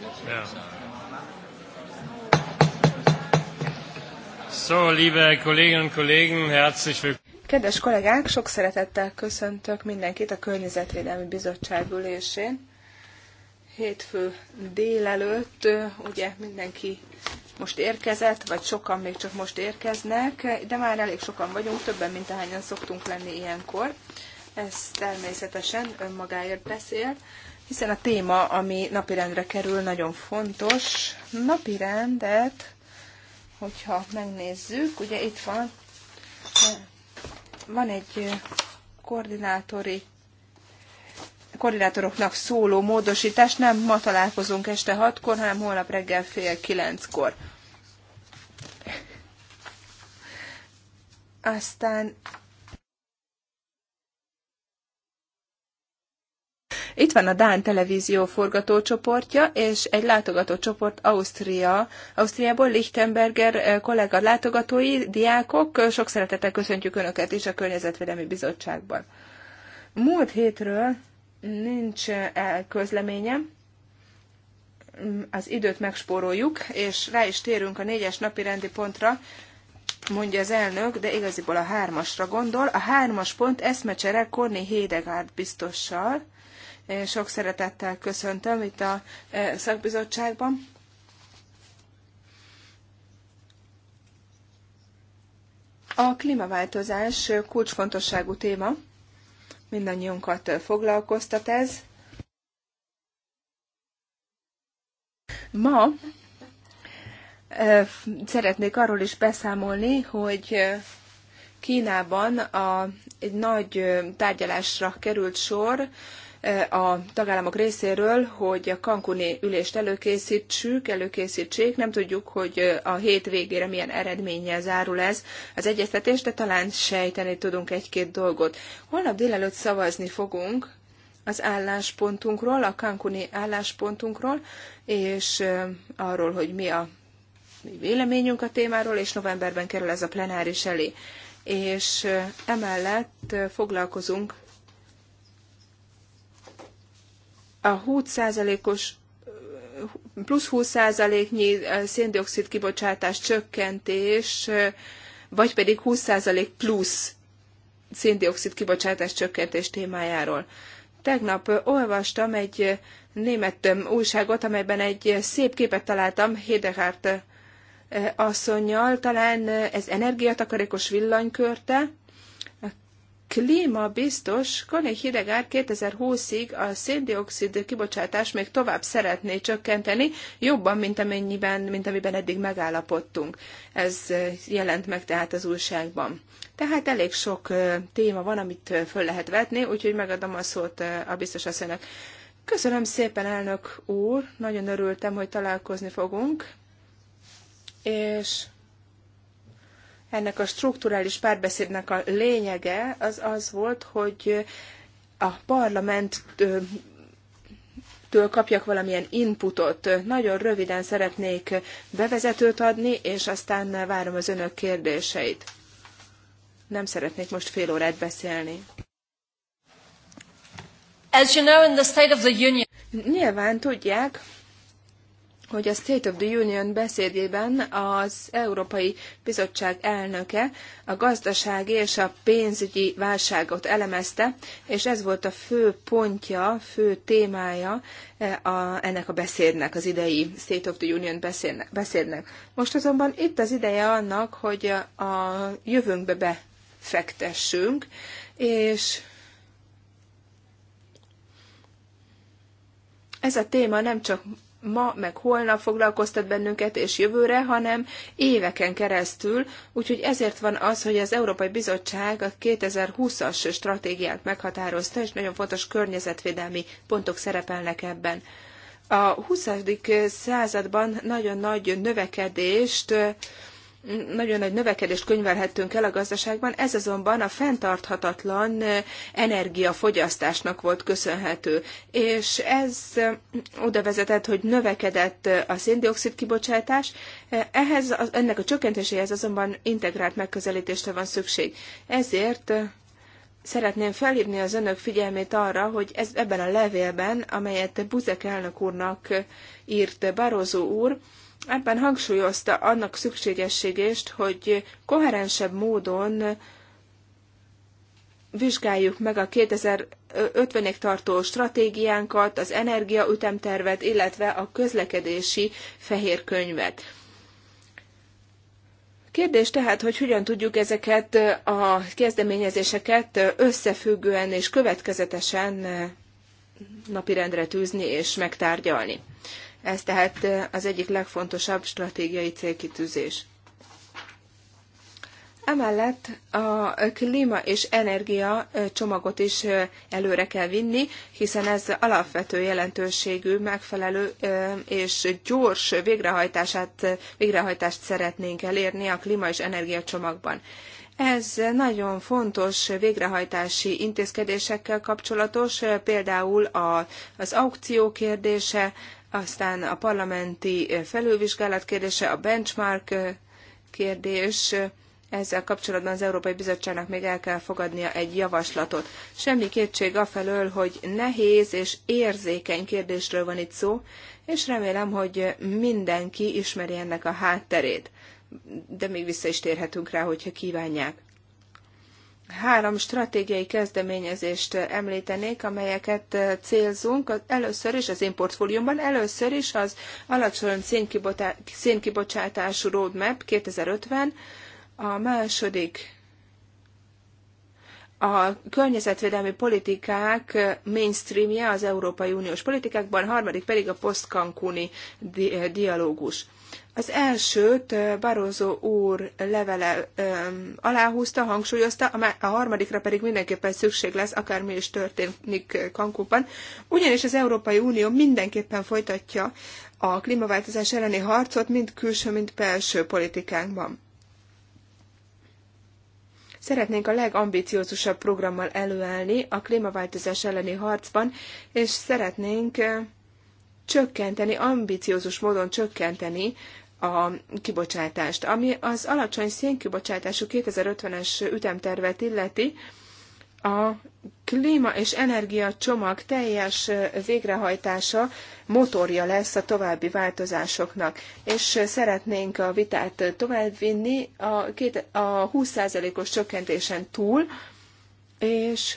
Ja. So, liebe Kolleginnen und Kollegen, herzlich willkommen. Kedves kollégák, sok szeretettel köszöntök mindenkit a Környezetvédelmi Bizottság ülésén. Hétfő délelőtt, ugye mindenki most érkezett, vagy sokan még csak most érkeznek, de már elég sokan vagyunk, többen, mint ahányan szoktunk lenni ilyenkor. Ez természetesen önmagáért beszél hiszen a téma, ami napirendre kerül, nagyon fontos. Napirendet, hogyha megnézzük, ugye itt van, van egy koordinátori koordinátoroknak szóló módosítás, nem ma találkozunk este hatkor, hanem holnap reggel fél kilenckor. Aztán Itt van a Dán televízió forgatócsoportja, és egy látogatócsoport csoport Ausztria, Ausztriából Lichtenberger eh, kollega látogatói, diákok. Sok szeretettel köszöntjük Önöket is a Környezetvédelmi Bizottságban. Múlt hétről nincs eh, közleményem, mm, az időt megspóroljuk, és rá is térünk a négyes napi rendi pontra, mondja az elnök, de igaziból a hármasra gondol. A hármas pont eszmecsere Korni Hédegárd biztossal, sok szeretettel köszöntöm itt a e, szakbizottságban. A klímaváltozás kulcsfontosságú téma. Mindannyiunkat foglalkoztat ez. Ma e, szeretnék arról is beszámolni, hogy Kínában a, egy nagy tárgyalásra került sor Eh, a tagállamok részéről, hogy a kankuni ülést előkészítsük, előkészítsék. Nem tudjuk, hogy eh, a hét végére milyen eredménnyel zárul ez az egyeztetés, de talán sejteni tudunk egy-két dolgot. Holnap délelőtt szavazni fogunk az álláspontunkról, a kankuni álláspontunkról, és eh, arról, hogy mi a mi véleményünk a témáról, és novemberben kerül ez a plenáris elé. És emellett foglalkozunk a 20%-os plusz 20%-nyi széndiokszid kibocsátás csökkentés, vagy pedig 20% plusz széndiokszid kibocsátás csökkentés témájáról. Tegnap olvastam egy német újságot, amelyben egy szép képet találtam Hedegaard asszonynal, talán ez energiatakarékos villanykörte, klíma biztos, Koni Hidegár 2020-ig a széndiokszid kibocsátást még tovább szeretné csökkenteni, jobban, mint amennyiben, mint amiben eddig megállapodtunk. Ez jelent meg tehát az újságban. Tehát elég sok téma van, amit föl lehet vetni, úgyhogy megadom a szót a biztos asszonynak. Köszönöm szépen, elnök úr, nagyon örültem, hogy találkozni fogunk, és ennek a strukturális párbeszédnek a lényege az az volt, hogy a parlament től kapjak valamilyen inputot. Nagyon röviden szeretnék bevezetőt adni, és aztán várom az önök kérdéseit. Nem szeretnék most fél órát beszélni. As you know, in the state of the union. Nyilván tudják, hogy a State of the Union beszédében az Európai Bizottság elnöke a gazdasági és a pénzügyi válságot elemezte, és ez volt a fő pontja, fő témája e, a, ennek a beszédnek, az idei State of the Union beszédnek. beszédnek. Most azonban itt az ideje annak, hogy a jövőnkbe befektessünk, és ez a téma nem csak ma, meg holnap foglalkoztat bennünket, és jövőre, hanem éveken keresztül. Úgyhogy ezért van az, hogy az Európai Bizottság a 2020-as stratégiát meghatározta, és nagyon fontos környezetvédelmi pontok szerepelnek ebben. A 20. században nagyon nagy növekedést nagyon nagy növekedést könyvelhettünk el a gazdaságban, ez azonban a fenntarthatatlan energiafogyasztásnak volt köszönhető, és ez oda vezetett, hogy növekedett a széndiokszid kibocsátás, ehhez, ennek a csökkentéséhez azonban integrált megközelítésre van szükség. Ezért Szeretném felhívni az önök figyelmét arra, hogy ez, ebben a levélben, amelyet Buzek elnök úrnak írt Barozó úr, ebben hangsúlyozta annak szükségességést, hogy koherensebb módon vizsgáljuk meg a 2050-ig tartó stratégiánkat, az energiaütemtervet, illetve a közlekedési fehér könyvet. Kérdés tehát, hogy hogyan tudjuk ezeket a kezdeményezéseket összefüggően és következetesen napirendre tűzni és megtárgyalni. Ez tehát az egyik legfontosabb stratégiai célkitűzés. Emellett a klíma és energia csomagot is előre kell vinni, hiszen ez alapvető jelentőségű, megfelelő és gyors végrehajtását, végrehajtást szeretnénk elérni a klíma és energia csomagban. Ez nagyon fontos végrehajtási intézkedésekkel kapcsolatos, például az aukció kérdése, aztán a parlamenti felülvizsgálat kérdése, a benchmark kérdés, ezzel kapcsolatban az Európai Bizottságnak még el kell fogadnia egy javaslatot. Semmi kétség afelől, hogy nehéz és érzékeny kérdésről van itt szó, és remélem, hogy mindenki ismeri ennek a hátterét. De még vissza is térhetünk rá, hogyha kívánják. Három stratégiai kezdeményezést említenék, amelyeket eh, célzunk először is az én először is az alacsony szénkibocsátású roadmap 2050, a második a környezetvédelmi politikák mainstreamje az Európai Uniós politikákban, harmadik pedig a posztkankuni dialógus. Az elsőt Barroso úr levele öm, aláhúzta, hangsúlyozta, a harmadikra pedig mindenképpen szükség lesz, akármi is történik Kankóban. Ugyanis az Európai Unió mindenképpen folytatja a klímaváltozás elleni harcot, mind külső, mind belső politikánkban. Szeretnénk a legambiciózusabb programmal előállni a klímaváltozás elleni harcban, és szeretnénk csökkenteni, ambiciózus módon csökkenteni a kibocsátást. Ami az alacsony szénkibocsátású 2050-es ütemtervet illeti, a klíma és energia csomag teljes végrehajtása motorja lesz a további változásoknak, és szeretnénk a vitát továbbvinni a, két, a 20%-os csökkentésen túl, és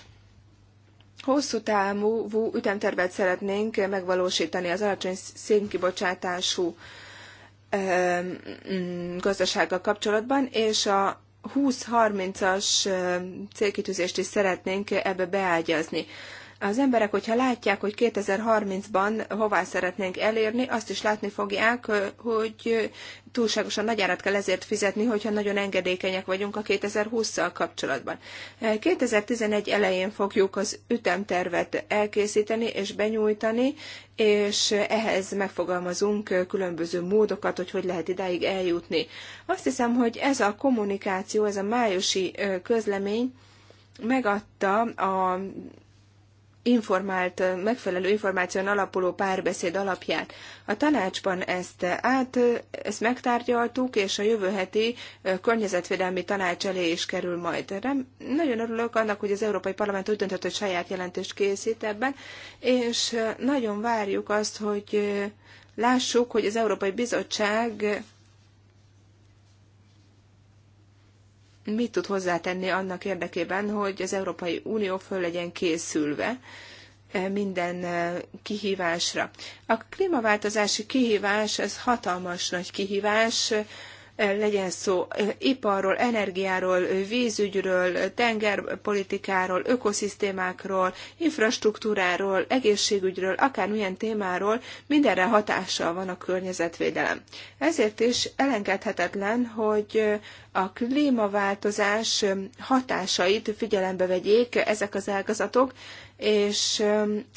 hosszú távú ütemtervet szeretnénk megvalósítani az alacsony szénkibocsátású gazdasággal kapcsolatban, és a 20-30-as célkitűzést is szeretnénk ebbe beágyazni. Az emberek, hogyha látják, hogy 2030-ban hová szeretnénk elérni, azt is látni fogják, hogy túlságosan nagy árat kell ezért fizetni, hogyha nagyon engedékenyek vagyunk a 2020-szal kapcsolatban. 2011 elején fogjuk az ütemtervet elkészíteni és benyújtani, és ehhez megfogalmazunk különböző módokat, hogy hogy lehet idáig eljutni. Azt hiszem, hogy ez a kommunikáció, ez a májusi közlemény megadta a informált, megfelelő információn alapuló párbeszéd alapján. A tanácsban ezt át, ezt megtárgyaltuk, és a jövő heti környezetvédelmi tanács elé is kerül majd. Rem, nagyon örülök annak, hogy az Európai Parlament úgy döntött, hogy saját jelentést készít ebben, és nagyon várjuk azt, hogy lássuk, hogy az Európai Bizottság mit tud hozzátenni annak érdekében, hogy az Európai Unió föl legyen készülve e, minden e, kihívásra. A klímaváltozási kihívás, ez hatalmas nagy kihívás, legyen szó iparról, energiáról, vízügyről, tengerpolitikáról, ökoszisztémákról, infrastruktúráról, egészségügyről, akármilyen témáról, mindenre hatással van a környezetvédelem. Ezért is elengedhetetlen, hogy a klímaváltozás hatásait figyelembe vegyék ezek az ágazatok, és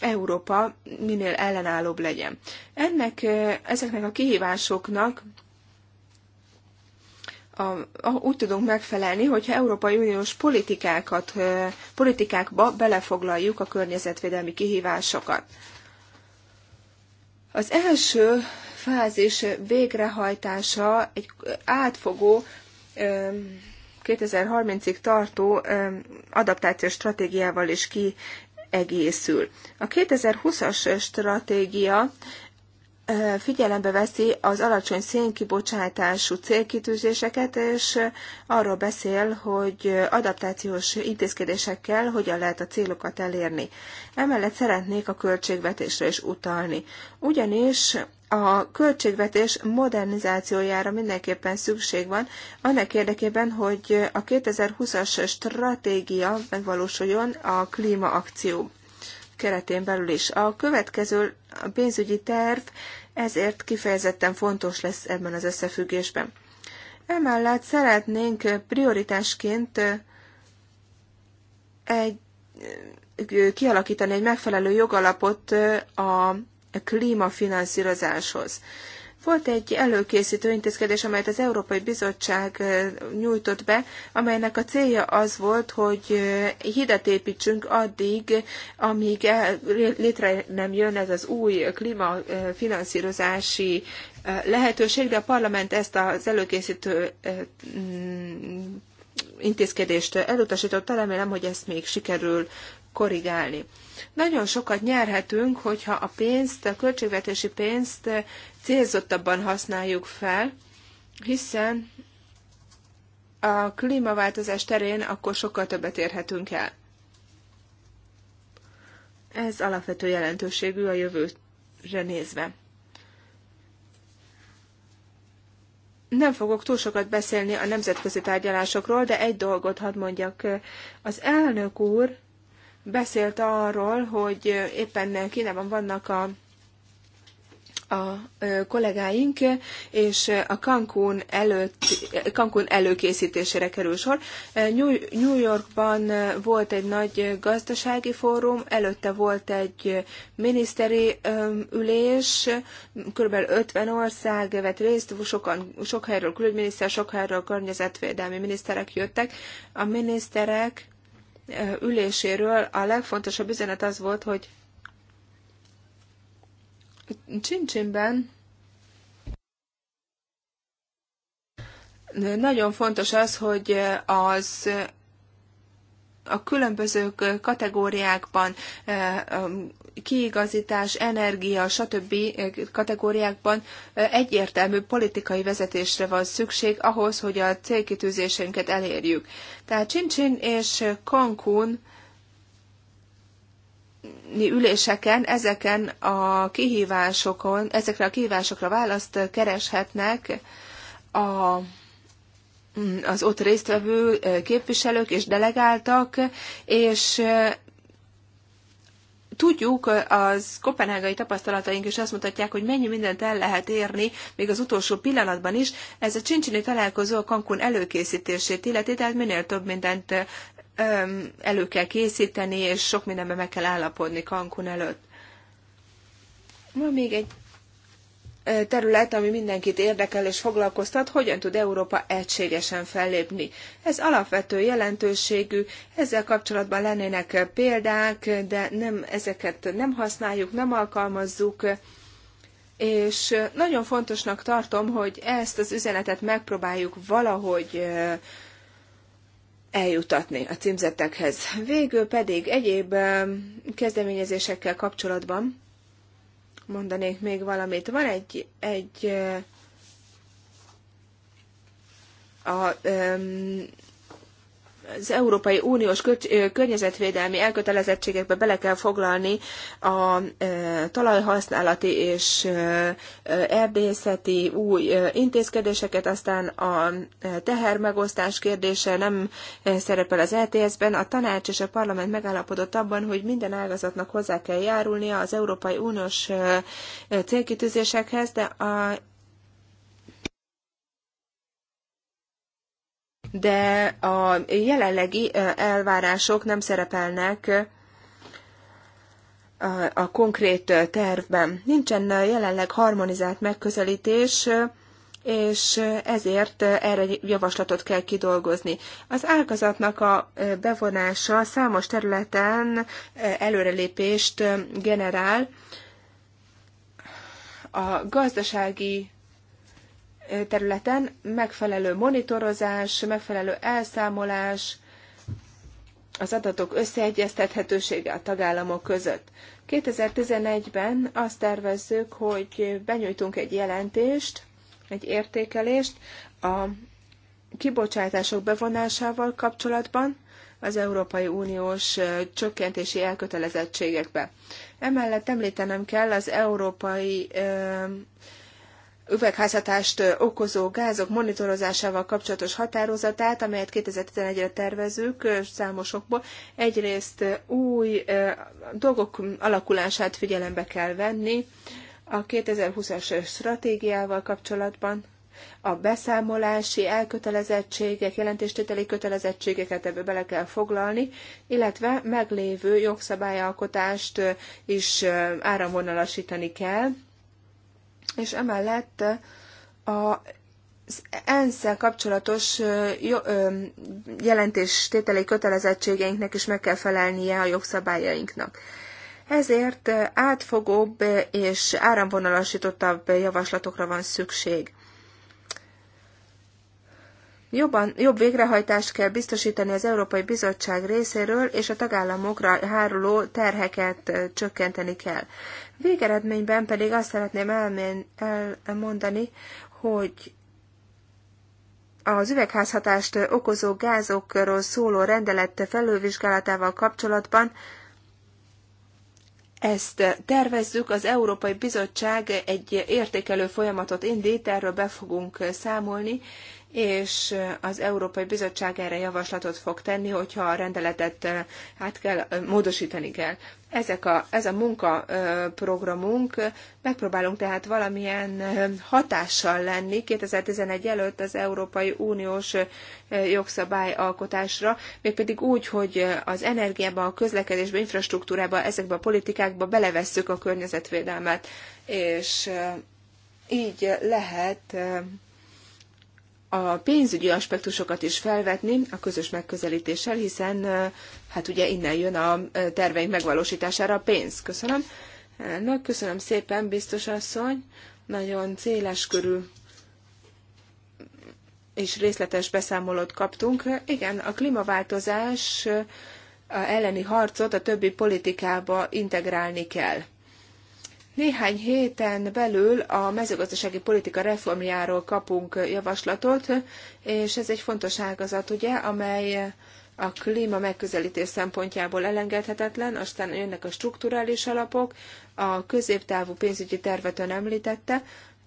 Európa minél ellenállóbb legyen. Ennek, ezeknek a kihívásoknak a, úgy tudunk megfelelni, hogyha Európai Uniós politikákat, politikákba belefoglaljuk a környezetvédelmi kihívásokat. Az első fázis végrehajtása egy átfogó 2030-ig tartó adaptációs stratégiával is kiegészül. A 2020-as stratégia figyelembe veszi az alacsony szénkibocsátású célkitűzéseket, és arról beszél, hogy adaptációs intézkedésekkel hogyan lehet a célokat elérni. Emellett szeretnék a költségvetésre is utalni. Ugyanis a költségvetés modernizációjára mindenképpen szükség van, annak érdekében, hogy a 2020-as stratégia megvalósuljon a klímaakció keretén belül is. A következő a pénzügyi terv ezért kifejezetten fontos lesz ebben az összefüggésben. Emellett szeretnénk prioritásként eh, egy, eh, kialakítani egy megfelelő jogalapot eh, a klímafinanszírozáshoz. Volt egy előkészítő intézkedés, amelyet az Európai Bizottság nyújtott be, amelynek a célja az volt, hogy hidat építsünk addig, amíg létre nem jön ez az új klímafinanszírozási lehetőség, de a parlament ezt az előkészítő mm, intézkedést elutasította, remélem, hogy ezt még sikerül korrigálni. Nagyon sokat nyerhetünk, hogyha a pénzt, a költségvetési pénzt célzottabban használjuk fel, hiszen a klímaváltozás terén akkor sokkal többet érhetünk el. Ez alapvető jelentőségű a jövőre nézve. Nem fogok túl sokat beszélni a nemzetközi tárgyalásokról, de egy dolgot hadd mondjak. Az elnök úr beszélt arról, hogy éppen Kínában vannak a a kollégáink, és a Cancún, előtt, Cancún előkészítésére kerül sor. New Yorkban volt egy nagy gazdasági fórum, előtte volt egy miniszteri ülés, kb. 50 ország vett részt, sokan, sok helyről külügyminiszter, sok helyről környezetvédelmi miniszterek jöttek. A miniszterek üléséről a legfontosabb üzenet az volt, hogy Csincsinben nagyon fontos az, hogy az a különböző kategóriákban, kiigazítás, energia, stb. kategóriákban egyértelmű politikai vezetésre van szükség ahhoz, hogy a célkitűzésünket elérjük. Tehát Csincsin és Cancún üléseken ezeken a kihívásokon, ezekre a kihívásokra választ kereshetnek a az ott résztvevő képviselők és delegáltak, és tudjuk, az kopenhágai tapasztalataink is azt mutatják, hogy mennyi mindent el lehet érni, még az utolsó pillanatban is. Ez a csincsini találkozó a Cancún előkészítését illeti, tehát minél több mindent elő kell készíteni, és sok mindenben meg kell állapodni Cancún előtt. Ma még egy terület, ami mindenkit érdekel és foglalkoztat, hogyan tud Európa egységesen fellépni. Ez alapvető jelentőségű, ezzel kapcsolatban lennének példák, de nem, ezeket nem használjuk, nem alkalmazzuk, és nagyon fontosnak tartom, hogy ezt az üzenetet megpróbáljuk valahogy eljutatni a címzettekhez. Végül pedig egyéb kezdeményezésekkel kapcsolatban mondanék még valamit. Van egy, egy a, az Európai Uniós környezetvédelmi elkötelezettségekbe bele kell foglalni a talajhasználati és erdészeti új intézkedéseket, aztán a tehermegosztás kérdése nem szerepel az ETS-ben. A tanács és a parlament megállapodott abban, hogy minden ágazatnak hozzá kell járulnia az Európai Uniós célkitűzésekhez, de a de a jelenlegi elvárások nem szerepelnek a konkrét tervben. Nincsen jelenleg harmonizált megközelítés, és ezért erre javaslatot kell kidolgozni. Az ágazatnak a bevonása számos területen előrelépést generál. A gazdasági területen megfelelő monitorozás, megfelelő elszámolás, az adatok összeegyeztethetősége a tagállamok között. 2011-ben azt tervezzük, hogy benyújtunk egy jelentést, egy értékelést a kibocsátások bevonásával kapcsolatban az Európai Uniós csökkentési elkötelezettségekbe. Emellett említenem kell az Európai üvegházhatást okozó gázok monitorozásával kapcsolatos határozatát, amelyet 2011-re tervezünk számosokból. Egyrészt új dolgok alakulását figyelembe kell venni a 2020-as stratégiával kapcsolatban, a beszámolási elkötelezettségek, jelentéstételi kötelezettségeket ebbe bele kell foglalni, illetve meglévő jogszabályalkotást is áramvonalasítani kell és emellett a az ensz kapcsolatos jelentéstételi kötelezettségeinknek is meg kell felelnie a jogszabályainknak. Ezért átfogóbb és áramvonalasítottabb javaslatokra van szükség. Jobban, jobb végrehajtást kell biztosítani az Európai Bizottság részéről, és a tagállamokra háruló terheket csökkenteni kell. Végeredményben pedig azt szeretném elmondani, hogy az üvegházhatást okozó gázokról szóló rendelet felülvizsgálatával kapcsolatban ezt tervezzük, az Európai Bizottság egy értékelő folyamatot indít, erről be fogunk számolni, és az Európai Bizottság erre javaslatot fog tenni, hogyha a rendeletet hát kell, módosítani kell. Ezek a, ez a munkaprogramunk, megpróbálunk tehát valamilyen hatással lenni 2011 előtt az Európai Uniós jogszabályalkotásra, mégpedig úgy, hogy az energiába, a közlekedésbe, infrastruktúrába, ezekbe a politikákba belevesszük a környezetvédelmet, és így lehet a pénzügyi aspektusokat is felvetni a közös megközelítéssel, hiszen hát ugye innen jön a terveink megvalósítására a pénz. Köszönöm. Na, köszönöm szépen, biztos asszony. Nagyon céles körül és részletes beszámolót kaptunk. Igen, a klímaváltozás elleni harcot a többi politikába integrálni kell. Néhány héten belül a mezőgazdasági politika reformjáról kapunk javaslatot, és ez egy fontos ágazat, ugye, amely a klíma megközelítés szempontjából elengedhetetlen, aztán jönnek a strukturális alapok, a középtávú pénzügyi tervet ön említette,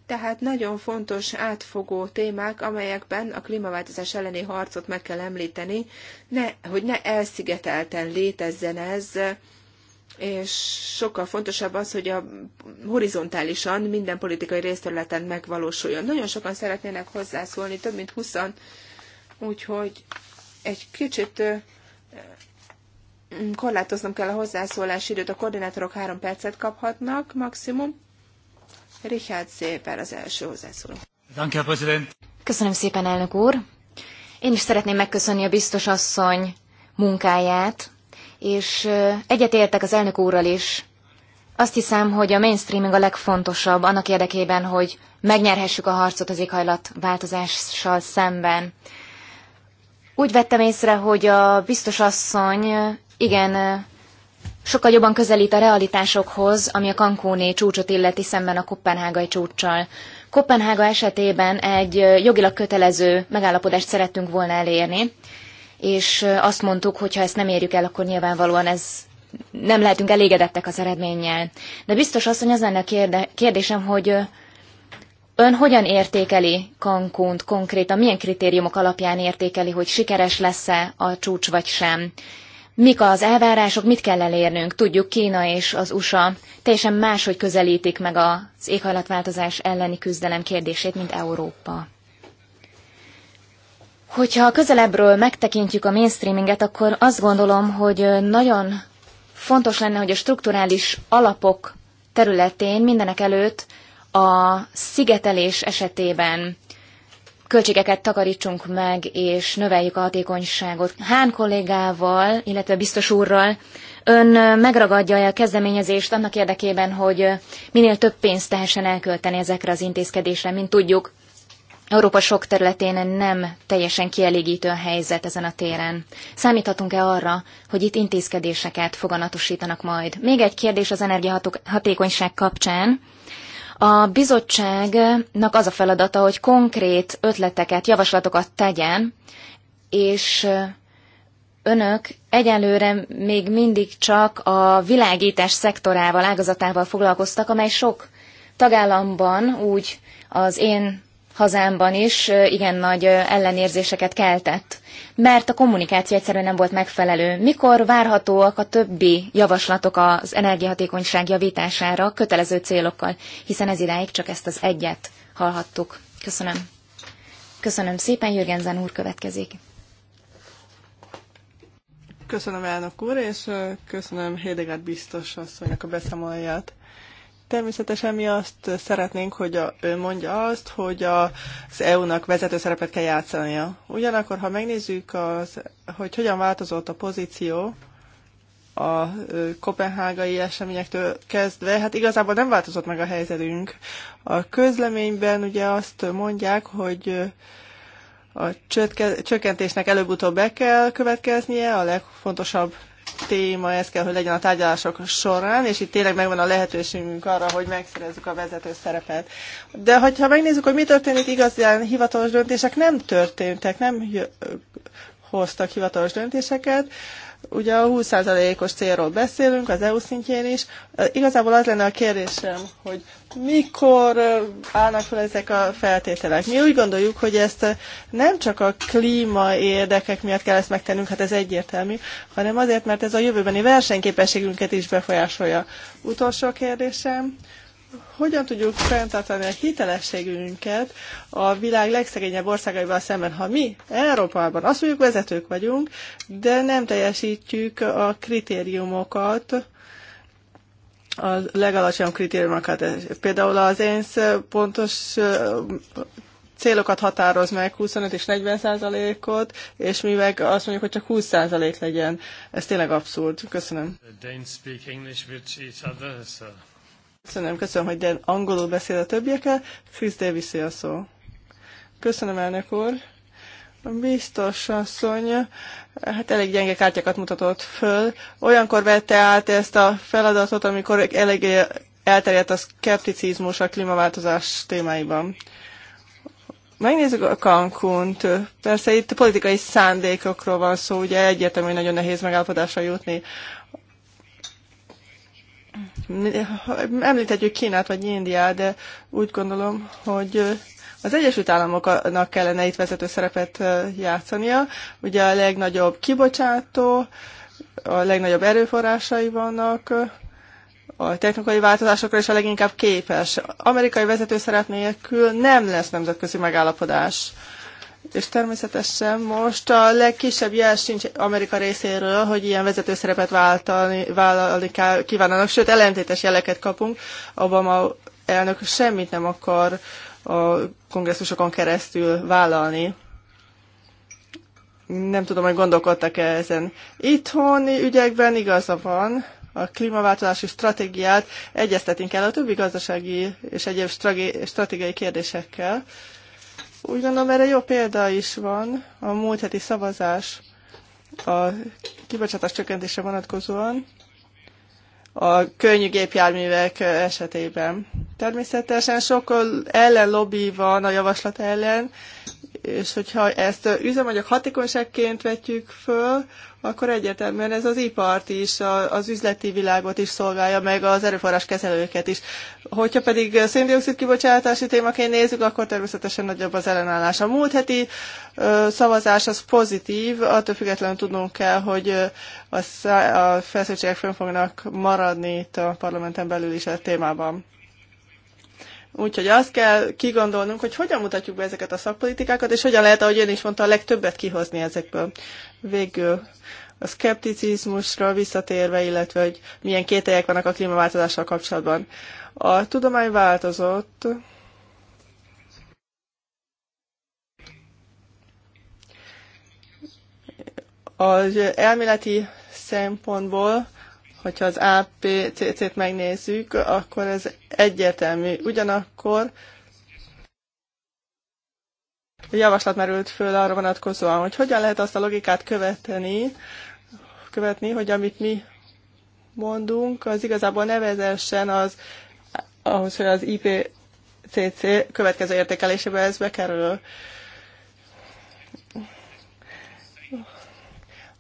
tehát nagyon fontos átfogó témák, amelyekben a klímaváltozás elleni harcot meg kell említeni, ne, hogy ne elszigetelten létezzen ez és sokkal fontosabb az, hogy a horizontálisan minden politikai részterületen megvalósuljon. Nagyon sokan szeretnének hozzászólni, több mint 20 úgyhogy egy kicsit korlátoznom kell a hozzászólás időt, a koordinátorok három percet kaphatnak maximum. Richard Széper az első hozzászóló. Köszönöm szépen, elnök úr! Én is szeretném megköszönni a biztos asszony munkáját, és egyetértek az elnök úrral is. Azt hiszem, hogy a mainstreaming a legfontosabb annak érdekében, hogy megnyerhessük a harcot az éghajlatváltozással szemben. Úgy vettem észre, hogy a biztos asszony igen sokkal jobban közelít a realitásokhoz, ami a Cancúni csúcsot illeti szemben a kopenhágai csúccsal. Kopenhága esetében egy jogilag kötelező megállapodást szerettünk volna elérni, és azt mondtuk, hogy ha ezt nem érjük el, akkor nyilvánvalóan ez nem lehetünk elégedettek az eredménnyel. De biztos azt, hogy az lenne a kérdésem, hogy ön hogyan értékeli Cancúnt konkrétan, milyen kritériumok alapján értékeli, hogy sikeres lesz-e a csúcs vagy sem? Mik az elvárások, mit kell elérnünk? Tudjuk, Kína és az USA teljesen máshogy közelítik meg az éghajlatváltozás elleni küzdelem kérdését, mint Európa. Hogyha közelebbről megtekintjük a mainstreaminget, akkor azt gondolom, hogy nagyon fontos lenne, hogy a strukturális alapok területén mindenek előtt a szigetelés esetében költségeket takarítsunk meg, és növeljük a hatékonyságot. Hán kollégával, illetve biztos úrral ön megragadja a kezdeményezést annak érdekében, hogy minél több pénzt tehessen elkölteni ezekre az intézkedésre, mint tudjuk. Európa sok területén nem teljesen kielégítő a helyzet ezen a téren. Számíthatunk-e arra, hogy itt intézkedéseket foganatosítanak majd? Még egy kérdés az energiahatékonyság kapcsán. A bizottságnak az a feladata, hogy konkrét ötleteket, javaslatokat tegyen, és önök egyelőre még mindig csak a világítás szektorával, ágazatával foglalkoztak, amely sok tagállamban úgy az én hazámban is igen nagy ellenérzéseket keltett, mert a kommunikáció egyszerűen nem volt megfelelő. Mikor várhatóak a többi javaslatok az energiahatékonyság javítására kötelező célokkal, hiszen ez idáig csak ezt az egyet hallhattuk. Köszönöm. Köszönöm szépen, Jürgen úr következik. Köszönöm elnök úr, és köszönöm Hédegard biztos asszonynak a beszámolóját. Természetesen mi azt szeretnénk, hogy a, ő mondja azt, hogy a, az EU-nak vezető szerepet kell játszania. Ugyanakkor, ha megnézzük, az, hogy hogyan változott a pozíció a kopenhágai eseményektől kezdve, hát igazából nem változott meg a helyzetünk. A közleményben ugye azt mondják, hogy a csökkentésnek előbb-utóbb be kell következnie, a legfontosabb téma ez kell, hogy legyen a tárgyalások során, és itt tényleg megvan a lehetőségünk arra, hogy megszerezzük a vezető szerepet. De ha megnézzük, hogy mi történik, igazán hivatalos döntések nem történtek, nem hoztak hivatalos döntéseket. Uh, Ugye a 20%-os célról beszélünk, az EU szintjén is. Igazából az lenne a kérdésem, hogy mikor állnak fel ezek a feltételek. Mi úgy gondoljuk, hogy ezt nem csak a klíma érdekek miatt kell ezt megtennünk, hát ez egyértelmű, hanem azért, mert ez a jövőbeni versenyképességünket is befolyásolja. Utolsó kérdésem, hogyan tudjuk fenntartani a hitelességünket a világ legszegényebb országaival szemben, ha mi Európában azt mondjuk vezetők vagyunk, de nem teljesítjük a kritériumokat, a legalacsonyabb kritériumokat. Például az ENSZ pontos célokat határoz meg 25 és 40 százalékot, és mi meg azt mondjuk, hogy csak 20 százalék legyen. Ez tényleg abszurd. Köszönöm. Köszönöm, köszönöm, hogy de angolul beszél a többiekkel. Chris davis a szó. Köszönöm, elnök úr. Biztos asszony, hát elég gyenge kártyákat mutatott föl. Olyankor vette át ezt a feladatot, amikor elég elterjedt a szkepticizmus a klímaváltozás témáiban. Megnézzük a Cancunt. Persze itt politikai szándékokról van szó, ugye hogy nagyon nehéz megállapodásra jutni. Említhetjük Kínát vagy Indiát, de úgy gondolom, hogy az Egyesült Államoknak kellene itt vezető szerepet játszania. Ugye a legnagyobb kibocsátó, a legnagyobb erőforrásai vannak, a technikai változásokra is a leginkább képes. Amerikai vezető szerep nélkül nem lesz nemzetközi megállapodás és természetesen most a legkisebb jel sincs Amerika részéről, hogy ilyen vezető szerepet vállalni, vállalni kívánnak, sőt ellentétes jeleket kapunk. Obama elnök semmit nem akar a kongresszusokon keresztül vállalni. Nem tudom, hogy gondolkodtak-e ezen. Itthoni ügyekben igaza van, a klímaváltozási stratégiát egyeztetünk el a többi gazdasági és egyéb stratégiai kérdésekkel úgy gondolom, erre jó példa is van a múlt heti szavazás a kibocsátás csökkentése vonatkozóan a könnyű gépjárművek esetében. Természetesen sok ellen lobby van a javaslat ellen, és hogyha ezt üzemanyag hatékonyságként vetjük föl, akkor egyértelműen ez az ipart is, az üzleti világot is szolgálja, meg az erőforrás kezelőket is. Hogyha pedig széndiokszid kibocsátási témaként nézzük, akkor természetesen nagyobb az ellenállás. A múlt heti szavazás az pozitív, attól függetlenül tudnunk kell, hogy a feszültségek fönn fognak maradni itt a parlamenten belül is a témában. Úgyhogy azt kell kigondolnunk, hogy hogyan mutatjuk be ezeket a szakpolitikákat, és hogyan lehet, ahogy ön is mondta, a legtöbbet kihozni ezekből. Végül a szkepticizmusra visszatérve, illetve hogy milyen kételyek vannak a klímaváltozással kapcsolatban. A tudomány változott, az elméleti szempontból Hogyha az APCC-t megnézzük, akkor ez egyértelmű. Ugyanakkor a javaslat merült föl arra vonatkozóan, hogy hogyan lehet azt a logikát követni, követni, hogy amit mi mondunk, az igazából nevezessen az, ahhoz, hogy az IPCC következő értékelésébe ez bekerül.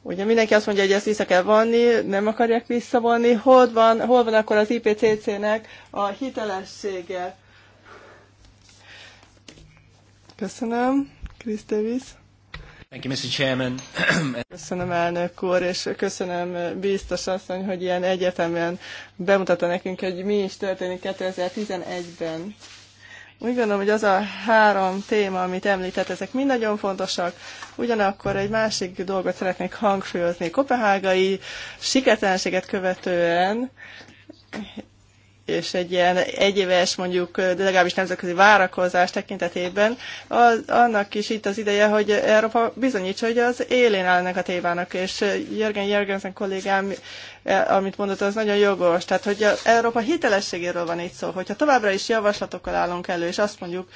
Ugye mindenki azt mondja, hogy ezt vissza kell vanni, nem akarják visszavonni. Hol van, hol van akkor az IPCC-nek a hitelessége? Köszönöm, Chris Davis. Thank you, Mr. Chairman. köszönöm, elnök úr, és köszönöm biztos asszony, hogy ilyen egyetemen bemutatta nekünk, hogy mi is történik 2011-ben. Úgy gondolom, hogy az a három téma, amit említett, ezek mind nagyon fontosak. Ugyanakkor egy másik dolgot szeretnék hangsúlyozni. Kopenhágai siketlenséget követően és egy ilyen egyéves mondjuk, de legalábbis nemzetközi várakozás tekintetében, az, annak is itt az ideje, hogy Európa bizonyítsa, hogy az élén áll ennek a tévának, és Jörgen Jörgensen kollégám, e, amit mondott, az nagyon jogos, tehát hogy az Európa hitelességéről van itt szó, hogyha továbbra is javaslatokkal állunk elő, és azt mondjuk,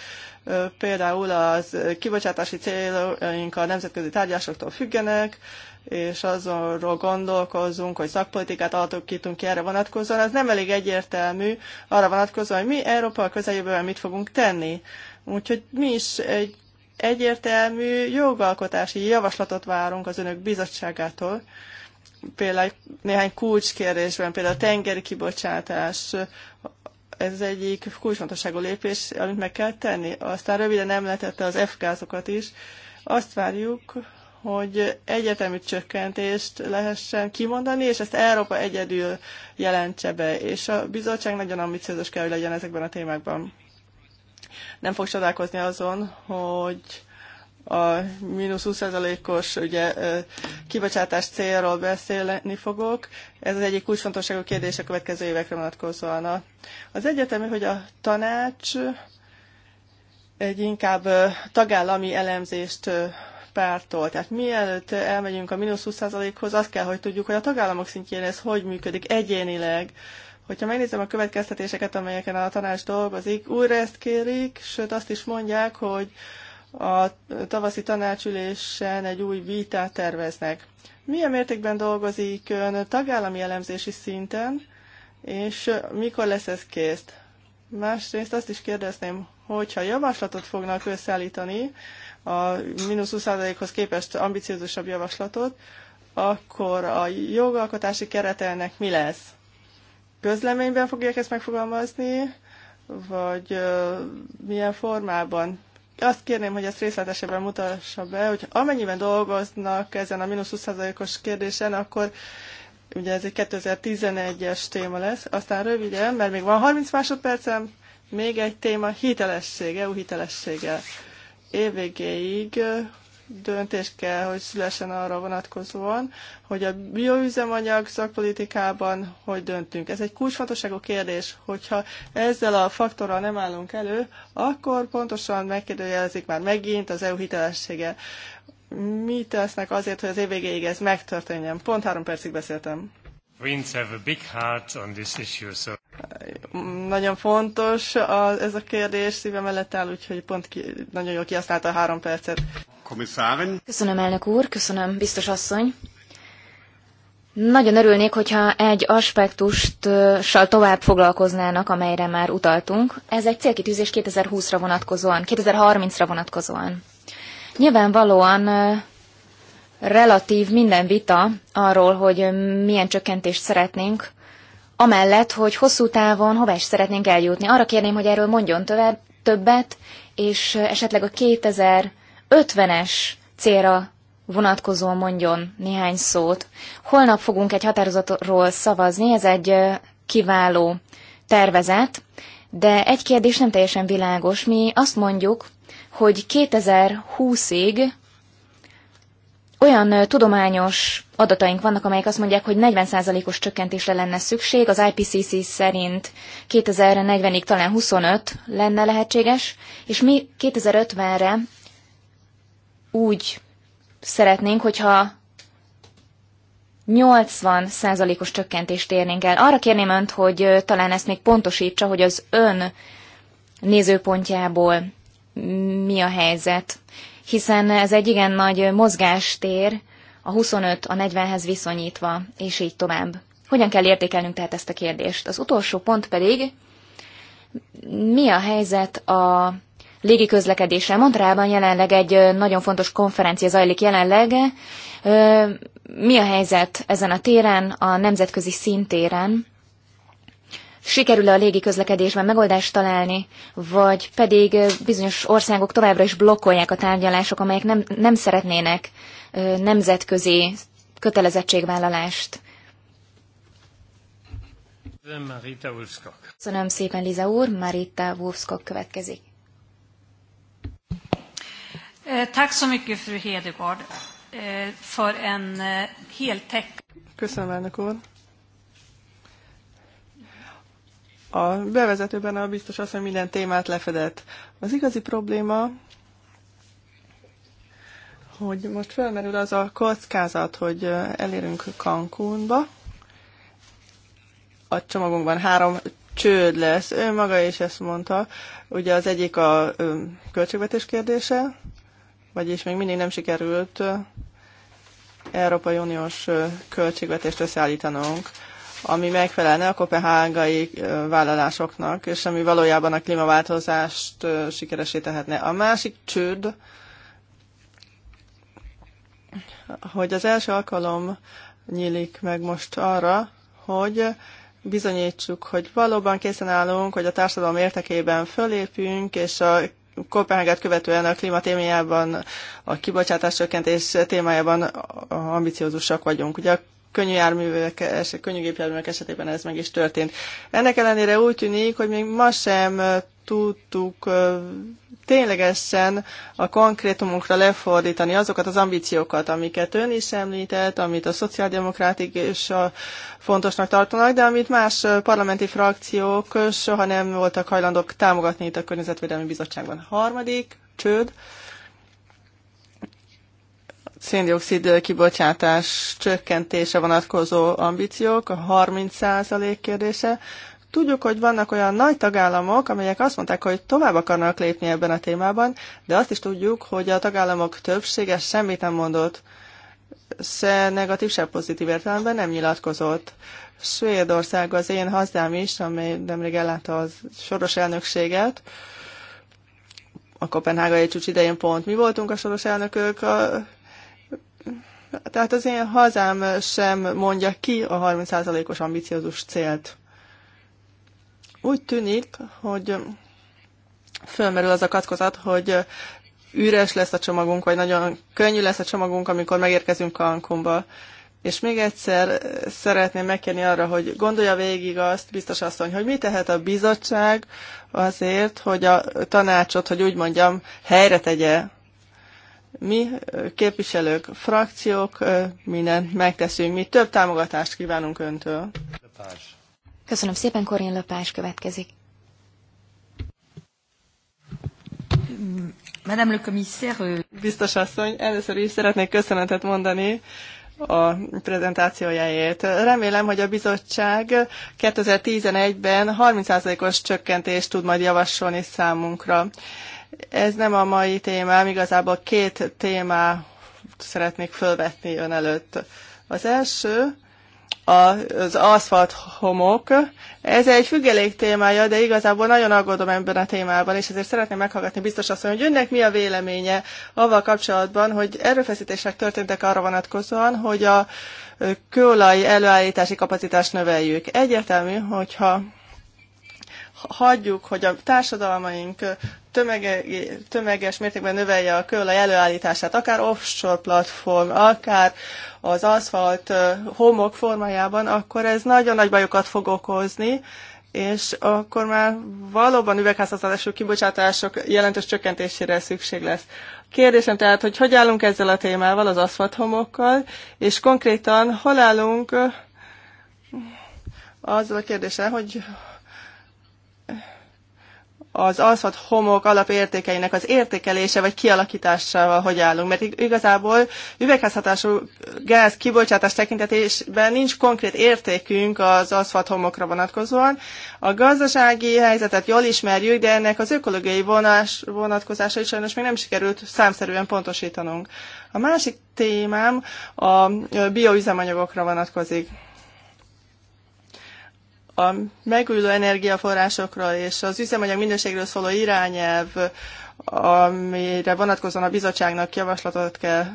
például az kibocsátási céljaink a nemzetközi tárgyásoktól függenek, és azonról gondolkozunk, hogy szakpolitikát alakítunk ki erre vonatkozóan, az nem elég egyértelmű arra vonatkozóan, hogy mi Európa a közeljövőben mit fogunk tenni. Úgyhogy mi is egy egyértelmű jogalkotási javaslatot várunk az önök bizottságától, például néhány kulcskérdésben, például a tengeri kibocsátás, ez egyik kulcsfontosságú lépés, amit meg kell tenni. Aztán röviden említette az F-gázokat is. Azt várjuk, hogy egyetemű csökkentést lehessen kimondani, és ezt Európa egyedül jelentse be, és a bizottság nagyon ambiciózus kell, hogy legyen ezekben a témákban. Nem fog csodálkozni azon, hogy a mínusz 20%-os ugye, kibocsátás célról beszélni fogok. Ez az egyik kulcsfontosságú kérdés a következő évekre vonatkozóan. Az egyetemi, hogy a tanács egy inkább tagállami elemzést pártól. Tehát mielőtt elmegyünk a mínusz 20%-hoz, azt kell, hogy tudjuk, hogy a tagállamok szintjén ez hogy működik egyénileg. Hogyha megnézem a következtetéseket, amelyeken a tanács dolgozik, újra ezt kérik, sőt azt is mondják, hogy a tavaszi tanácsülésen egy új vitát terveznek. Milyen mértékben dolgozik ön tagállami elemzési szinten, és mikor lesz ez kész? Másrészt azt is kérdezném, hogyha javaslatot fognak összeállítani, a mínusz 20%-hoz képest ambiciózusabb javaslatot, akkor a jogalkotási keretelnek mi lesz? Közleményben fogják ezt megfogalmazni, vagy milyen formában? Azt kérném, hogy ezt részletesebben mutassa be, hogy amennyiben dolgoznak ezen a mínusz 20%-os kérdésen, akkor ugye ez egy 2011-es téma lesz, aztán röviden, mert még van 30 másodpercem, még egy téma, hitelesség, EU hitelessége. hitelessége évvégéig döntés kell, hogy szülessen arra vonatkozóan, hogy a bioüzemanyag szakpolitikában hogy döntünk. Ez egy kulcsfontosságú kérdés, hogyha ezzel a faktorral nem állunk elő, akkor pontosan megkérdőjelezik már megint az EU hitelessége. Mit tesznek azért, hogy az év végéig ez megtörténjen? Pont három percig beszéltem. Nagyon fontos a, ez a kérdés, szíve mellett áll, úgyhogy pont ki, nagyon jól kihasználta a három percet. Köszönöm, elnök úr, köszönöm, biztos asszony. Nagyon örülnék, hogyha egy aspektussal tovább foglalkoznának, amelyre már utaltunk. Ez egy célkitűzés 2020-ra vonatkozóan, 2030-ra vonatkozóan. Nyilvánvalóan relatív minden vita arról, hogy milyen csökkentést szeretnénk, amellett, hogy hosszú távon hova is szeretnénk eljutni. Arra kérném, hogy erről mondjon többet, többet és esetleg a 2050-es célra vonatkozóan mondjon néhány szót. Holnap fogunk egy határozatról szavazni, ez egy kiváló tervezet, de egy kérdés nem teljesen világos. Mi azt mondjuk, hogy 2020-ig olyan tudományos adataink vannak, amelyek azt mondják, hogy 40%-os csökkentésre lenne szükség, az IPCC szerint 2040-ig talán 25 lenne lehetséges, és mi 2050-re úgy szeretnénk, hogyha 80%-os csökkentést érnénk el. Arra kérném önt, hogy talán ezt még pontosítsa, hogy az ön nézőpontjából mi a helyzet hiszen ez egy igen nagy mozgástér a 25 a 40-hez viszonyítva, és így tovább. Hogyan kell értékelnünk tehát ezt a kérdést? Az utolsó pont pedig, mi a helyzet a légi közlekedéssel. Montrában jelenleg egy nagyon fontos konferencia zajlik jelenleg. Mi a helyzet ezen a téren, a nemzetközi szintéren? sikerül-e a légi közlekedésben megoldást találni, vagy pedig bizonyos országok továbbra is blokkolják a tárgyalások, amelyek nem, nem szeretnének nemzetközi kötelezettségvállalást. Köszönöm szépen, Liza úr. Marita Wolfskog következik. Eh, tack så mycket, eh, en eh, Köszönöm, elnök úr. A bevezetőben a biztos azt, hogy minden témát lefedett. Az igazi probléma, hogy most felmerül az a kockázat, hogy elérünk Cancúnba. A csomagunkban három csőd lesz. Ő maga is ezt mondta. Ugye az egyik a költségvetés kérdése, vagyis még mindig nem sikerült Európai Uniós költségvetést összeállítanunk ami megfelelne a kopenhágai vállalásoknak, és ami valójában a klímaváltozást sikeresé tehetne. A másik csőd, hogy az első alkalom nyílik meg most arra, hogy bizonyítsuk, hogy valóban készen állunk, hogy a társadalom értekében fölépünk, és a Kopenhágát követően a klíma témájában, a kibocsátás csökkentés témájában ambiciózusak vagyunk. Ugye a könnyű járművek, könnyű gépjárművek esetében ez meg is történt. Ennek ellenére úgy tűnik, hogy még ma sem tudtuk ténylegesen a konkrétumunkra lefordítani azokat az ambíciókat, amiket ön is említett, amit a szociáldemokrátik és fontosnak tartanak, de amit más parlamenti frakciók soha nem voltak hajlandók támogatni itt a Környezetvédelmi Bizottságban. Harmadik, csőd széndiokszid kibocsátás csökkentése vonatkozó ambíciók, a 30% kérdése. Tudjuk, hogy vannak olyan nagy tagállamok, amelyek azt mondták, hogy tovább akarnak lépni ebben a témában, de azt is tudjuk, hogy a tagállamok többsége semmit nem mondott, se negatív, se pozitív értelemben nem nyilatkozott. Svédország az én hazám is, amely nemrég ellátta az soros elnökséget, a kopenhágai csúcs idején pont mi voltunk a soros elnökök, a tehát az én hazám sem mondja ki a 30%-os ambiciózus célt. Úgy tűnik, hogy fölmerül az a katkozat, hogy üres lesz a csomagunk, vagy nagyon könnyű lesz a csomagunk, amikor megérkezünk Cancunba. És még egyszer szeretném megkérni arra, hogy gondolja végig azt, biztos asszony, hogy mi tehet a bizottság azért, hogy a tanácsot, hogy úgy mondjam, helyre tegye mi képviselők, frakciók mindent megteszünk. Mi több támogatást kívánunk öntől. Köszönöm szépen, Korin Lapás következik. Madame le commissaire... Euh, Biztos asszony, először is szeretnék köszönetet mondani a prezentációjáért. Remélem, hogy a bizottság 2011-ben 30%-os csökkentést tud majd javasolni számunkra. Ez nem a mai témám, igazából két témát szeretnék fölvetni ön előtt. Az első, az aszfalt homok. Ez egy függelék témája, de igazából nagyon aggódom ebben a témában, és ezért szeretném meghallgatni biztos azt, hogy önnek mi a véleménye avval kapcsolatban, hogy erőfeszítések történtek arra vonatkozóan, hogy a kőolaj előállítási kapacitást növeljük. Egyértelmű, hogyha hagyjuk, hogy a társadalmaink tömege, tömeges mértékben növelje a kőolaj előállítását, akár offshore platform, akár az aszfalt homok formájában, akkor ez nagyon nagy bajokat fog okozni, és akkor már valóban üvegházhatású kibocsátások jelentős csökkentésére szükség lesz. Kérdésem tehát, hogy hogy állunk ezzel a témával, az aszfalthomokkal, és konkrétan hol állunk azzal a kérdéssel, hogy az alszat homok alapértékeinek az értékelése vagy kialakításával hogy állunk. Mert igazából üvegházhatású gáz kibocsátás tekintetésben nincs konkrét értékünk az aszfalt homokra vonatkozóan. A gazdasági helyzetet jól ismerjük, de ennek az ökológiai vonás, vonatkozása is sajnos még nem sikerült számszerűen pontosítanunk. A másik témám a bioüzemanyagokra vonatkozik a megújuló energiaforrásokról és az üzemanyag minőségről szóló irányelv, amire vonatkozóan a bizottságnak javaslatot kell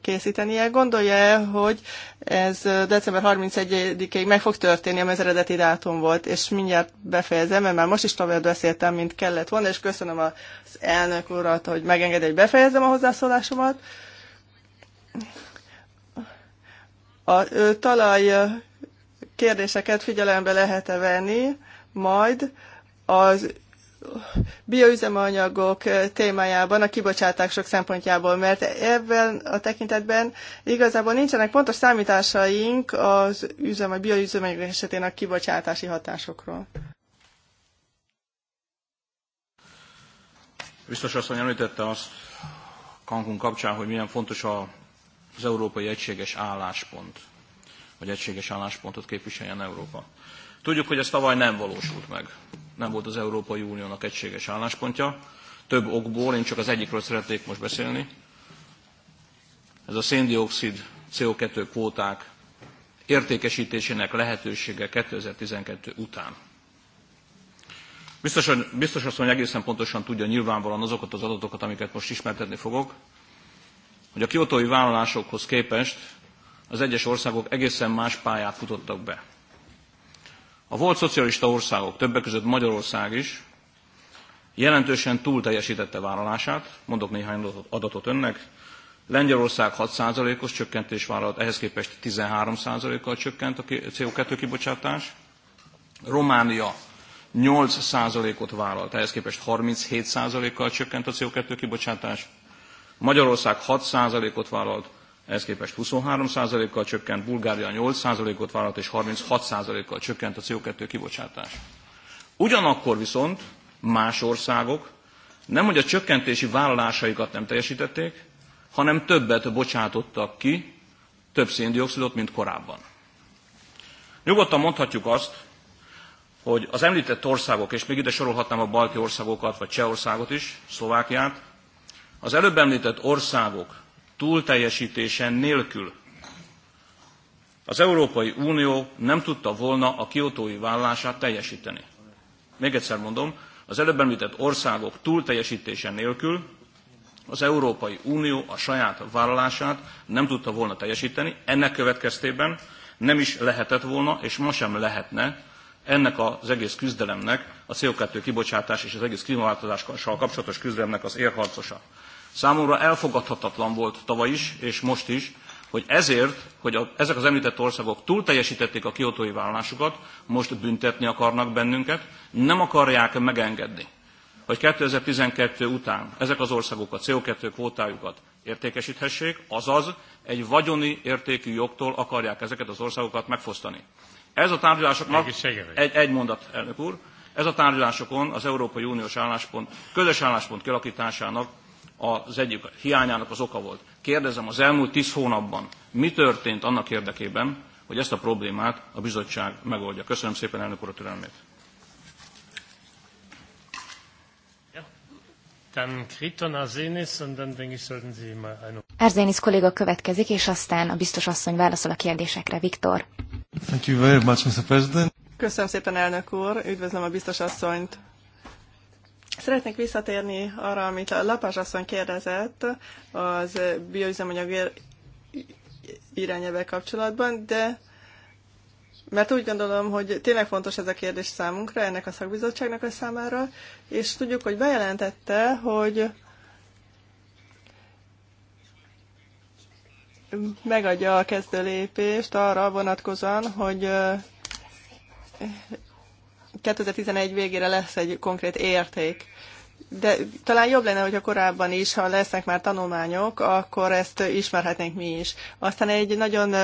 készítenie. Gondolja -e, hogy ez december 31-ig meg fog történni, ami az eredeti dátum volt, és mindjárt befejezem, mert már most is tovább beszéltem, mint kellett volna, és köszönöm az elnök urat, hogy megenged hogy befejezem a hozzászólásomat. A talaj kérdéseket figyelembe lehet-e venni, majd az bioüzemanyagok témájában, a kibocsátások szempontjából, mert ebben a tekintetben igazából nincsenek pontos számításaink az üzem, a bioüzemanyag esetén a kibocsátási hatásokról. Biztos asszony említette azt Kankun kapcsán, hogy milyen fontos az európai egységes álláspont hogy egységes álláspontot képviseljen Európa. Tudjuk, hogy ez tavaly nem valósult meg. Nem volt az Európai Uniónak egységes álláspontja. Több okból, én csak az egyikről szeretnék most beszélni. Ez a széndiokszid CO2 kvóták értékesítésének lehetősége 2012 után. Biztos, biztos hogy egészen pontosan tudja nyilvánvalóan azokat az adatokat, amiket most ismertetni fogok, hogy a kiotói vállalásokhoz képest az egyes országok egészen más pályát futottak be. A volt szocialista országok, többek között Magyarország is, jelentősen túl teljesítette vállalását, mondok néhány adatot önnek, Lengyelország 6%-os csökkentés vállalt, ehhez képest 13%-kal csökkent a CO2 kibocsátás. Románia 8%-ot vállalt, ehhez képest 37%-kal csökkent a CO2 kibocsátás. Magyarország 6%-ot vállalt, ehhez képest 23%-kal csökkent, Bulgária 8%-ot vállalt és 36%-kal csökkent a CO2 kibocsátás. Ugyanakkor viszont más országok nem, hogy a csökkentési vállalásaikat nem teljesítették, hanem többet bocsátottak ki, több széndiokszidot, mint korábban. Nyugodtan mondhatjuk azt, hogy az említett országok, és még ide sorolhatnám a balti országokat, vagy Csehországot is, Szlovákiát, az előbb említett országok túlteljesítésen nélkül az Európai Unió nem tudta volna a kiotói vállását teljesíteni. Még egyszer mondom, az előbb említett országok túlteljesítése nélkül az Európai Unió a saját vállalását nem tudta volna teljesíteni, ennek következtében nem is lehetett volna, és ma sem lehetne ennek az egész küzdelemnek, a CO2 kibocsátás és az egész klímaváltozással kapcsolatos küzdelemnek az érharcosa. Számomra elfogadhatatlan volt tavaly is, és most is, hogy ezért, hogy a, ezek az említett országok túl teljesítették a kiotói vállalásukat, most büntetni akarnak bennünket, nem akarják megengedni, hogy 2012 után ezek az országok a CO2 kvótájukat értékesíthessék, azaz egy vagyoni értékű jogtól akarják ezeket az országokat megfosztani. Ez a tárgyalásoknak, egy, egy mondat, elnök úr, ez a tárgyalásokon az Európai Uniós álláspont, közös álláspont kialakításának az egyik hiányának az oka volt. Kérdezem, az elmúlt tíz hónapban mi történt annak érdekében, hogy ezt a problémát a bizottság megoldja. Köszönöm szépen elnök úr a türelmét. Erzénis kolléga következik, és aztán a biztos asszony válaszol a kérdésekre. Viktor. Thank you very much, Mr. President. Köszönöm szépen, elnök úr. Üdvözlöm a biztos asszonyt. Szeretnék visszatérni arra, amit a Lapás asszony kérdezett az bioüzemanyag irányelvek kapcsolatban, de mert úgy gondolom, hogy tényleg fontos ez a kérdés számunkra, ennek a szakbizottságnak a számára, és tudjuk, hogy bejelentette, hogy megadja a kezdő lépést arra vonatkozóan, hogy 2011 végére lesz egy konkrét érték. De talán jobb lenne, hogyha korábban is, ha lesznek már tanulmányok, akkor ezt ismerhetnénk mi is. Aztán egy nagyon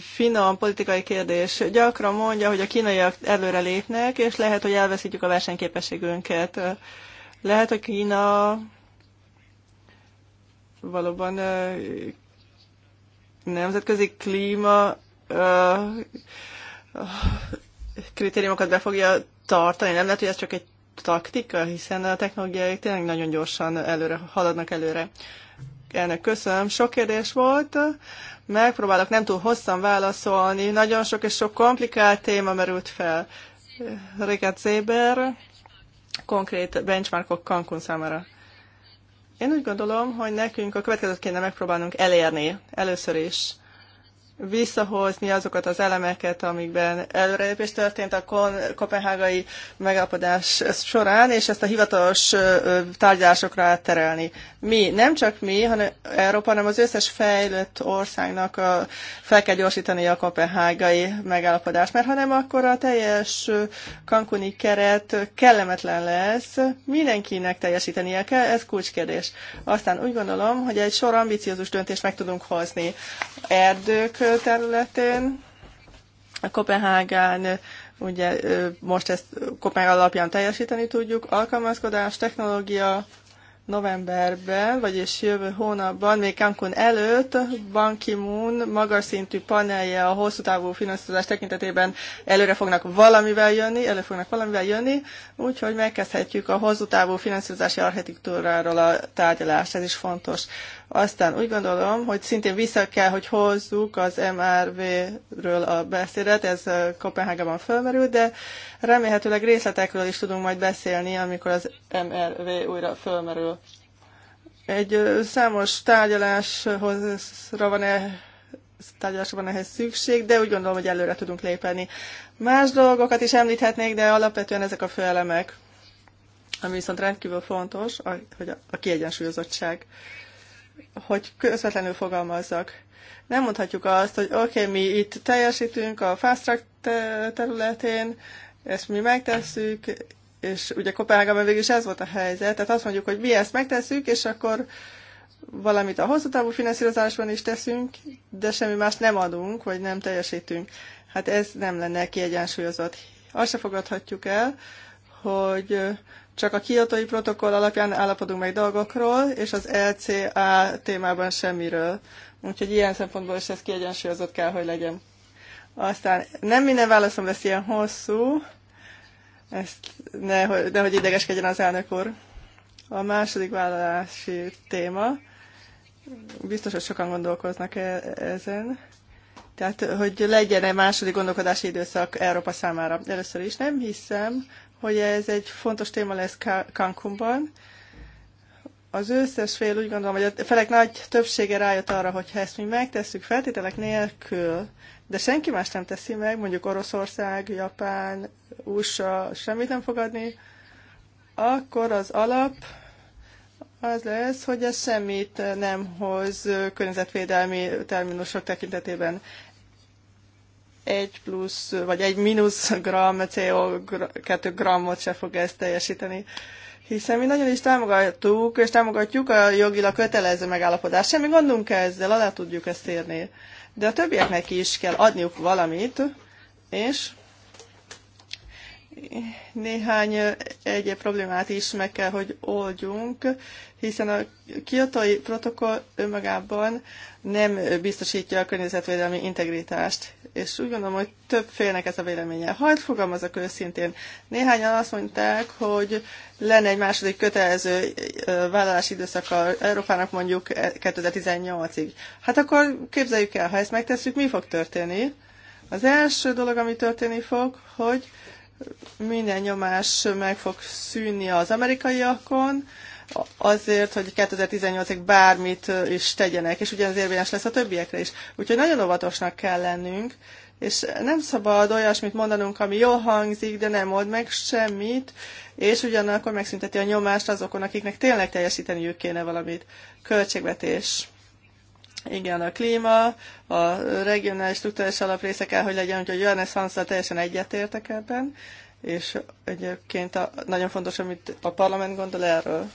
finom politikai kérdés. Gyakran mondja, hogy a kínaiak előre lépnek, és lehet, hogy elveszítjük a versenyképességünket. Lehet, hogy Kína valóban nemzetközi klíma kritériumokat be fogja tartani. Nem lehet, hogy ez csak egy taktika, hiszen a technológiai tényleg nagyon gyorsan előre haladnak előre. Elnök, köszönöm. Sok kérdés volt. Megpróbálok nem túl hosszan válaszolni. Nagyon sok és sok komplikált téma merült fel. Rikard Zéber, konkrét benchmarkok Cancun számára. Én úgy gondolom, hogy nekünk a következőt kéne megpróbálnunk elérni először is visszahozni azokat az elemeket, amikben előrelépés történt a kopenhágai megállapodás során, és ezt a hivatalos tárgyalásokra átterelni. Mi, nem csak mi, hanem Európa, hanem az összes fejlett országnak a, fel kell gyorsítani a kopenhágai megállapodást, mert hanem akkor a teljes kankuni keret kellemetlen lesz, mindenkinek teljesítenie kell, ez kulcskérdés. Aztán úgy gondolom, hogy egy sor ambiciózus döntést meg tudunk hozni. Erdők területén. A Kopenhágán ugye most ezt Kopenhág alapján teljesíteni tudjuk. Alkalmazkodás, technológia, novemberben, vagyis jövő hónapban, még Cancun előtt Ban Ki-moon magas szintű panelje a hosszú távú finanszírozás tekintetében előre fognak valamivel jönni, elő fognak valamivel jönni, úgyhogy megkezdhetjük a hosszú távú finanszírozási architektúráról a tárgyalást, ez is fontos. Aztán úgy gondolom, hogy szintén vissza kell, hogy hozzuk az MRV-ről a beszédet, ez Kopenhágában fölmerült, de remélhetőleg részletekről is tudunk majd beszélni, amikor az MRV újra fölmerül. Egy számos tárgyalásra van -e tárgyalásra van ehhez szükség, de úgy gondolom, hogy előre tudunk lépni. Más dolgokat is említhetnék, de alapvetően ezek a főelemek, ami viszont rendkívül fontos, a, hogy a, a kiegyensúlyozottság hogy közvetlenül fogalmazzak. Nem mondhatjuk azt, hogy oké, okay, mi itt teljesítünk a fast track területén, ezt mi megtesszük, és ugye Kopenhágában végül is ez volt a helyzet, tehát azt mondjuk, hogy mi ezt megtesszük, és akkor valamit a hosszú távú finanszírozásban is teszünk, de semmi más nem adunk, vagy nem teljesítünk. Hát ez nem lenne kiegyensúlyozott. Azt se fogadhatjuk el, hogy csak a kiotói protokoll alapján állapodunk meg dolgokról, és az LCA e témában semmiről. Úgyhogy ilyen szempontból is ez kiegyensúlyozott kell, hogy legyen. Aztán nem minden válaszom lesz ilyen hosszú, ezt nehogy, nehogy idegeskedjen az elnök úr. A második vállalási téma, biztos, hogy sokan gondolkoznak e- ezen, tehát, hogy legyen-e második gondolkodási időszak Európa számára. Először is nem hiszem, hogy ez egy fontos téma lesz Cancunban. Az összes fél úgy gondolom, hogy a felek nagy többsége rájött arra, hogy ha ezt mi megtesszük feltételek nélkül, de senki más nem teszi meg, mondjuk Oroszország, Japán, USA, semmit nem fogadni, akkor az alap az lesz, hogy ez semmit nem hoz környezetvédelmi terminusok tekintetében egy plusz, vagy egy mínusz gram CO2 grammot se fog ezt teljesíteni. Hiszen mi nagyon is támogatjuk és támogatjuk a jogilag kötelező megállapodást. Semmi gondunk ezzel, alá tudjuk ezt érni. De a többieknek is kell adniuk valamit, és néhány egyéb problémát is meg kell, hogy oldjunk, hiszen a kiotói protokoll önmagában nem biztosítja a környezetvédelmi integritást. És úgy gondolom, hogy több félnek ez a véleménye. Hajt fogalmazok őszintén. Néhányan azt mondták, hogy lenne egy második kötelező vállalási a Európának mondjuk 2018-ig. E, hát akkor képzeljük el, ha ezt megtesszük, mi fog történni? Az első dolog, ami történni fog, hogy minden nyomás meg fog szűnni az amerikaiakon, azért, hogy 2018-ig bármit is tegyenek, és ugyanaz érvényes lesz a többiekre is. Úgyhogy nagyon óvatosnak kell lennünk, és nem szabad olyasmit mondanunk, ami jól hangzik, de nem old meg semmit, és ugyanakkor megszünteti a nyomást azokon, akiknek tényleg teljesíteniük kéne valamit. Költségvetés. Igen, a klíma, a regionális struktúrás alaprésze kell, hogy legyen, úgyhogy Johannes Hanszal teljesen egyetértek ebben, és egyébként a, nagyon fontos, amit a parlament gondol erről.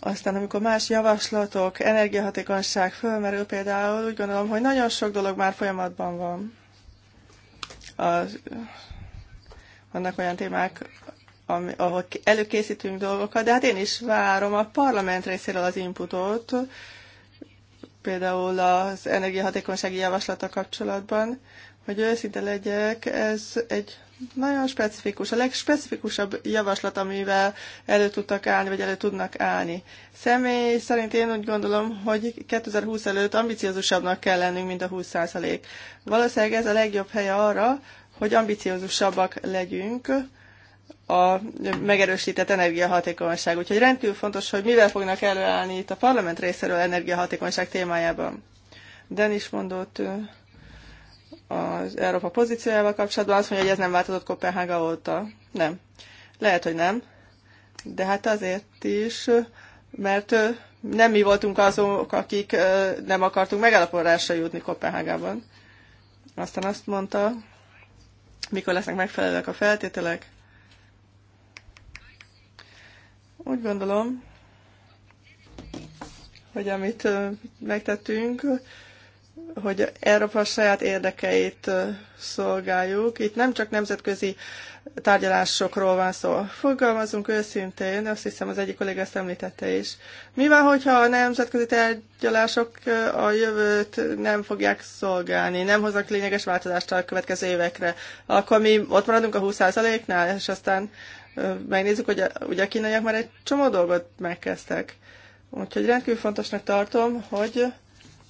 Aztán amikor más javaslatok, energiahatékonyság fölmerül például, úgy gondolom, hogy nagyon sok dolog már folyamatban van. A, vannak olyan témák, ami, ahol előkészítünk dolgokat, de hát én is várom a parlament részéről az inputot, például az energiahatékonysági javaslata kapcsolatban, hogy őszinte legyek, ez egy nagyon specifikus, a legspecifikusabb javaslat, amivel elő tudtak állni, vagy elő tudnak állni. Személy szerint én úgy gondolom, hogy 2020 előtt ambiciózusabbnak kell lennünk, mint a 20%. Valószínűleg ez a legjobb hely arra, hogy ambiciózusabbak legyünk, a megerősített energiahatékonyság. Úgyhogy rendkívül fontos, hogy mivel fognak előállni itt a parlament részéről energiahatékonyság témájában. Den is mondott az Európa pozíciójával kapcsolatban, azt mondja, hogy ez nem változott Kopenhága óta. Nem. Lehet, hogy nem. De hát azért is, mert nem mi voltunk azok, akik nem akartunk megállapodásra jutni Kopenhágában. Aztán azt mondta, mikor lesznek megfelelőek a feltételek, Úgy gondolom, hogy amit megtettünk, hogy Európa saját érdekeit szolgáljuk. Itt nem csak nemzetközi tárgyalásokról van szó. Fogalmazunk őszintén, azt hiszem az egyik kolléga ezt említette is. Mi van, hogyha a nemzetközi tárgyalások a jövőt nem fogják szolgálni, nem hoznak lényeges változást a következő évekre? Akkor mi ott maradunk a 20%-nál, és aztán megnézzük, hogy a, ugye a kínaiak már egy csomó dolgot megkezdtek. Úgyhogy rendkívül fontosnak tartom, hogy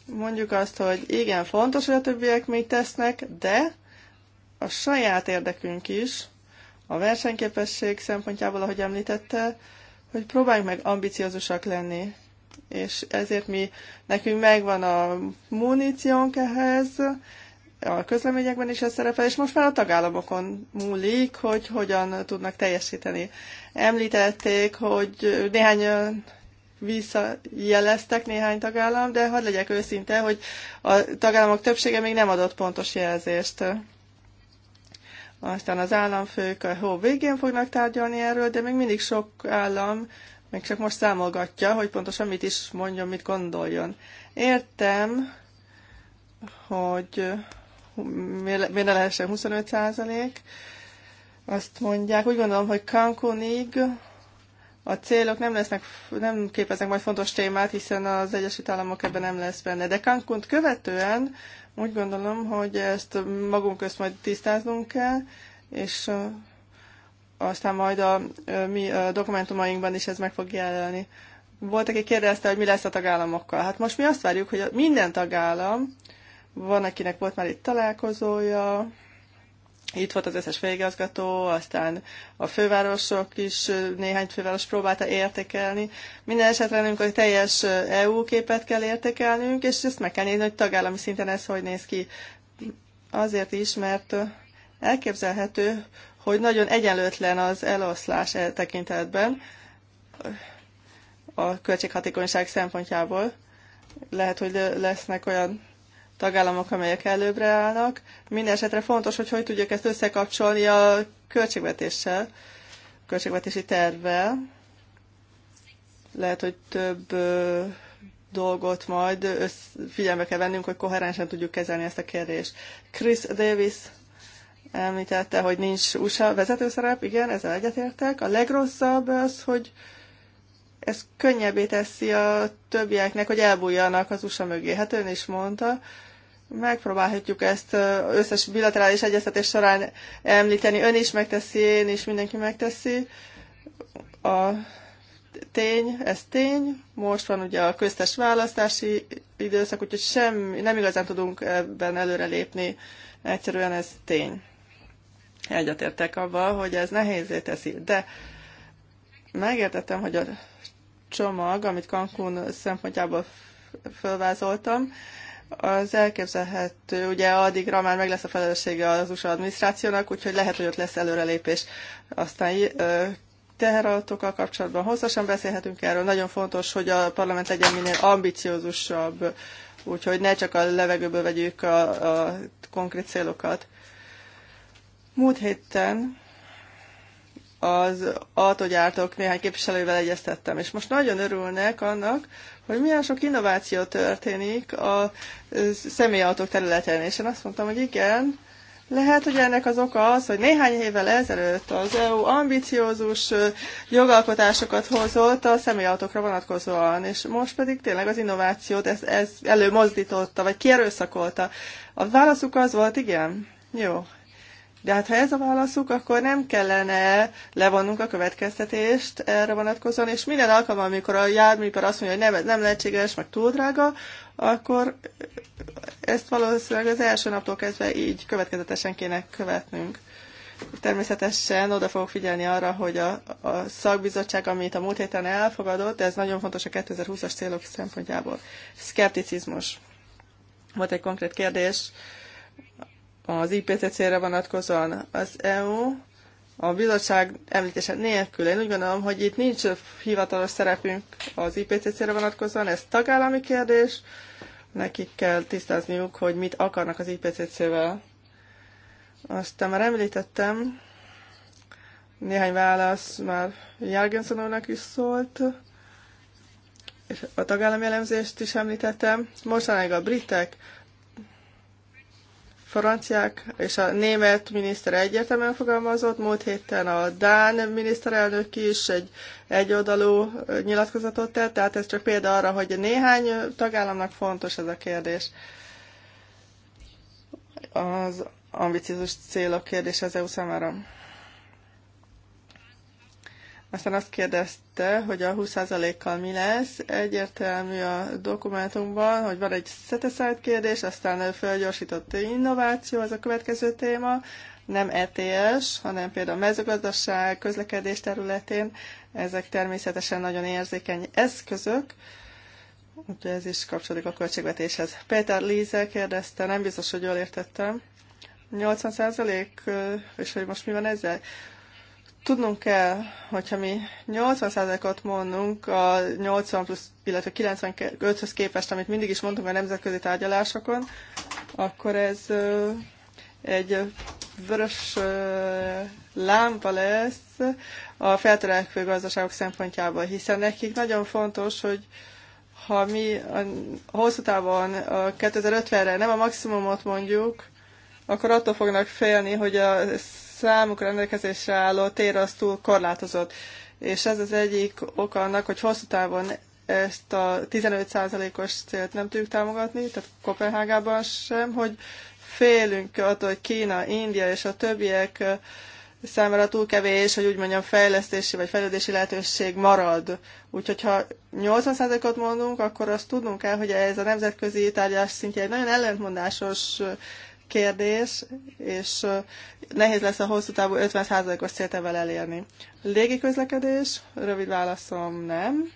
mondjuk azt, hogy igen, fontos, hogy a többiek mit tesznek, de a saját érdekünk is, a versenyképesség szempontjából, ahogy említette, hogy próbáljunk meg ambiciózusak lenni. És ezért mi, nekünk megvan a muníciónk ehhez, a közleményekben is ez szerepel, és most már a tagállamokon múlik, hogy hogyan tudnak teljesíteni. Említették, hogy néhány visszajeleztek néhány tagállam, de hadd legyek őszinte, hogy a tagállamok többsége még nem adott pontos jelzést. Aztán az államfők a hó végén fognak tárgyalni erről, de még mindig sok állam még csak most számolgatja, hogy pontosan mit is mondjon, mit gondoljon. Értem, hogy miért ne lehessen 25 százalék, azt mondják. Úgy gondolom, hogy Cancunig a célok nem, lesznek, nem képeznek majd fontos témát, hiszen az Egyesült Államok ebben nem lesz benne. De cancun követően úgy gondolom, hogy ezt magunk közt majd tisztáznunk kell, és aztán majd a mi a dokumentumainkban is ez meg fog jelenni. Volt, aki kérdezte, hogy mi lesz a tagállamokkal. Hát most mi azt várjuk, hogy minden tagállam van, akinek volt már itt találkozója, itt volt az összes főigazgató, aztán a fővárosok is, néhány főváros próbálta értékelni. Minden esetre nekünk a teljes EU képet kell értékelnünk, és ezt meg kell nézni, hogy tagállami szinten ez hogy néz ki. Azért is, mert elképzelhető, hogy nagyon egyenlőtlen az eloszlás e tekintetben a költséghatékonyság szempontjából. Lehet, hogy lesznek olyan tagállamok, amelyek előbbre állnak. Mindenesetre fontos, hogy hogy tudjuk ezt összekapcsolni a költségvetéssel, a költségvetési tervvel. Lehet, hogy több ö, dolgot majd össz, figyelme kell vennünk, hogy koherensen tudjuk kezelni ezt a kérdést. Chris Davis említette, hogy nincs USA vezetőszerep, igen, ezzel egyetértek. A legrosszabb az, hogy ez könnyebbé teszi a többieknek, hogy elbújjanak az USA mögé. Hát ön is mondta, megpróbálhatjuk ezt összes bilaterális egyeztetés során említeni. Ön is megteszi, én is, mindenki megteszi. A tény, ez tény. Most van ugye a köztes választási időszak, úgyhogy semmi, nem igazán tudunk ebben előrelépni. Egyszerűen ez tény. Egyetértek abban, hogy ez nehézé teszi, de megértettem, hogy a csomag, amit Cancún szempontjából fölvázoltam, az elképzelhető, ugye addigra már meg lesz a felelőssége az USA adminisztrációnak, úgyhogy lehet, hogy ott lesz előrelépés. Aztán teherautókkal kapcsolatban hosszasan beszélhetünk erről. Nagyon fontos, hogy a parlament legyen minél ambiciózusabb, úgyhogy ne csak a levegőből vegyük a, a konkrét célokat. Múlt héten az autogyártók néhány képviselővel egyeztettem, és most nagyon örülnek annak, hogy milyen sok innováció történik a személyautók területén és én azt mondtam, hogy igen, lehet, hogy ennek az oka az, hogy néhány évvel ezelőtt az EU ambiciózus jogalkotásokat hozott a személyautókra vonatkozóan, és most pedig tényleg az innovációt ez, ez előmozdította, vagy kierőszakolta. A válaszuk az volt, igen? Jó, de hát ha ez a válaszuk, akkor nem kellene levonnunk a következtetést erre vonatkozóan, és minden alkalommal, amikor a járműipar azt mondja, hogy nem, nem lehetséges, meg túl drága, akkor ezt valószínűleg az első naptól kezdve így következetesen kéne követnünk. Természetesen oda fogok figyelni arra, hogy a, a szakbizottság, amit a múlt héten elfogadott, ez nagyon fontos a 2020-as célok szempontjából. Szkepticizmus. Volt egy konkrét kérdés az IPCC-re vonatkozóan az EU a bizottság említése nélkül. Én úgy gondolom, hogy itt nincs hivatalos szerepünk az IPCC-re vonatkozóan, ez tagállami kérdés, nekik kell tisztázniuk, hogy mit akarnak az IPCC-vel. Aztán már említettem, néhány válasz már Jargenson úrnak is szólt, és a tagállami elemzést is említettem. Mostanáig a britek franciák és a német miniszter egyértelműen fogalmazott, múlt héten a Dán miniszterelnök is egy egyoldalú nyilatkozatot tett, tehát ez csak példa arra, hogy néhány tagállamnak fontos ez a kérdés. Az ambiciózus célok kérdése az EU számára. Aztán azt kérdezte, hogy a 20%-kal mi lesz. Egyértelmű a dokumentumban, hogy van egy set kérdés, aztán felgyorsított innováció, az a következő téma, nem ETS, hanem például mezőgazdaság, közlekedés területén. Ezek természetesen nagyon érzékeny eszközök, úgyhogy ez is kapcsolódik a költségvetéshez. Péter Líze kérdezte, nem biztos, hogy jól értettem. 80 százalék, és hogy most mi van ezzel? Tudnunk kell, hogyha mi 80%-ot mondunk a 80 plusz, illetve 95-höz képest, amit mindig is mondtunk a nemzetközi tárgyalásokon, akkor ez egy vörös lámpa lesz a feltörekvő gazdaságok szempontjából, hiszen nekik nagyon fontos, hogy ha mi a hosszú távon 2050-re nem a maximumot mondjuk, akkor attól fognak félni, hogy a számukra rendelkezésre álló tér az túl korlátozott. És ez az egyik oka annak, hogy hosszú távon ezt a 15%-os célt nem tudjuk támogatni, tehát Kopenhágában sem, hogy félünk attól, hogy Kína, India és a többiek számára túl kevés, hogy úgy mondjam, fejlesztési vagy fejlődési lehetőség marad. Úgyhogy ha 80%-ot mondunk, akkor azt tudnunk kell, hogy ez a nemzetközi tárgyás szintje egy nagyon ellentmondásos kérdés, és nehéz lesz a hosszú távú 50%-os célt elérni. Légi közlekedés, rövid válaszom nem.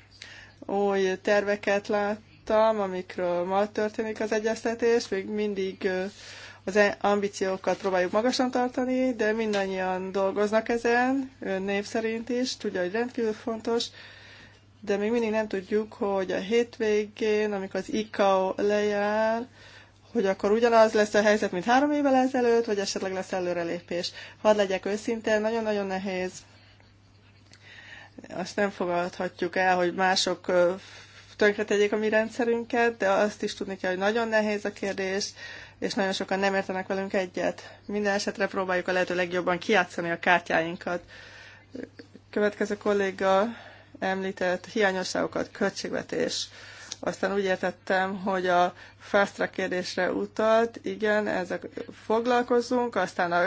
Új terveket láttam, amikről ma történik az egyeztetés, még mindig az e- ambíciókat próbáljuk magasan tartani, de mindannyian dolgoznak ezen, név szerint is, tudja, hogy rendkívül fontos, de még mindig nem tudjuk, hogy a hétvégén, amikor az ICAO lejár, hogy akkor ugyanaz lesz a helyzet, mint három évvel ezelőtt, vagy esetleg lesz előrelépés. Hadd legyek őszinte, nagyon-nagyon nehéz. Azt nem fogadhatjuk el, hogy mások tönkretegyék a mi rendszerünket, de azt is tudni kell, hogy nagyon nehéz a kérdés, és nagyon sokan nem értenek velünk egyet. Minden esetre próbáljuk a lehető legjobban kiátszani a kártyáinkat. Következő kolléga említett hiányosságokat, költségvetés aztán úgy értettem, hogy a fast track kérdésre utalt, igen, ezek foglalkozunk, aztán a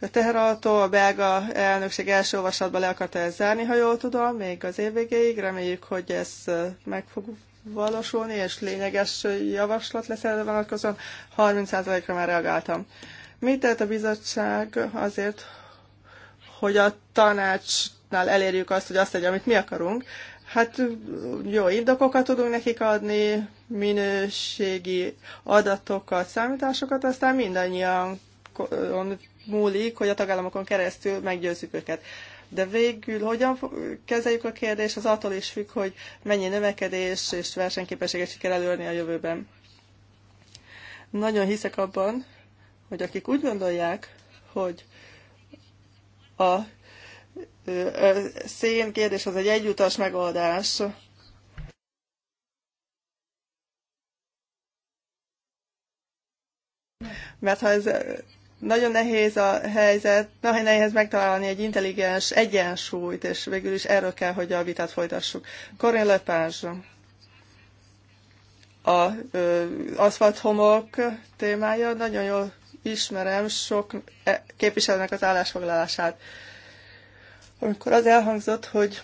a teherautó, a belga elnökség első olvasatban le akarta ezt zárni, ha jól tudom, még az év végéig. Reméljük, hogy ez meg fog valósulni, és lényeges javaslat lesz erre vonatkozóan. 30%-ra már reagáltam. Mit tett a bizottság azért, hogy a tanácsnál elérjük azt, hogy azt tegye, amit mi akarunk? Hát jó indokokat tudunk nekik adni, minőségi adatokat, számításokat, aztán mindannyian múlik, hogy a tagállamokon keresztül meggyőzzük őket. De végül hogyan kezeljük a kérdést, az attól is függ, hogy mennyi növekedés és versenyképességet siker előrni a jövőben. Nagyon hiszek abban, hogy akik úgy gondolják, hogy a szén kérdés az egy egyutas megoldás. Mert ha ez nagyon nehéz a helyzet, nagyon nehéz megtalálni egy intelligens egyensúlyt, és végül is erről kell, hogy a vitát folytassuk. Corinne Lepage, a ö, aszfalthomok témája, nagyon jól ismerem sok e, képviselőnek az állásfoglalását amikor az elhangzott, hogy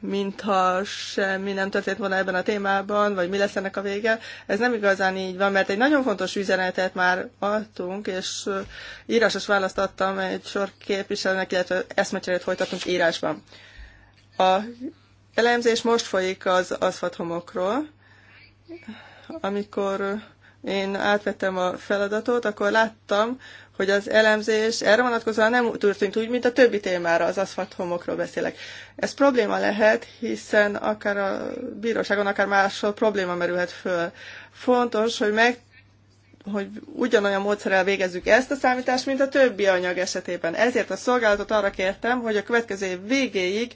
mintha semmi nem történt volna ebben a témában, vagy mi lesz ennek a vége. Ez nem igazán így van, mert egy nagyon fontos üzenetet már adtunk, és írásos választ adtam egy sor képviselőnek, illetve eszmecserét folytatunk írásban. A elemzés most folyik az aszfathomokról. Amikor én átvettem a feladatot, akkor láttam, hogy az elemzés erre vonatkozóan nem történt úgy, mint a többi témára, az aszfalt homokról beszélek. Ez probléma lehet, hiszen akár a bíróságon, akár máshol probléma merülhet föl. Fontos, hogy meg hogy ugyanolyan módszerrel végezzük ezt a számítást, mint a többi anyag esetében. Ezért a szolgálatot arra kértem, hogy a következő év végéig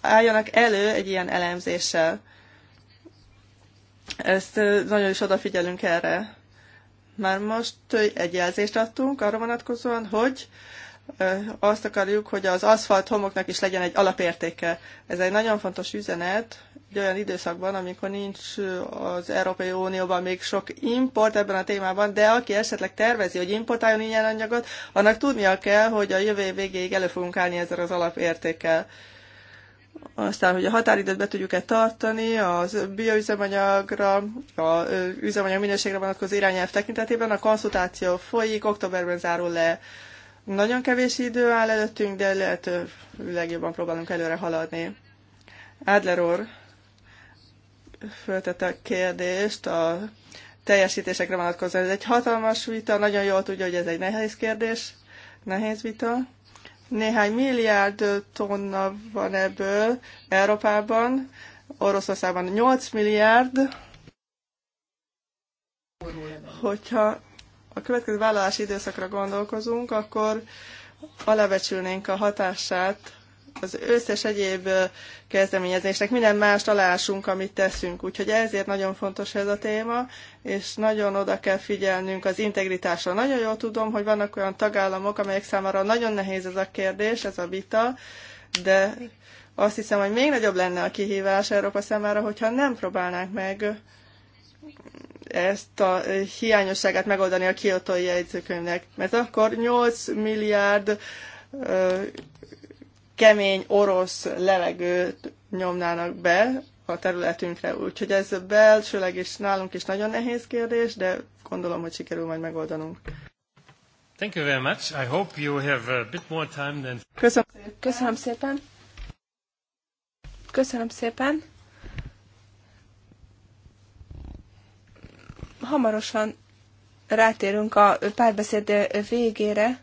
álljanak elő egy ilyen elemzéssel. Ezt nagyon is odafigyelünk erre. Már most egy jelzést adtunk arra vonatkozóan, hogy azt akarjuk, hogy az aszfalt homoknak is legyen egy alapértéke. Ez egy nagyon fontos üzenet egy olyan időszakban, amikor nincs az Európai Unióban még sok import ebben a témában, de aki esetleg tervezi, hogy importáljon ilyen anyagot, annak tudnia kell, hogy a jövő végéig elő fogunk állni ezzel az alapértékkel aztán, hogy a határidőt be tudjuk-e tartani, az bioüzemanyagra, a üzemanyag minőségre vonatkozó irányelv tekintetében a konszultáció folyik, októberben zárul le. Nagyon kevés idő áll előttünk, de lehetőleg jobban próbálunk előre haladni. Adler úr föltette a kérdést a teljesítésekre vonatkozóan. Ez egy hatalmas vita, nagyon jól tudja, hogy ez egy nehéz kérdés, nehéz vita néhány milliárd tonna van ebből Európában, Oroszországban 8 milliárd. Hogyha a következő vállalási időszakra gondolkozunk, akkor alábecsülnénk a hatását az összes egyéb kezdeményezésnek, minden más találásunk, amit teszünk. Úgyhogy ezért nagyon fontos ez a téma, és nagyon oda kell figyelnünk az integritásra. Nagyon jól tudom, hogy vannak olyan tagállamok, amelyek számára nagyon nehéz ez a kérdés, ez a vita, de azt hiszem, hogy még nagyobb lenne a kihívás Európa számára, hogyha nem próbálnánk meg ezt a hiányosságát megoldani a kiotói jegyzőkönyvnek. Mert akkor 8 milliárd kemény orosz levegőt nyomnának be a területünkre. Úgyhogy ez belsőleg is nálunk is nagyon nehéz kérdés, de gondolom, hogy sikerül majd megoldanunk. Thank you very much. I hope you have a bit more time than... Köszönöm, Köszönöm szépen. Köszönöm szépen. Hamarosan rátérünk a párbeszéd végére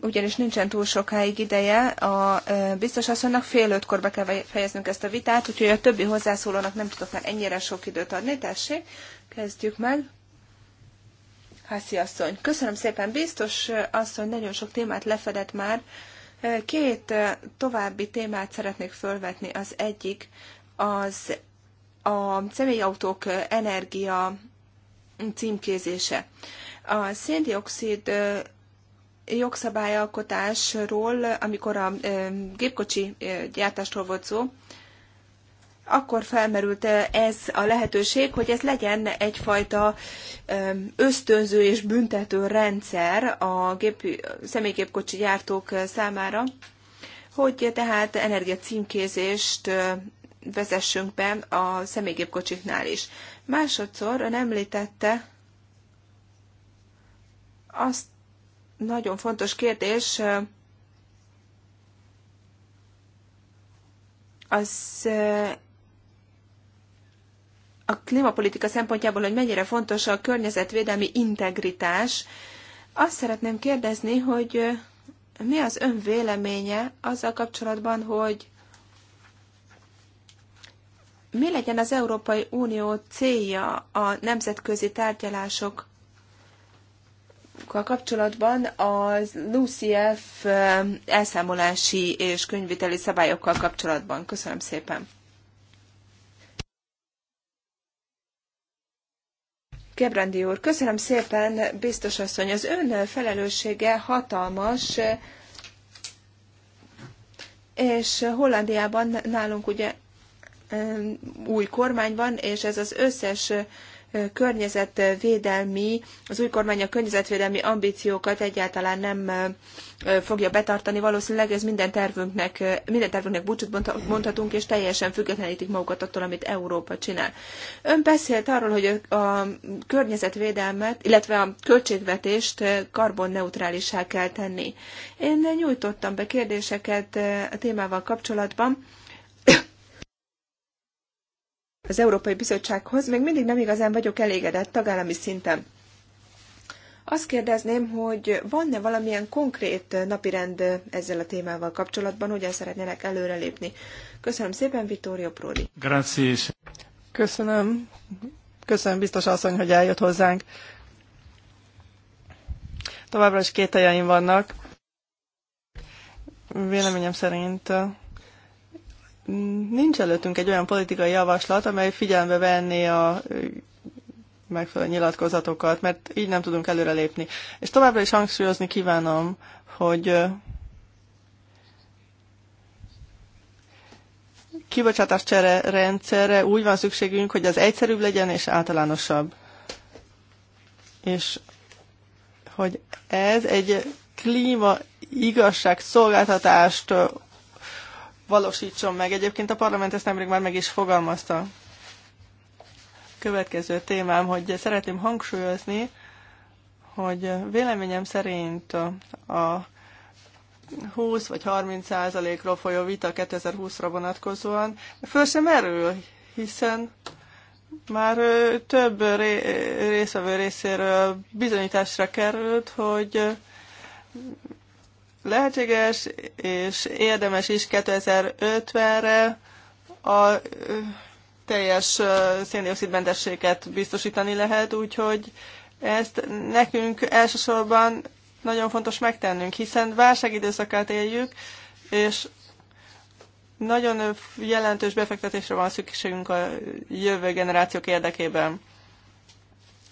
ugyanis nincsen túl sokáig ideje a biztos asszonynak, fél ötkor be kell fejeznünk ezt a vitát, úgyhogy a többi hozzászólónak nem tudok már ennyire sok időt adni. Tessék, kezdjük meg. Hászi asszony. Köszönöm szépen, biztos asszony, nagyon sok témát lefedett már. Két további témát szeretnék fölvetni. Az egyik az a személyautók energia címkézése. A széndiokszid jogszabályalkotásról, amikor a gépkocsi gyártásról volt szó, akkor felmerült eh, ez a lehetőség, hogy ez legyen egyfajta ösztönző és büntető rendszer a gép, személygépkocsi gyártók eh, számára, hogy tehát energiacímkézést eh, vezessünk be a személygépkocsiknál is. Másodszor ön említette azt nagyon fontos kérdés. Az a klímapolitika szempontjából, hogy mennyire fontos a környezetvédelmi integritás. Azt szeretném kérdezni, hogy mi az ön véleménye azzal kapcsolatban, hogy mi legyen az Európai Unió célja a nemzetközi tárgyalások programokkal kapcsolatban az LUCF eh, elszámolási és könyviteli szabályokkal kapcsolatban. Köszönöm szépen! Kebrandi úr, köszönöm szépen, biztos asszony, az ön felelőssége hatalmas, és Hollandiában nálunk ugye új kormány van, és ez az összes környezetvédelmi, az új kormány a környezetvédelmi ambíciókat egyáltalán nem fogja betartani. Valószínűleg ez minden tervünknek, minden tervünknek búcsút mondhatunk, és teljesen függetlenítik magukat attól, amit Európa csinál. Ön beszélt arról, hogy a környezetvédelmet, illetve a költségvetést karbonneutrálissá kell tenni. Én nyújtottam be kérdéseket a témával kapcsolatban, az Európai Bizottsághoz, még mindig nem igazán vagyok elégedett tagállami szinten. Azt kérdezném, hogy van-e valamilyen konkrét napirend ezzel a témával kapcsolatban, hogyan szeretnének előrelépni. Köszönöm szépen, Vittorio Prodi. Grazie. Köszönöm. Köszönöm, biztos asszony, hogy eljött hozzánk. Továbbra is két vannak. Véleményem szerint nincs előttünk egy olyan politikai javaslat, amely figyelembe venné a megfelelő nyilatkozatokat, mert így nem tudunk előrelépni. És továbbra is hangsúlyozni kívánom, hogy csere rendszerre úgy van szükségünk, hogy az egyszerűbb legyen és általánosabb. És hogy ez egy klíma igazság szolgáltatást valósítson meg. Egyébként a parlament ezt nemrég már meg is fogalmazta. Következő témám, hogy szeretném hangsúlyozni, hogy véleményem szerint a 20 vagy 30 százalékról folyó vita 2020-ra vonatkozóan föl sem erül, hiszen már több részvevő részéről bizonyításra került, hogy Lehetséges és érdemes is 2050-re a teljes széndiokszidmentességet biztosítani lehet, úgyhogy ezt nekünk elsősorban nagyon fontos megtennünk, hiszen válságidőszakát éljük, és nagyon jelentős befektetésre van szükségünk a jövő generációk érdekében.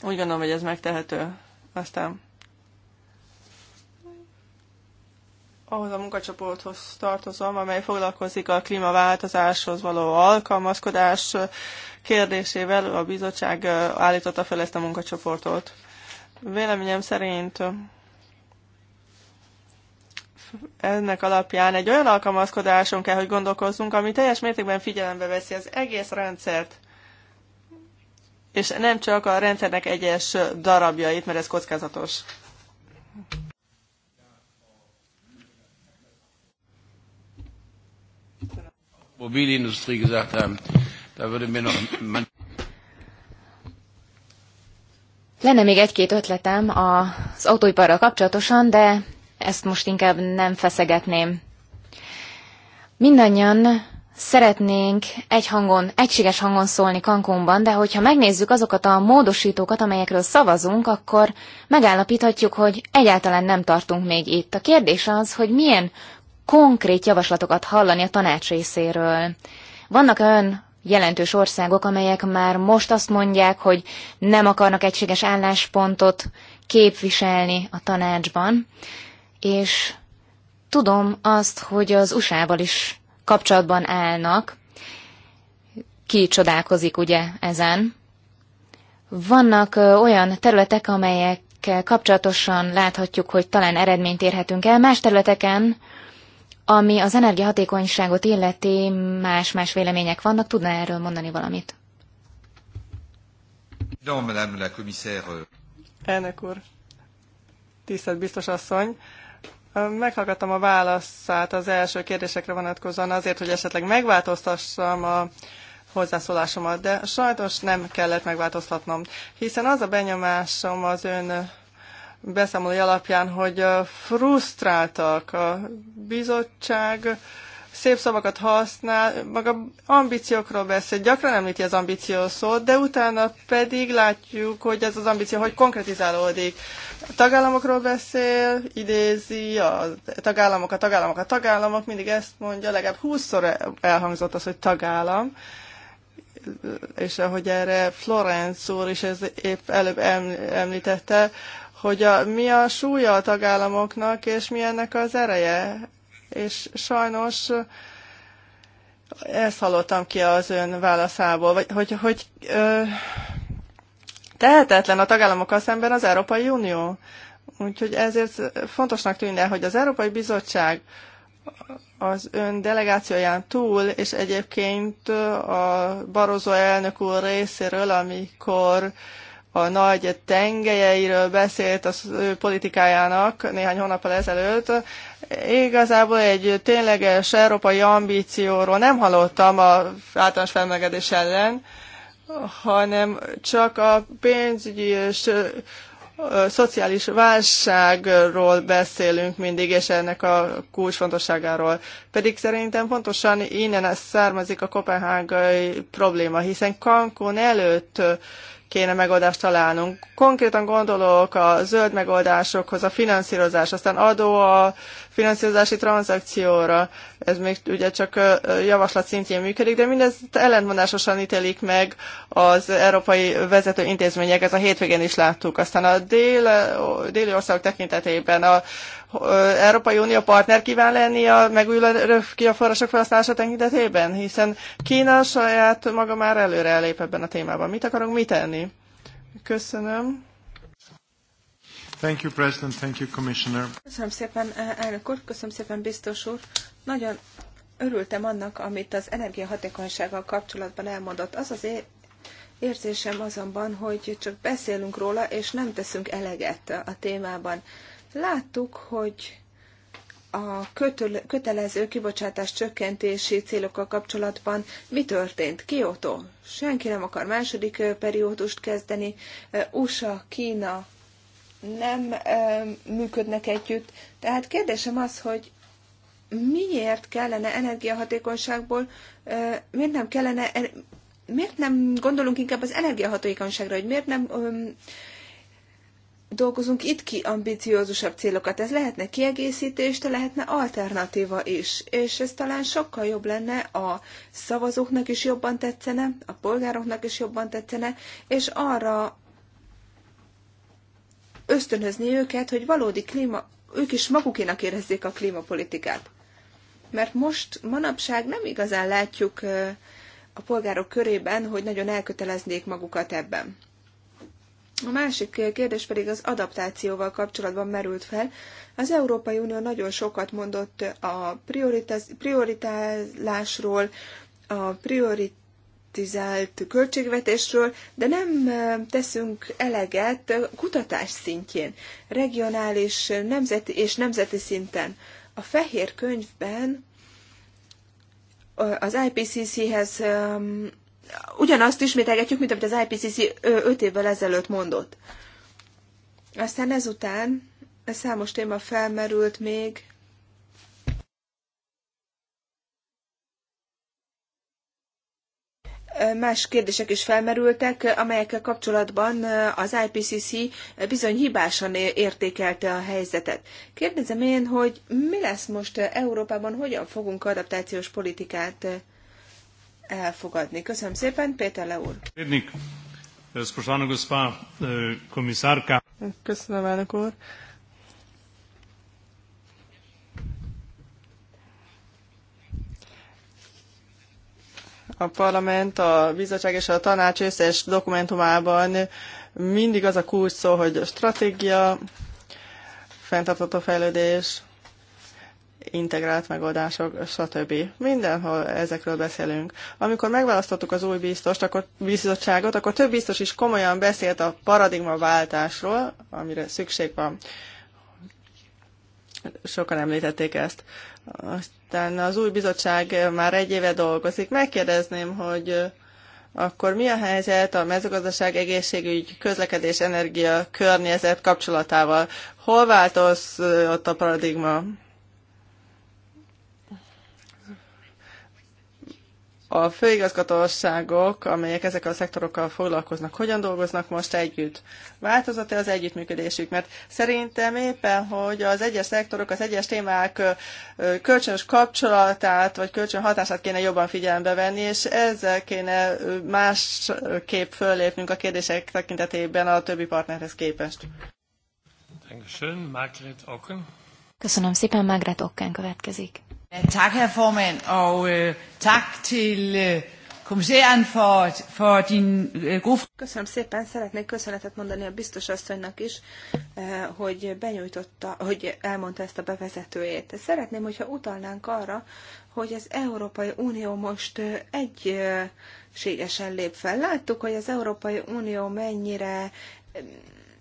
Úgy gondolom, hogy ez megtehető. Aztán ahhoz a munkacsoporthoz tartozom, amely foglalkozik a klímaváltozáshoz való alkalmazkodás kérdésével. A bizottság állította fel ezt a munkacsoportot. Véleményem szerint ennek alapján egy olyan alkalmazkodáson kell, hogy gondolkozzunk, ami teljes mértékben figyelembe veszi az egész rendszert, és nem csak a rendszernek egyes darabjait, mert ez kockázatos. Mobilindustrie gesagt haben, da würde mir noch man Lenne még egy-két ötletem az autóiparral kapcsolatosan, de ezt most inkább nem feszegetném. Mindannyian szeretnénk egy hangon, egységes hangon szólni Cancúnban, de hogyha megnézzük azokat a módosítókat, amelyekről szavazunk, akkor megállapíthatjuk, hogy egyáltalán nem tartunk még itt. A kérdés az, hogy milyen konkrét javaslatokat hallani a tanács részéről. Vannak ön jelentős országok, amelyek már most azt mondják, hogy nem akarnak egységes álláspontot képviselni a tanácsban, és tudom azt, hogy az USA-val is kapcsolatban állnak. Ki csodálkozik ugye ezen? Vannak olyan területek, amelyek kapcsolatosan láthatjuk, hogy talán eredményt érhetünk el, más területeken ami az energiahatékonyságot illeti, más-más vélemények vannak. Tudna erről mondani valamit? Euh, Elnök úr, tisztelt biztos asszony, euh, meghallgattam a válaszát az első kérdésekre vonatkozóan azért, hogy esetleg megváltoztassam a hozzászólásomat, de sajnos nem kellett megváltoztatnom, hiszen az a benyomásom az ön beszámolói alapján, hogy frusztráltak a bizottság, szép szavakat használ, maga ambíciókról beszél, gyakran említi az ambíció szót, de utána pedig látjuk, hogy ez az ambíció hogy konkretizálódik. A tagállamokról beszél, idézi, a tagállamok, a tagállamok, a tagállamok, mindig ezt mondja, legalább 20-szor elhangzott az, hogy tagállam, és ahogy erre Florence úr is ez épp előbb említette, hogy a, mi a súlya a tagállamoknak, és mi ennek az ereje. És sajnos ezt hallottam ki az ön válaszából, vagy hogy, hogy ö, tehetetlen a tagállamokkal szemben az Európai Unió. Úgyhogy ezért fontosnak tűnne, hogy az Európai Bizottság az ön delegációján túl, és egyébként a Barozó elnök úr részéről, amikor a nagy tengelyeiről beszélt a politikájának néhány hónappal ezelőtt. Igazából egy tényleges európai ambícióról nem hallottam a általános felmelegedés ellen, hanem csak a pénzügyi és szociális válságról beszélünk mindig, és ennek a kulcsfontosságáról. Pedig szerintem pontosan innen származik a kopenhágai probléma, hiszen Cancún előtt kéne megoldást találnunk. Konkrétan gondolok a zöld megoldásokhoz, a finanszírozás, aztán adó a finanszírozási tranzakcióra. Ez még ugye csak javaslat szintjén működik, de mindez ellentmondásosan ítélik meg az európai vezető intézmények. Ez a hétvégén is láttuk. Aztán a dél, déli országok tekintetében a, Európai Unió partner kíván lenni a megújuló források felhasználása tekintetében, hiszen Kína saját maga már előre elép ebben a témában. Mit akarunk mit tenni? Köszönöm. Thank you, President. Thank you, Commissioner. Köszönöm szépen, e, elnök úr, köszönöm szépen, biztos úr. Nagyon örültem annak, amit az energiahatékonysággal kapcsolatban elmondott. Az az érzésem azonban, hogy csak beszélünk róla, és nem teszünk eleget a témában. Láttuk, hogy a kötelező kibocsátás csökkentési célokkal kapcsolatban mi történt? Kyoto. Senki nem akar második periódust kezdeni. USA, Kína nem működnek együtt. Tehát kérdésem az, hogy miért kellene energiahatékonyságból, miért nem kellene, er, miért nem gondolunk inkább az energiahatékonyságra, hogy miért nem dolgozunk itt ki ambiciózusabb célokat. Ez lehetne kiegészítés, de lehetne alternatíva is. És ez talán sokkal jobb lenne a szavazóknak is jobban tetszene, a polgároknak is jobban tetszene, és arra ösztönözni őket, hogy valódi klíma, ők is magukénak érezzék a klímapolitikát. Mert most manapság nem igazán látjuk a polgárok körében, hogy nagyon elköteleznék magukat ebben. A másik kérdés pedig az adaptációval kapcsolatban merült fel. Az Európai Unió nagyon sokat mondott a prioritálásról, a prioritizált költségvetésről, de nem teszünk eleget kutatás szintjén, regionális nemzeti és nemzeti szinten. A fehér könyvben az IPCC-hez ugyanazt ismételgetjük, mint amit az IPCC 5 évvel ezelőtt mondott. Aztán ezután számos téma felmerült még, más kérdések is felmerültek, amelyekkel kapcsolatban az IPCC bizony hibásan értékelte a helyzetet. Kérdezem én, hogy mi lesz most Európában, hogyan fogunk adaptációs politikát elfogadni. Köszönöm szépen, Péter Le úr. Eh, Köszönöm, elnök úr. A parlament, a bizottság és a tanács összes dokumentumában mindig az a kulcs szó, hogy stratégia, fenntartható fejlődés, integrált megoldások, stb. Mindenhol ezekről beszélünk. Amikor megválasztottuk az új biztost, akkor bizottságot, akkor több biztos is komolyan beszélt a paradigma váltásról, amire szükség van. Sokan említették ezt. Aztán az új bizottság már egy éve dolgozik. Megkérdezném, hogy akkor mi a helyzet a mezőgazdaság, egészségügy, közlekedés, energia, környezet kapcsolatával? Hol változott a paradigma? A főigazgatóságok, amelyek ezekkel a szektorokkal foglalkoznak, hogyan dolgoznak most együtt? Változott-e az együttműködésük? Mert szerintem éppen, hogy az egyes szektorok, az egyes témák kölcsönös kapcsolatát, vagy kölcsön hatását kéne jobban figyelembe venni, és ezzel kéne másképp fölépnünk a kérdések tekintetében a többi partnerhez képest. Köszönöm szépen, Margaret Okken következik. Tak, herr formand, og øh, tak til øh, kommissæren for, for din øh, gode... Köszönöm szépen, szeretnék köszönetet mondani a biztos asszonynak is, eh, hogy benyújtotta, hogy elmondta ezt a bevezetőjét. Szeretném, hogyha utalnánk arra, hogy az Európai Unió most eh, egységesen lép fel. Láttuk, hogy az Európai Unió mennyire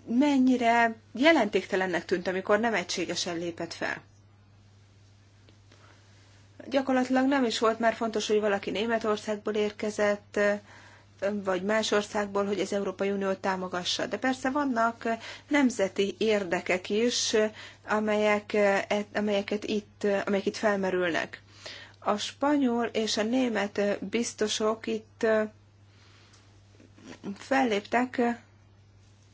mennyire jelentéktelennek tűnt, amikor nem egységesen lépett fel gyakorlatilag nem is volt már fontos, hogy valaki Németországból érkezett, vagy más országból, hogy az Európai Unió támogassa. De persze vannak nemzeti érdekek is, amelyek, amelyeket itt, amelyek itt felmerülnek. A spanyol és a német biztosok itt felléptek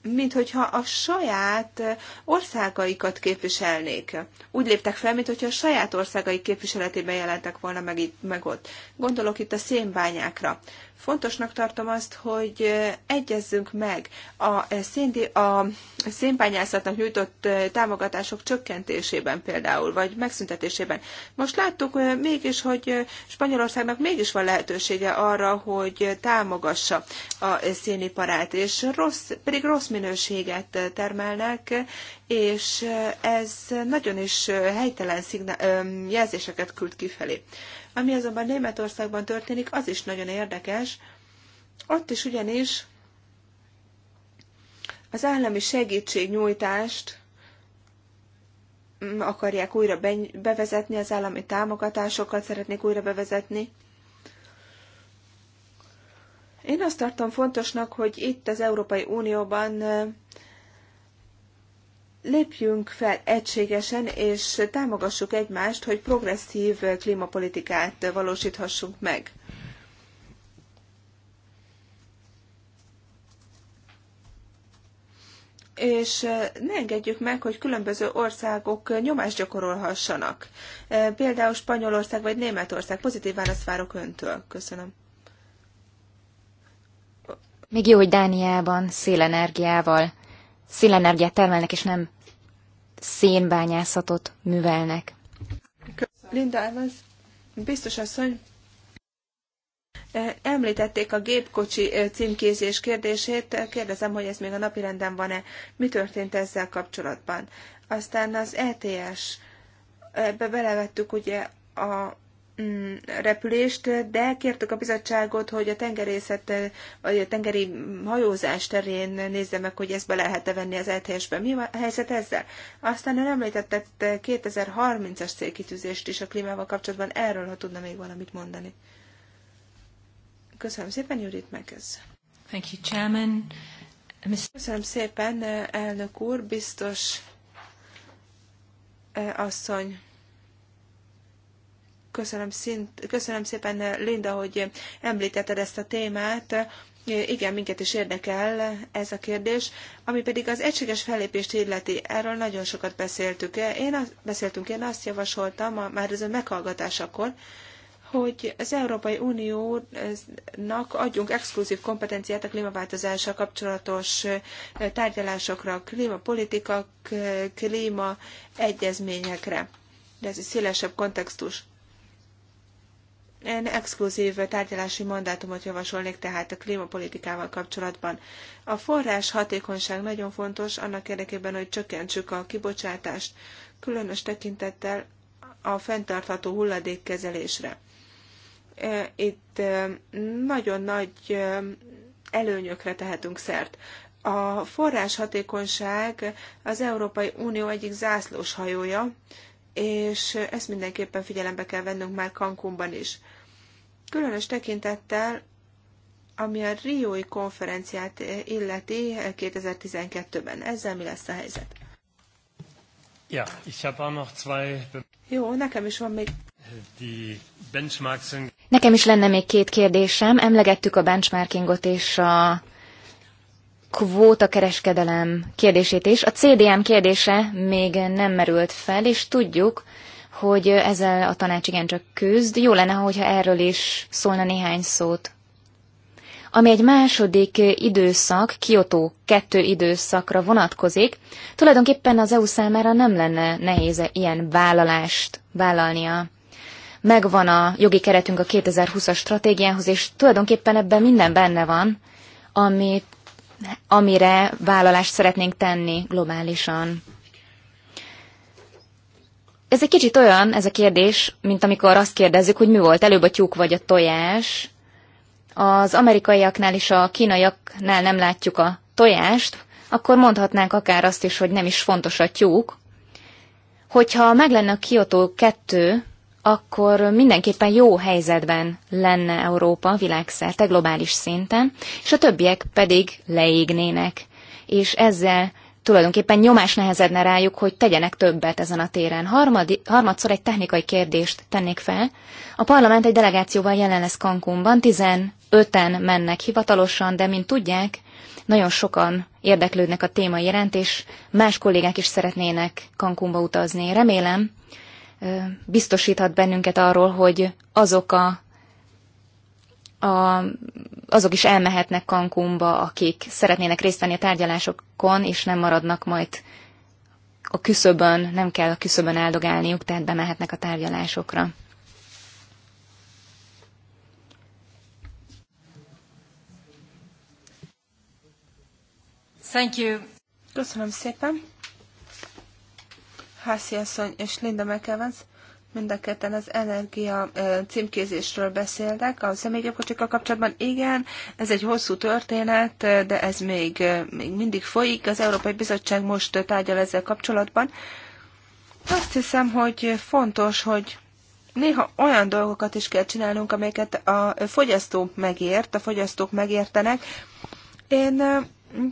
mint hogyha a saját országaikat képviselnék. Úgy léptek fel, mint hogyha a saját országai képviseletében jelentek volna meg, itt, meg ott. Gondolok itt a szénbányákra. Fontosnak tartom azt, hogy egyezzünk meg a, széndi, a szénbányászatnak nyújtott támogatások csökkentésében például, vagy megszüntetésében. Most láttuk mégis, hogy Spanyolországnak mégis van lehetősége arra, hogy támogassa a széniparát, és rossz, pedig rossz minőséget termelnek, és ez nagyon is helytelen szignál, jelzéseket küld kifelé. Ami azonban Németországban történik, az is nagyon érdekes. Ott is ugyanis az állami segítségnyújtást akarják újra bevezetni, az állami támogatásokat szeretnék újra bevezetni. Én azt tartom fontosnak, hogy itt az Európai Unióban lépjünk fel egységesen, és támogassuk egymást, hogy progresszív klímapolitikát valósíthassunk meg. és ne engedjük meg, hogy különböző országok nyomást gyakorolhassanak. Például Spanyolország vagy Németország. Pozitív választ várok öntől. Köszönöm. Még jó, hogy Dániában szélenergiával, szélenergiát termelnek, és nem szénbányászatot művelnek. Köszönöm. Linda Evans, biztos asszony, e, Említették a gépkocsi e, címkézés kérdését, e, kérdezem, hogy ez még a renden van-e, mi történt ezzel kapcsolatban. Aztán az ETS, ebbe belevettük ugye a Mm, repülést, de kértük a bizottságot, hogy a tengerészet, vagy a tengeri hajózás terén nézze meg, hogy ezt be lehet-e venni az ETS-be. Mi a helyzet ezzel? Aztán ön említette 2030-as célkitűzést is a klímával kapcsolatban. Erről, ha tudna még valamit mondani. Köszönöm szépen, Judit Mekez. Thank you, Chairman. Köszönöm szépen, elnök úr, biztos eh, asszony. Köszönöm, szint, köszönöm szépen, Linda, hogy említetted ezt a témát. Igen, minket is érdekel ez a kérdés, ami pedig az egységes fellépést illeti. Erről nagyon sokat beszéltük. Én azt, beszéltünk, én azt javasoltam a, már az ön meghallgatásakor, hogy az Európai Uniónak adjunk exkluzív kompetenciát a klímaváltozással kapcsolatos tárgyalásokra, klímapolitika, klímaegyezményekre. De ez egy szélesebb kontextus. Én exkluzív tárgyalási mandátumot javasolnék tehát a klímapolitikával kapcsolatban. A forrás hatékonyság nagyon fontos annak érdekében, hogy csökkentsük a kibocsátást, különös tekintettel a fenntartható hulladékkezelésre. E, itt e, nagyon nagy e, előnyökre tehetünk szert. A forrás hatékonyság az Európai Unió egyik zászlóshajója, hajója, és ezt mindenképpen figyelembe kell vennünk már Cancúnban is. Különös tekintettel, ami a Riói konferenciát illeti 2012-ben. Ezzel mi lesz a helyzet? Ja, ich habe auch noch zwei... Jó, nekem is van még... Die Benchmarks... Nekem is lenne még két kérdésem. Emlegettük a benchmarkingot és a kvótakereskedelem kérdését is. A CDM kérdése még nem merült fel, és tudjuk, hogy ezzel a tanács igencsak küzd. Jó lenne, hogyha erről is szólna néhány szót. Ami egy második időszak, Kyoto kettő időszakra vonatkozik, tulajdonképpen az EU számára nem lenne nehéz ilyen vállalást vállalnia. Megvan a jogi keretünk a 2020-as stratégiához, és tulajdonképpen ebben minden benne van, amit amire vállalást szeretnénk tenni globálisan. Ez egy kicsit olyan, ez a kérdés, mint amikor azt kérdezzük, hogy mi volt előbb a tyúk vagy a tojás. Az amerikaiaknál és a kínaiaknál nem látjuk a tojást, akkor mondhatnánk akár azt is, hogy nem is fontos a tyúk. Hogyha meg lenne a Kyoto 2, akkor mindenképpen jó helyzetben lenne Európa világszerte, globális szinten, és a többiek pedig leégnének. És ezzel tulajdonképpen nyomás nehezedne rájuk, hogy tegyenek többet ezen a téren. Harmadi, harmadszor egy technikai kérdést tennék fel. A parlament egy delegációval jelen lesz Cancúnban, 15-en mennek hivatalosan, de mint tudják, nagyon sokan érdeklődnek a téma iránt, és más kollégák is szeretnének Cancúnba utazni. Remélem, biztosíthat bennünket arról, hogy azok a, a, azok is elmehetnek Cancúnba, akik szeretnének részt venni a tárgyalásokon, és nem maradnak majd a küszöbön, nem kell a küszöbön áldogálniuk, tehát bemehetnek a tárgyalásokra. Thank you. Köszönöm szépen. Hászi asszony és Linda McEvans mind a ketten az energia címkézésről beszéltek. A személygépkocsikkal kapcsolatban igen, ez egy hosszú történet, de ez még, még mindig folyik. Az Európai Bizottság most tárgyal ezzel kapcsolatban. Azt hiszem, hogy fontos, hogy néha olyan dolgokat is kell csinálnunk, amelyeket a fogyasztó megért, a fogyasztók megértenek. Én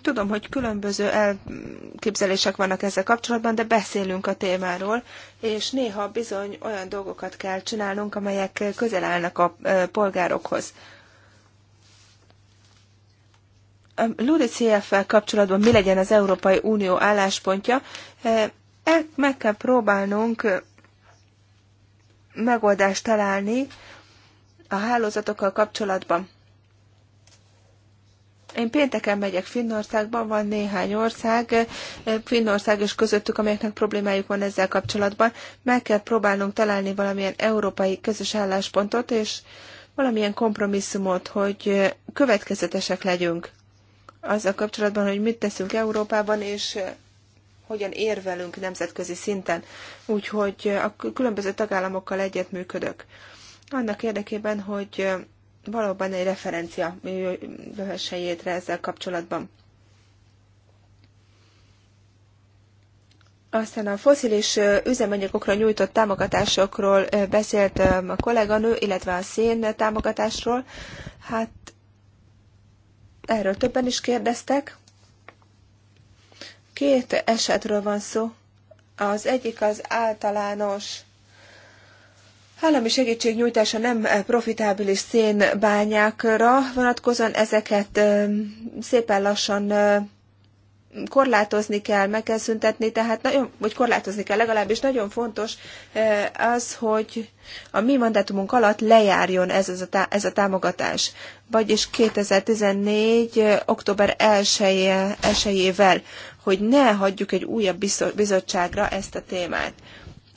Tudom, hogy különböző elképzelések vannak ezzel kapcsolatban, de beszélünk a témáról, és néha bizony olyan dolgokat kell csinálnunk, amelyek közel állnak a polgárokhoz. LULICF-fel kapcsolatban mi legyen az Európai Unió álláspontja, e, meg kell próbálnunk megoldást találni a hálózatokkal kapcsolatban. Én pénteken megyek Finnországban, van néhány ország, eh, Finnország és közöttük, amelyeknek problémájuk van ezzel kapcsolatban. Meg kell próbálnunk találni valamilyen európai közös álláspontot, és valamilyen kompromisszumot, hogy eh, következetesek legyünk azzal kapcsolatban, hogy mit teszünk Európában, és eh, hogyan érvelünk nemzetközi szinten. Úgyhogy a különböző tagállamokkal egyetműködök. Annak érdekében, hogy valóban egy referencia jöhessen létre ezzel kapcsolatban. Aztán a foszilis üzemanyagokra nyújtott támogatásokról beszélt a kolléganő, illetve a szén támogatásról. Hát erről többen is kérdeztek. Két esetről van szó. Az egyik az általános Állami segítségnyújtása nem eh, profitábilis szénbányákra vonatkozóan ezeket eh, szépen lassan eh, korlátozni kell, meg kell szüntetni, tehát nagyon, vagy korlátozni kell legalábbis, nagyon fontos az, hogy a mi mandátumunk alatt lejárjon ez, ez, a, ez a támogatás, vagyis 2014. október 1-ével, hogy ne hagyjuk egy újabb bizottságra ezt a témát.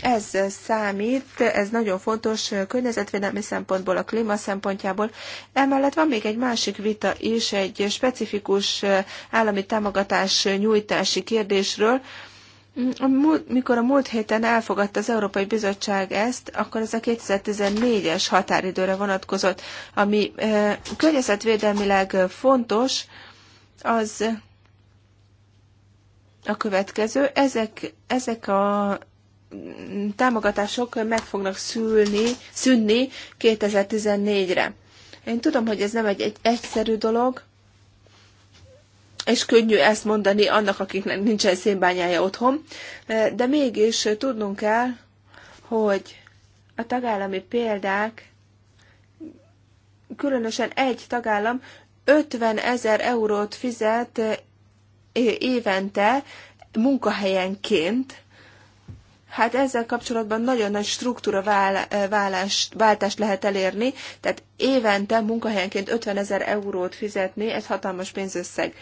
Ez számít, ez nagyon fontos környezetvédelmi szempontból, a klíma szempontjából. Emellett van még egy másik vita is, egy specifikus állami támogatás nyújtási kérdésről, mikor a múlt héten elfogadta az Európai Bizottság ezt, akkor ez a 2014-es határidőre vonatkozott, ami környezetvédelmileg fontos, az a következő. Ezek, ezek a támogatások meg fognak szülni, szűnni 2014-re. Én tudom, hogy ez nem egy, egy egyszerű dolog, és könnyű ezt mondani annak, akiknek nincsen szénbányája otthon, de mégis tudnunk kell, hogy a tagállami példák, különösen egy tagállam 50 ezer eurót fizet évente munkahelyenként Hát ezzel kapcsolatban nagyon nagy struktúra eh, válás váltást lehet elérni, tehát évente munkahelyenként 50 ezer eurót fizetni, ez hatalmas pénzösszeg.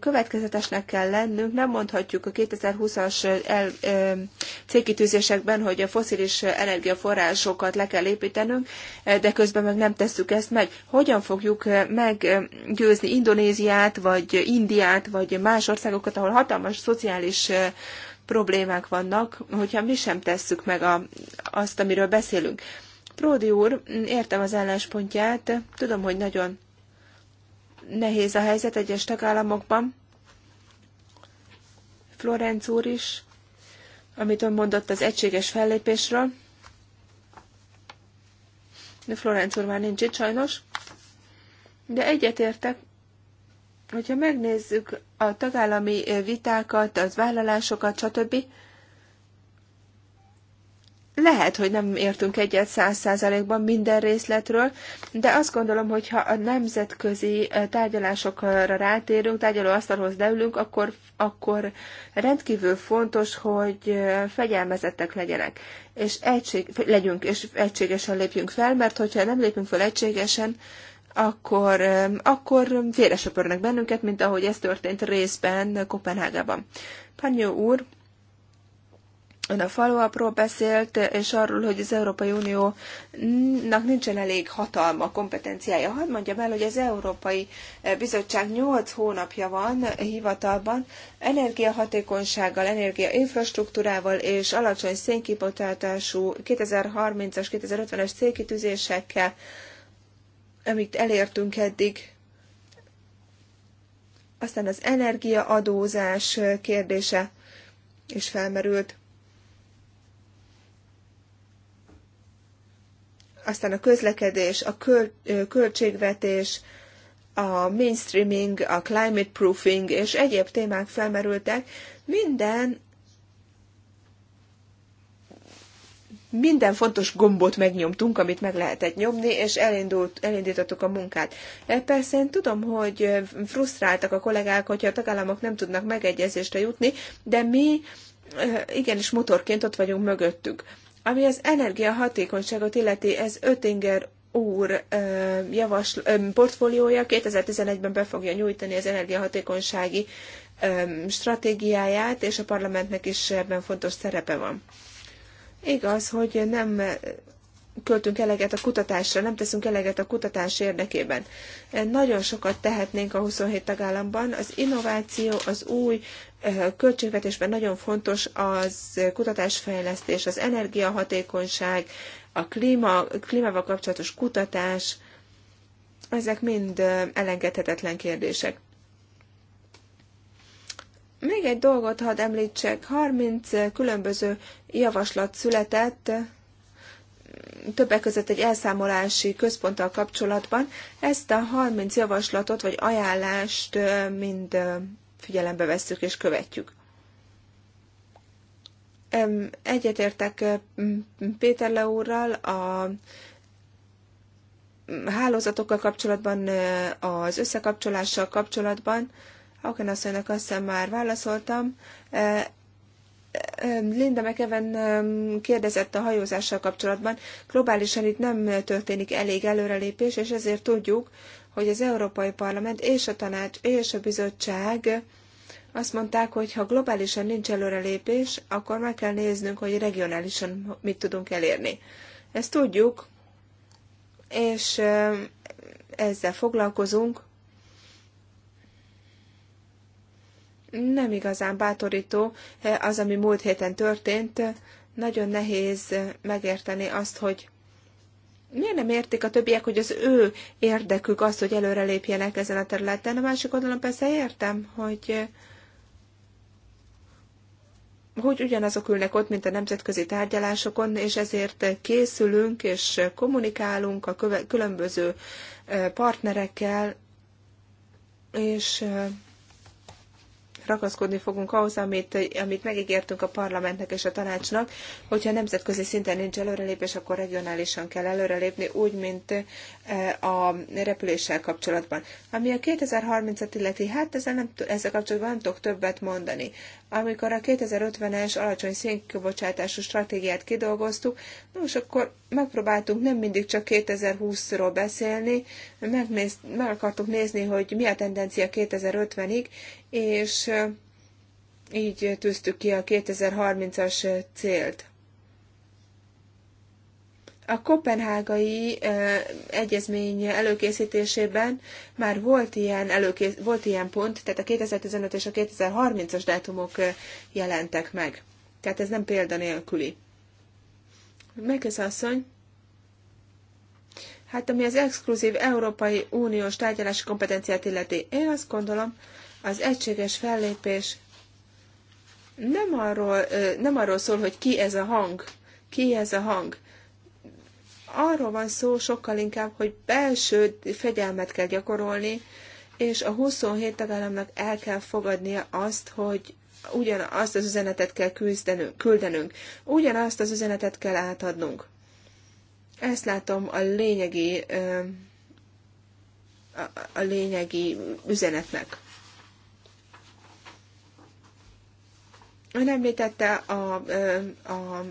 Következetesnek kell lennünk, nem mondhatjuk a 2020-as eh, eh, cégkitűzésekben, hogy a foszilis energiaforrásokat le kell építenünk, de közben meg nem tesszük ezt meg. Hogyan fogjuk meggyőzni Indonéziát, vagy Indiát, vagy más országokat, ahol hatalmas szociális problémák vannak, hogyha mi sem tesszük meg a, azt, amiről beszélünk. Pródi úr, értem az álláspontját, tudom, hogy nagyon nehéz a helyzet egyes tagállamokban. Florenc úr is, amit ön mondott az egységes fellépésről. De Florenc úr már nincs itt sajnos. De egyetértek Hogyha megnézzük a tagállami vitákat, az vállalásokat, stb., lehet, hogy nem értünk egyet száz százalékban minden részletről, de azt gondolom, hogy ha a nemzetközi tárgyalásokra rátérünk, tárgyalóasztalhoz leülünk, akkor, akkor rendkívül fontos, hogy fegyelmezettek legyenek, és egység, legyünk, és egységesen lépjünk fel, mert hogyha nem lépünk fel egységesen, akkor, akkor félresöpörnek bennünket, mint ahogy ez történt részben Kopenhágában. Panyó úr, Ön a follow beszélt, és arról, hogy az Európai Uniónak nincsen elég hatalma, kompetenciája. Hadd mondjam el, hogy az Európai Bizottság 8 hónapja van hivatalban, energiahatékonysággal, energiainfrastruktúrával és alacsony szénkipotáltású 2030-as, 2050-es célkitűzésekkel amit elértünk eddig. Aztán az energiaadózás kérdése is felmerült. Aztán a közlekedés, a költségvetés, a mainstreaming, a climate proofing és egyéb témák felmerültek. Minden minden fontos gombot megnyomtunk, amit meg lehetett nyomni, és elindult, elindítottuk a munkát. E, persze én tudom, hogy frusztráltak a kollégák, hogyha a tagállamok nem tudnak megegyezésre jutni, de mi e, igenis motorként ott vagyunk mögöttük. Ami az energiahatékonyságot illeti, ez Ötinger úr e, javas, portfóliója 2011-ben be fogja nyújtani az energiahatékonysági stratégiáját, és a parlamentnek is ebben fontos szerepe van. Igaz, hogy nem költünk eleget a kutatásra, nem teszünk eleget a kutatás érdekében. Nagyon sokat tehetnénk a 27 tagállamban. Az innováció, az új eh, költségvetésben nagyon fontos az kutatásfejlesztés, az energiahatékonyság, a klíma, klímával kapcsolatos kutatás, ezek mind eh, elengedhetetlen kérdések. Még egy dolgot hadd említsek. 30 különböző javaslat született, többek között egy elszámolási központtal kapcsolatban. Ezt a 30 javaslatot vagy ajánlást mind figyelembe vesszük és követjük. Egyetértek Péter Leúrral a hálózatokkal kapcsolatban, az összekapcsolással kapcsolatban, Hauken asszonynak azt hiszem már válaszoltam. E, e, Linda McEwen e, kérdezett a hajózással kapcsolatban. Globálisan itt nem történik elég előrelépés, és ezért tudjuk, hogy az Európai Parlament és a Tanács és a Bizottság azt mondták, hogy ha globálisan nincs előrelépés, akkor meg kell néznünk, hogy regionálisan mit tudunk elérni. Ezt tudjuk, és ezzel foglalkozunk, nem igazán bátorító eh, az, ami múlt héten történt. Nagyon nehéz eh, megérteni azt, hogy miért nem értik a többiek, hogy az ő érdekük az, hogy előrelépjenek ezen a területen. A másik oldalon persze értem, hogy eh, hogy ugyanazok ülnek ott, mint a nemzetközi tárgyalásokon, és ezért készülünk és kommunikálunk a különböző partnerekkel, és ragaszkodni fogunk ahhoz, amit, amit megígértünk a parlamentnek és a tanácsnak, hogyha nemzetközi szinten nincs előrelépés, akkor regionálisan kell előrelépni, úgy, mint eh, a repüléssel kapcsolatban. Ami a 2030-at illeti, hát ezzel, nem, ezzel kapcsolatban nem tudok többet mondani. Amikor a 2050-es alacsony szénkibocsátású stratégiát kidolgoztuk, most akkor megpróbáltunk nem mindig csak 2020-ról beszélni, megnéz, meg akartuk nézni, hogy mi a tendencia 2050-ig, és így tűztük ki a 2030-as célt. A kopenhágai egyezmény előkészítésében már volt ilyen, előkész, volt ilyen pont, tehát a 2015 és a 2030-as dátumok jelentek meg. Tehát ez nem nélküli. Megkösz asszony! Hát ami az exkluzív Európai Uniós tárgyalási kompetenciát illeti, én azt gondolom, az egységes fellépés nem arról, nem arról szól, hogy ki ez a hang, ki ez a hang arról van szó sokkal inkább, hogy belső fegyelmet kell gyakorolni, és a 27 tagállamnak el kell fogadnia azt, hogy ugyanazt az üzenetet kell küzdenünk, küldenünk, ugyanazt az üzenetet kell átadnunk. Ezt látom a lényegi, a lényegi üzenetnek. Ön említette a, a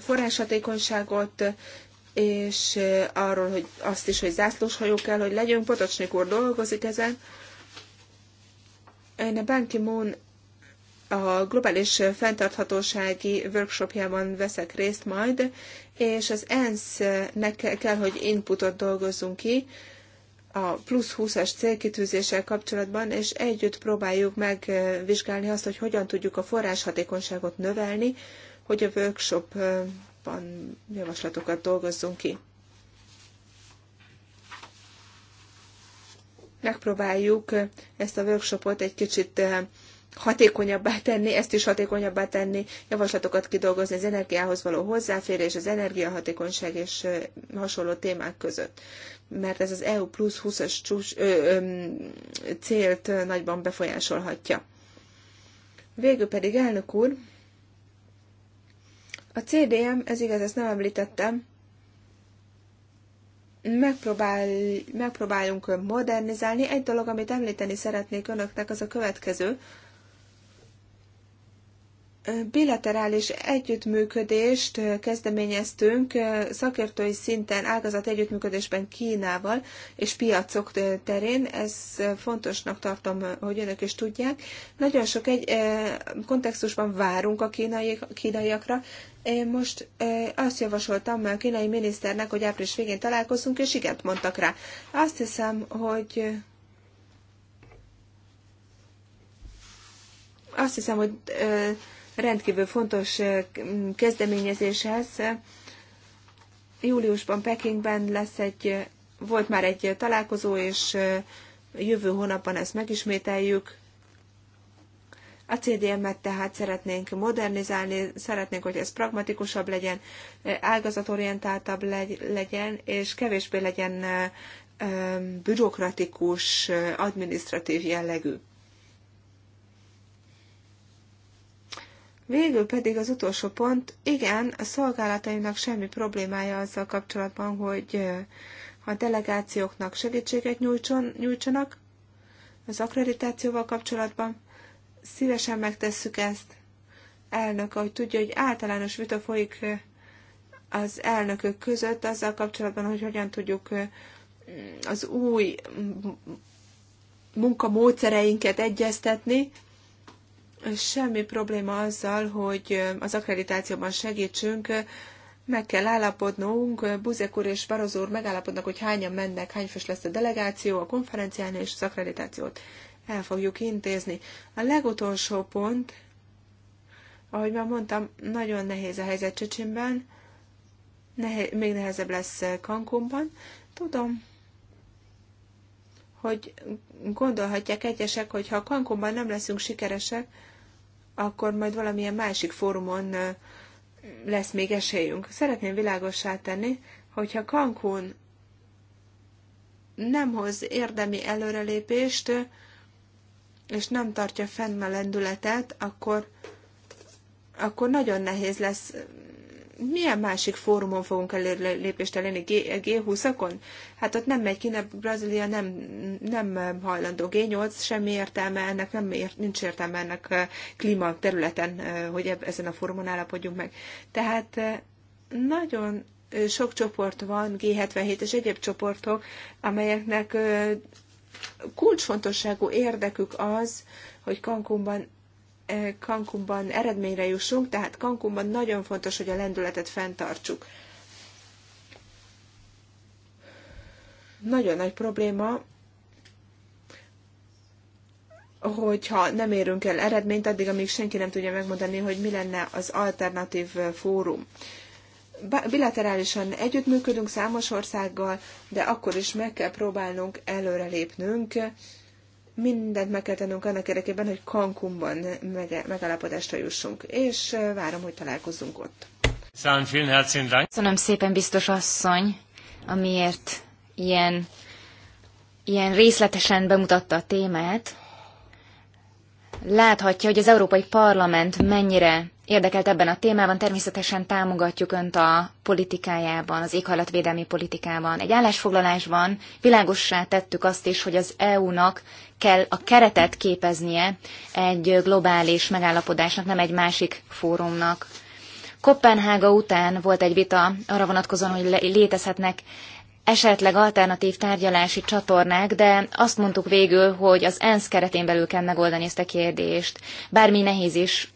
forráshatékonyságot, és arról, hogy azt is, hogy zászlós hajó kell, hogy legyünk Potocsnik úr dolgozik ezen. Én a Ban Ki-moon a globális fenntarthatósági workshopjában veszek részt majd, és az ENSZ-nek kell, hogy inputot dolgozzunk ki a plusz 20-as célkitűzéssel kapcsolatban, és együtt próbáljuk megvizsgálni azt, hogy hogyan tudjuk a forráshatékonyságot növelni, hogy a workshop alapban javaslatokat dolgozzunk ki. Megpróbáljuk ezt a workshopot egy kicsit eh, hatékonyabbá tenni, ezt is hatékonyabbá tenni, javaslatokat kidolgozni az energiához való hozzáférés, az energiahatékonyság és eh, hasonló témák között. Mert ez az EU plusz 20-as ö, ö, célt nagyban befolyásolhatja. Végül pedig elnök úr, a CDM, ez igaz, ezt nem említettem, megpróbál, megpróbálunk modernizálni. Egy dolog, amit említeni szeretnék önöknek, az a következő bilaterális együttműködést kezdeményeztünk szakértői szinten ágazat együttműködésben Kínával és piacok terén. Ez fontosnak tartom, hogy önök is tudják. Nagyon sok egy kontextusban várunk a kínai, kínaiakra. Én most azt javasoltam a kínai miniszternek, hogy április végén találkozunk, és igent mondtak rá. Azt hiszem, hogy azt hiszem, hogy rendkívül fontos kezdeményezéshez. Júliusban Pekingben lesz egy, volt már egy találkozó, és jövő hónapban ezt megismételjük. A CDM-et tehát szeretnénk modernizálni, szeretnénk, hogy ez pragmatikusabb legyen, ágazatorientáltabb legyen, és kevésbé legyen bürokratikus, administratív jellegű. Végül pedig az utolsó pont, igen, a szolgálataimnak semmi problémája azzal kapcsolatban, hogy a delegációknak segítséget nyújtson, nyújtsanak az akkreditációval kapcsolatban. Szívesen megtesszük ezt. Elnök, ahogy tudja, hogy általános vita folyik az elnökök között azzal kapcsolatban, hogy hogyan tudjuk az új munkamódszereinket egyeztetni, semmi probléma azzal, hogy az akkreditációban segítsünk, meg kell állapodnunk, Buzek úr és Barozó úr megállapodnak, hogy hányan mennek, hány fős lesz a delegáció a konferencián, és az akkreditációt el fogjuk intézni. A legutolsó pont, ahogy már mondtam, nagyon nehéz a helyzet Csecsimben, nehe- még nehezebb lesz Kankumban. Tudom, hogy gondolhatják egyesek, hogy ha Kankumban nem leszünk sikeresek, akkor majd valamilyen másik fórumon lesz még esélyünk. Szeretném világossá tenni, hogyha Cancún nem hoz érdemi előrelépést, és nem tartja fenn a lendületet, akkor, akkor nagyon nehéz lesz milyen másik fórumon fogunk előlépést elérni? G20-akon? Eh, hát ott nem megy ki, ne, Brazília nem, nem eh, hajlandó. G8 semmi értelme, ennek nem ér, nincs értelme ennek eh, klíma területen, hogy ezen a fórumon állapodjunk meg. Tehát nagyon sok csoport van, G77 és egyéb csoportok, amelyeknek kulcsfontosságú érdekük az, hogy Cancúnban Cancunban eredményre jussunk, tehát Cancunban nagyon fontos, hogy a lendületet fenntartsuk. Nagyon nagy probléma, hogyha nem érünk el eredményt, addig, amíg senki nem tudja megmondani, hogy mi lenne az alternatív fórum. Bilaterálisan együttműködünk számos országgal, de akkor is meg kell próbálnunk előrelépnünk, lépnünk mindent meg kell tennünk annak érdekében, hogy Cancunban megállapodásra jussunk, és várom, hogy találkozzunk ott. Köszönöm szépen, biztos asszony, amiért ilyen, ilyen részletesen bemutatta a témát. Láthatja, hogy az Európai Parlament mennyire érdekelt ebben a témában, természetesen támogatjuk Önt a politikájában, az éghajlatvédelmi politikában. Egy állásfoglalásban világossá tettük azt is, hogy az EU-nak kell a keretet képeznie egy globális megállapodásnak, nem egy másik fórumnak. Kopenhága után volt egy vita arra vonatkozóan, hogy létezhetnek esetleg alternatív tárgyalási csatornák, de azt mondtuk végül, hogy az ENSZ keretén belül kell megoldani ezt a kérdést. Bármi nehéz is,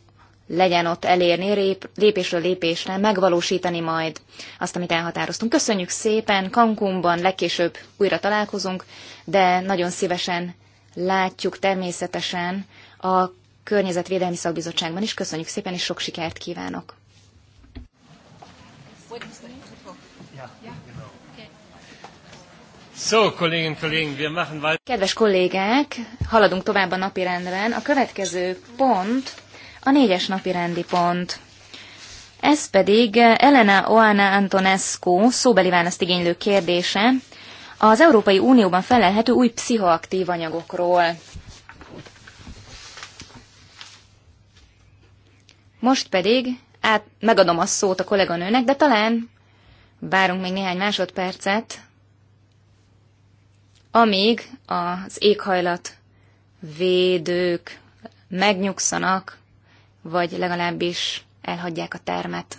legyen ott elérni, lépésről lépésre megvalósítani majd azt, amit elhatároztunk. Köszönjük szépen, Cancúnban legkésőbb újra találkozunk, de nagyon szívesen látjuk természetesen a Környezetvédelmi Szakbizottságban is. Köszönjük szépen, és sok sikert kívánok! Kedves kollégák, haladunk tovább a napirendben. A következő pont a négyes napi rendi pont. Ez pedig eh, Elena Oana Antonescu szóbeli választ igénylő kérdése az Európai Unióban felelhető új pszichoaktív anyagokról. Most pedig át megadom a szót a kolléganőnek, de talán várunk még néhány másodpercet, amíg az éghajlat védők megnyugszanak, vagy legalábbis elhagyják a termet.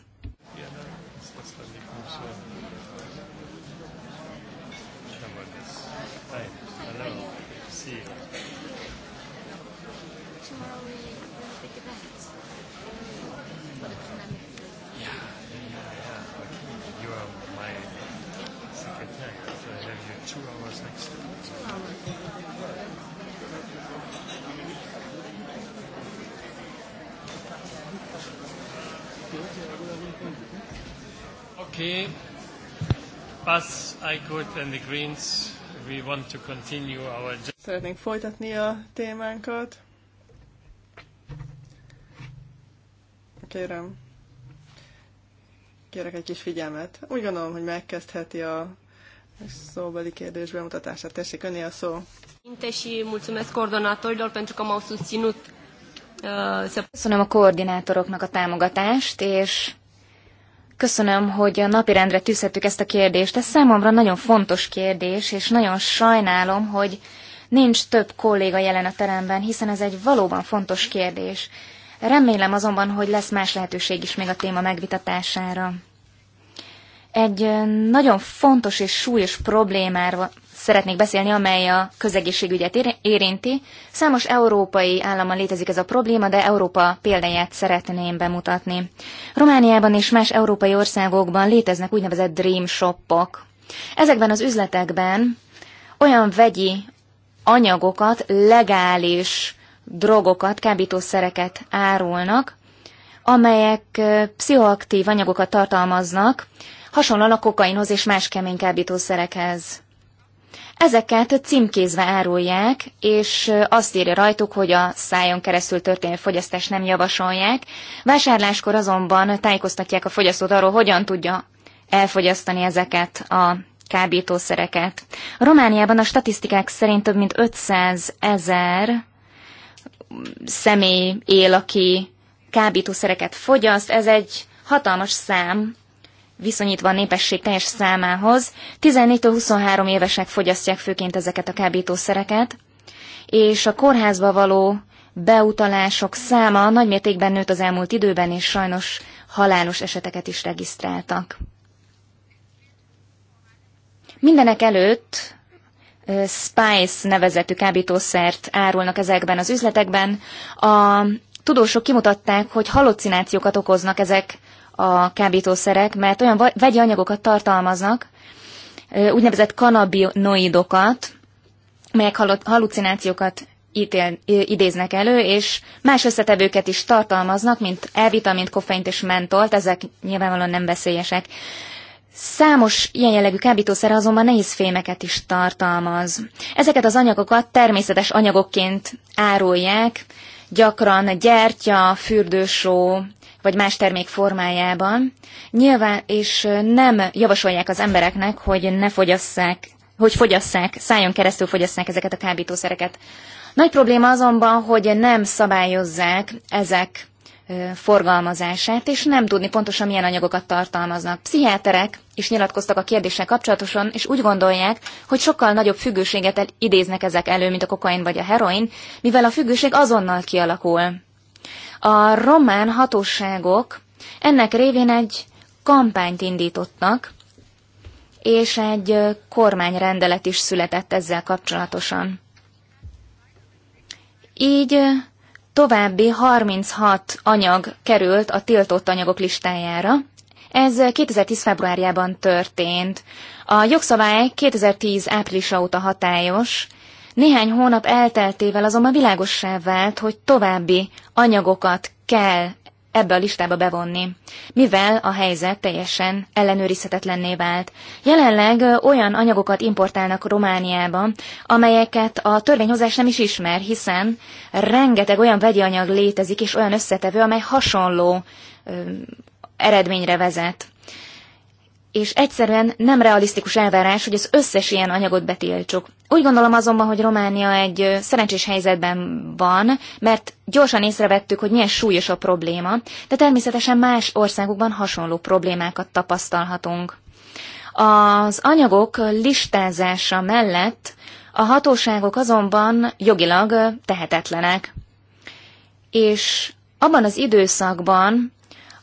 Okay. Us, I could, and the Greens, we want to continue our... Szeretnénk folytatni a témánkat. Kérem. Kérek egy kis figyelmet. Úgy gondolom, hogy megkezdheti a szóbeli kérdés bemutatását. Tessék, öné a szó. Și mulțumesc coordonatorilor pentru că m-au susținut. Uh, Köszönöm a koordinátoroknak a támogatást, és Köszönöm, hogy a napirendre tűzhettük ezt a kérdést. Ez számomra nagyon fontos kérdés, és nagyon sajnálom, hogy nincs több kolléga jelen a teremben, hiszen ez egy valóban fontos kérdés. Remélem azonban, hogy lesz más lehetőség is még a téma megvitatására. Egy nagyon fontos és súlyos problémáról, szeretnék beszélni, amely a közegészségügyet érinti. Számos európai államban létezik ez a probléma, de Európa példáját szeretném bemutatni. Romániában és más európai országokban léteznek úgynevezett dream shopok. Ezekben az üzletekben olyan vegyi anyagokat, legális drogokat, kábítószereket árulnak, amelyek pszichoaktív anyagokat tartalmaznak, hasonlóan a kokainhoz és más kemény kábítószerekhez. Ezeket címkézve árulják, és azt írja rajtuk, hogy a szájon keresztül történő fogyasztást nem javasolják. Vásárláskor azonban tájékoztatják a fogyasztót arról, hogyan tudja elfogyasztani ezeket a kábítószereket. Romániában a statisztikák szerint több mint 500 ezer személy él, aki kábítószereket fogyaszt. Ez egy hatalmas szám viszonyítva a népesség teljes számához. 14-23 évesek fogyasztják főként ezeket a kábítószereket, és a kórházba való beutalások száma nagymértékben nőtt az elmúlt időben, és sajnos halálos eseteket is regisztráltak. Mindenek előtt Spice nevezetű kábítószert árulnak ezekben az üzletekben. A tudósok kimutatták, hogy halucinációkat okoznak ezek a kábítószerek, mert olyan vegyi anyagokat tartalmaznak, úgynevezett kanabinoidokat, melyek halucinációkat ítél, idéznek elő, és más összetevőket is tartalmaznak, mint elvitamint, koffeint és mentolt, ezek nyilvánvalóan nem veszélyesek. Számos ilyen jellegű kábítószer azonban nehéz fémeket is tartalmaz. Ezeket az anyagokat természetes anyagokként árulják, gyakran gyertya, fürdősó, vagy más termék formájában, nyilván, és nem javasolják az embereknek, hogy ne fogyasszák, hogy fogyasszák, szájon keresztül fogyasszák ezeket a kábítószereket. Nagy probléma azonban, hogy nem szabályozzák ezek forgalmazását, és nem tudni pontosan milyen anyagokat tartalmaznak. Pszichiáterek is nyilatkoztak a kérdéssel kapcsolatosan, és úgy gondolják, hogy sokkal nagyobb függőséget idéznek ezek elő, mint a kokain vagy a heroin, mivel a függőség azonnal kialakul a román hatóságok ennek révén egy kampányt indítottak, és egy kormányrendelet is született ezzel kapcsolatosan. Így további 36 anyag került a tiltott anyagok listájára. Ez 2010. februárjában történt. A jogszabály 2010. áprilisa óta hatályos, néhány hónap elteltével azonban világossá vált, hogy további anyagokat kell ebbe a listába bevonni, mivel a helyzet teljesen ellenőrizhetetlenné vált. Jelenleg olyan anyagokat importálnak Romániába, amelyeket a törvényhozás nem is ismer, hiszen rengeteg olyan vegyi anyag létezik és olyan összetevő, amely hasonló ö, eredményre vezet és egyszerűen nem realisztikus elvárás, hogy az összes ilyen anyagot betiltsuk. Úgy gondolom azonban, hogy Románia egy szerencsés helyzetben van, mert gyorsan észrevettük, hogy milyen súlyos a probléma, de természetesen más országokban hasonló problémákat tapasztalhatunk. Az anyagok listázása mellett a hatóságok azonban jogilag tehetetlenek. És abban az időszakban,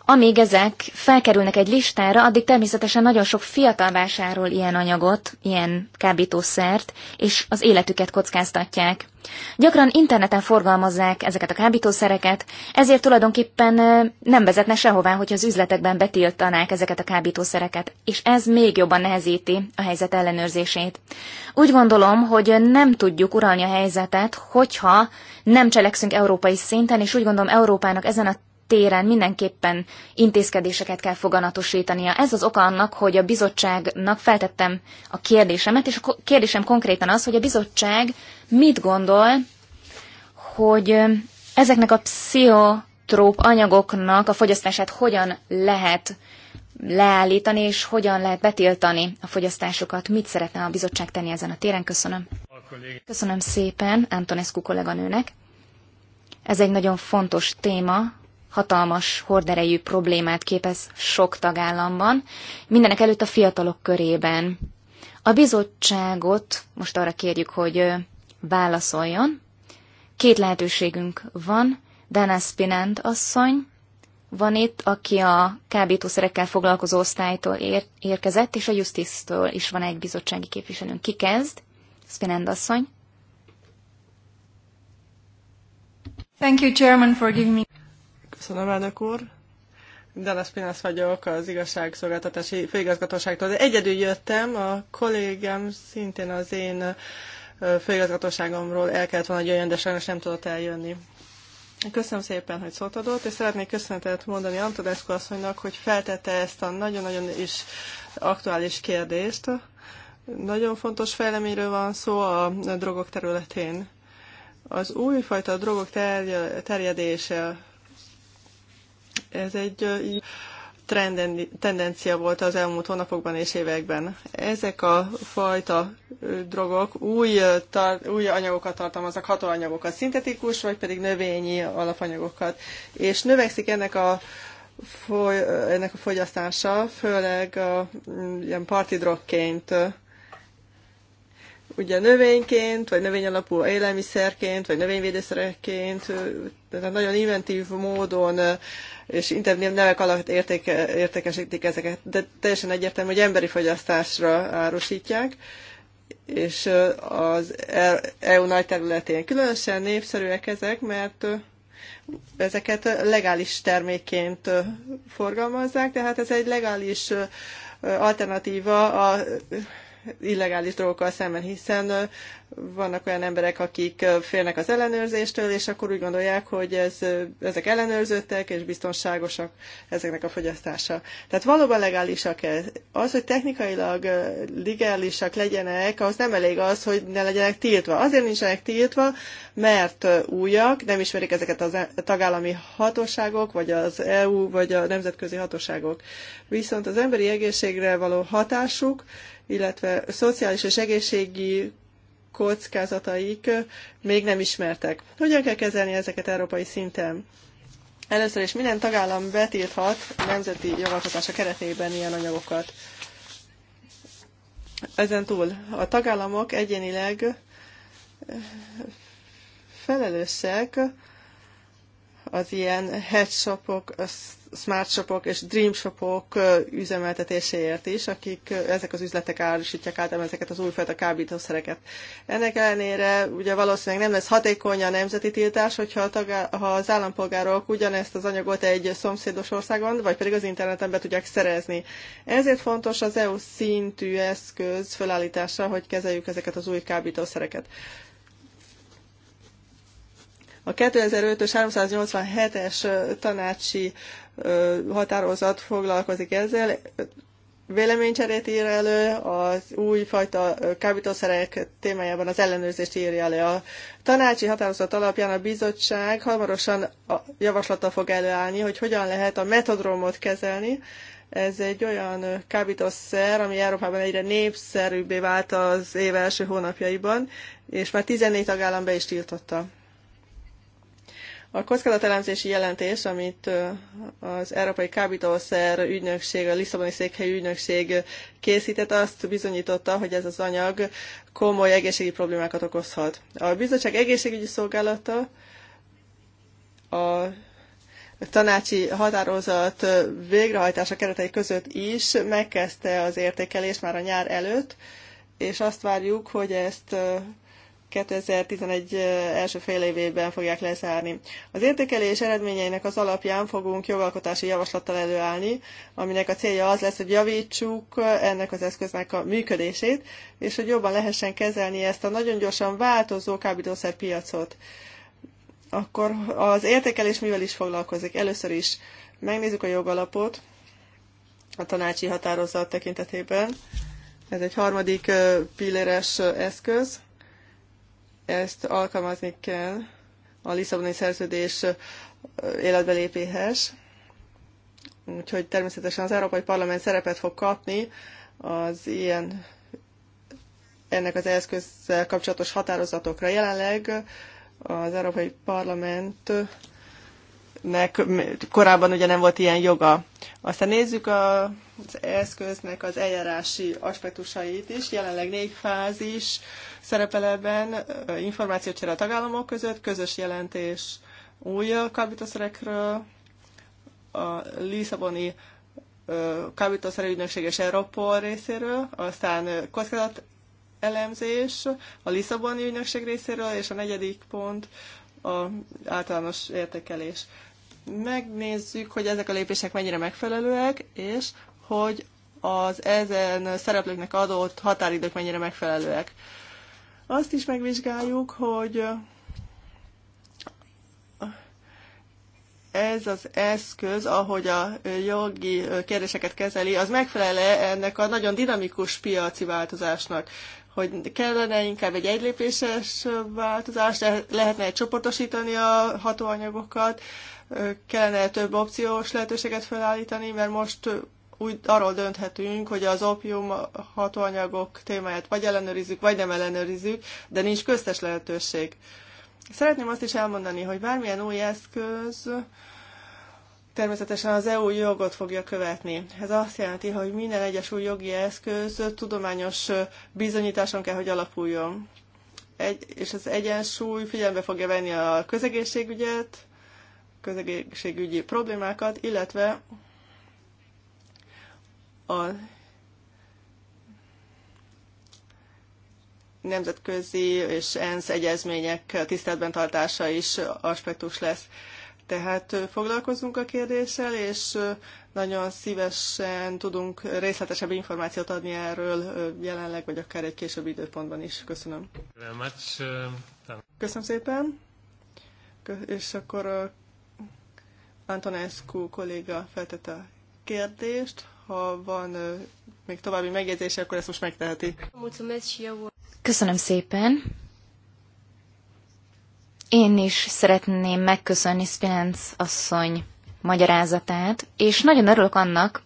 amíg ezek felkerülnek egy listára, addig természetesen nagyon sok fiatal vásárol ilyen anyagot, ilyen kábítószert, és az életüket kockáztatják. Gyakran interneten forgalmazzák ezeket a kábítószereket, ezért tulajdonképpen nem vezetne sehová, hogy az üzletekben betiltanák ezeket a kábítószereket, és ez még jobban nehezíti a helyzet ellenőrzését. Úgy gondolom, hogy nem tudjuk uralni a helyzetet, hogyha nem cselekszünk európai szinten, és úgy gondolom Európának ezen a téren mindenképpen intézkedéseket kell foganatosítania. Ez az oka annak, hogy a bizottságnak feltettem a kérdésemet, és a kérdésem konkrétan az, hogy a bizottság mit gondol, hogy ezeknek a pszichotróp anyagoknak a fogyasztását hogyan lehet leállítani, és hogyan lehet betiltani a fogyasztásokat. Mit szeretne a bizottság tenni ezen a téren? Köszönöm. Köszönöm szépen Antonescu kolléganőnek. Ez egy nagyon fontos téma, hatalmas horderejű problémát képez sok tagállamban, mindenek előtt a fiatalok körében. A bizottságot most arra kérjük, hogy válaszoljon. Két lehetőségünk van. Dana Spinant asszony van itt, aki a kábítószerekkel foglalkozó osztálytól ér- érkezett, és a Justice-től is van egy bizottsági képviselőnk. Ki kezd? Spinand asszony. Thank you, Chairman, for giving me... Köszönöm, elnök úr. Dallas Pinász vagyok, az igazságszolgáltatási főigazgatóságtól. De egyedül jöttem, a kollégám szintén az én főigazgatóságomról el kellett volna, hogy jöjjön, de sajnos nem tudott eljönni. Köszönöm szépen, hogy szót adott, és szeretnék köszönetet mondani Antonescu asszonynak, hogy feltette ezt a nagyon-nagyon is aktuális kérdést. Nagyon fontos fejleményről van szó a drogok területén. Az újfajta drogok terjedése ez egy trenden, tendencia volt az elmúlt hónapokban és években. Ezek a fajta drogok új, tar, új anyagokat tartalmaznak, hatóanyagokat, szintetikus vagy pedig növényi alapanyagokat. És növekszik ennek a foly, ennek a fogyasztása, főleg a, ilyen parti drogként ugye növényként, vagy növényalapú élelmiszerként, vagy növényvédőszerekként, tehát nagyon inventív módon és internet nevek alatt értéke, értékesítik ezeket, de teljesen egyértelmű, hogy emberi fogyasztásra árusítják, és az EU e nagy területén különösen népszerűek ezek, mert ezeket legális termékként forgalmazzák, tehát ez egy legális alternatíva a illegális drogokkal szemben, hiszen vannak olyan emberek, akik félnek az ellenőrzéstől, és akkor úgy gondolják, hogy ez, ezek ellenőrzöttek és biztonságosak ezeknek a fogyasztása. Tehát valóban legálisak ez. Az, hogy technikailag legálisak legyenek, az nem elég az, hogy ne legyenek tiltva. Azért nincsenek tiltva, mert újak, nem ismerik ezeket a e, tagállami hatóságok, vagy az EU, vagy a nemzetközi hatóságok. Viszont az emberi egészségre való hatásuk, illetve szociális és egészségi kockázataik még nem ismertek. Hogyan kell kezelni ezeket európai szinten? Először is minden tagállam betilthat nemzeti jogalkotása keretében ilyen anyagokat. Ezen túl a tagállamok egyénileg eh, felelősek az ilyen headshopok smart shopok és dream shopok üzemeltetéséért is, akik ezek az üzletek árusítják át ezeket az újfajta kábítószereket. Ennek ellenére ugye valószínűleg nem lesz hatékony a nemzeti tiltás, hogyha a tagá- ha az állampolgárok ugyanezt az anyagot egy szomszédos országon, vagy pedig az interneten be tudják szerezni. Ezért fontos az EU szintű eszköz felállítása, hogy kezeljük ezeket az új kábítószereket. A 2005-ös 387-es tanácsi határozat foglalkozik ezzel, véleménycserét ír elő, az újfajta kábítószerek témájában az ellenőrzést írja elő. A tanácsi határozat alapján a bizottság hamarosan a javaslata fog előállni, hogy hogyan lehet a metodromot kezelni. Ez egy olyan kábítószer, ami Európában egyre népszerűbbé vált az év első hónapjaiban, és már 14 tagállam be is tiltotta. A kockázatelemzési jelentés, amit az Európai Kábítószer ügynökség, a Lisszaboni Székhely ügynökség készített, azt bizonyította, hogy ez az anyag komoly egészségi problémákat okozhat. A bizottság egészségügyi szolgálata a tanácsi határozat végrehajtása keretei között is megkezdte az értékelést már a nyár előtt, és azt várjuk, hogy ezt 2011 eh, első fél évében fogják lezárni. Az értékelés eredményeinek az alapján fogunk jogalkotási javaslattal előállni, aminek a célja az lesz, hogy javítsuk ennek az eszköznek a működését, és hogy jobban lehessen kezelni ezt a nagyon gyorsan változó kábítószerpiacot. Akkor az értékelés mivel is foglalkozik? Először is megnézzük a jogalapot a tanácsi határozat tekintetében. Ez egy harmadik eh, pilléres eh, eszköz ezt alkalmazni kell a Lisszaboni szerződés életbelépéhez. Úgyhogy természetesen az Európai Parlament szerepet fog kapni az ilyen ennek az eszközzel kapcsolatos határozatokra. Jelenleg az Európai Parlament nek korábban ugye nem volt ilyen joga. Aztán nézzük a, az eszköznek az eljárási aspektusait is. Jelenleg négy fázis szerepel ebben, információcsere a tagállamok között, közös jelentés új kábítószerekről, a Lisszaboni kábítószer ügynökség és részéről, aztán kockázat elemzés a Lisszaboni ügynökség részéről, és a negyedik pont a általános értékelés megnézzük, hogy ezek a lépések mennyire megfelelőek, és hogy az ezen szereplőknek adott határidők mennyire megfelelőek. Azt is megvizsgáljuk, hogy ez az eszköz, ahogy a jogi kérdéseket kezeli, az megfelele ennek a nagyon dinamikus piaci változásnak hogy kellene inkább egy egylépéses változás, lehetne egy csoportosítani a hatóanyagokat, kellene több opciós lehetőséget felállítani, mert most úgy arról dönthetünk, hogy az opium hatóanyagok témáját vagy ellenőrizzük, vagy nem ellenőrizzük, de nincs köztes lehetőség. Szeretném azt is elmondani, hogy bármilyen új eszköz természetesen az EU jogot fogja követni. Ez azt jelenti, hogy minden egyes új jogi eszköz tudományos bizonyításon kell, hogy alapuljon. Egy, és az egyensúly figyelembe fogja venni a közegészségügyet, közegészségügyi problémákat, illetve a nemzetközi és ENSZ egyezmények tiszteletben tartása is aspektus lesz. Tehát foglalkozunk a kérdéssel, és nagyon szívesen tudunk részletesebb információt adni erről jelenleg, vagy akár egy később időpontban is. Köszönöm. Köszönöm szépen. És akkor a Antonescu kolléga feltette a kérdést. Ha van még további megjegyzése, akkor ezt most megteheti. Köszönöm szépen. Én is szeretném megköszönni Spinenz asszony magyarázatát, és nagyon örülök annak,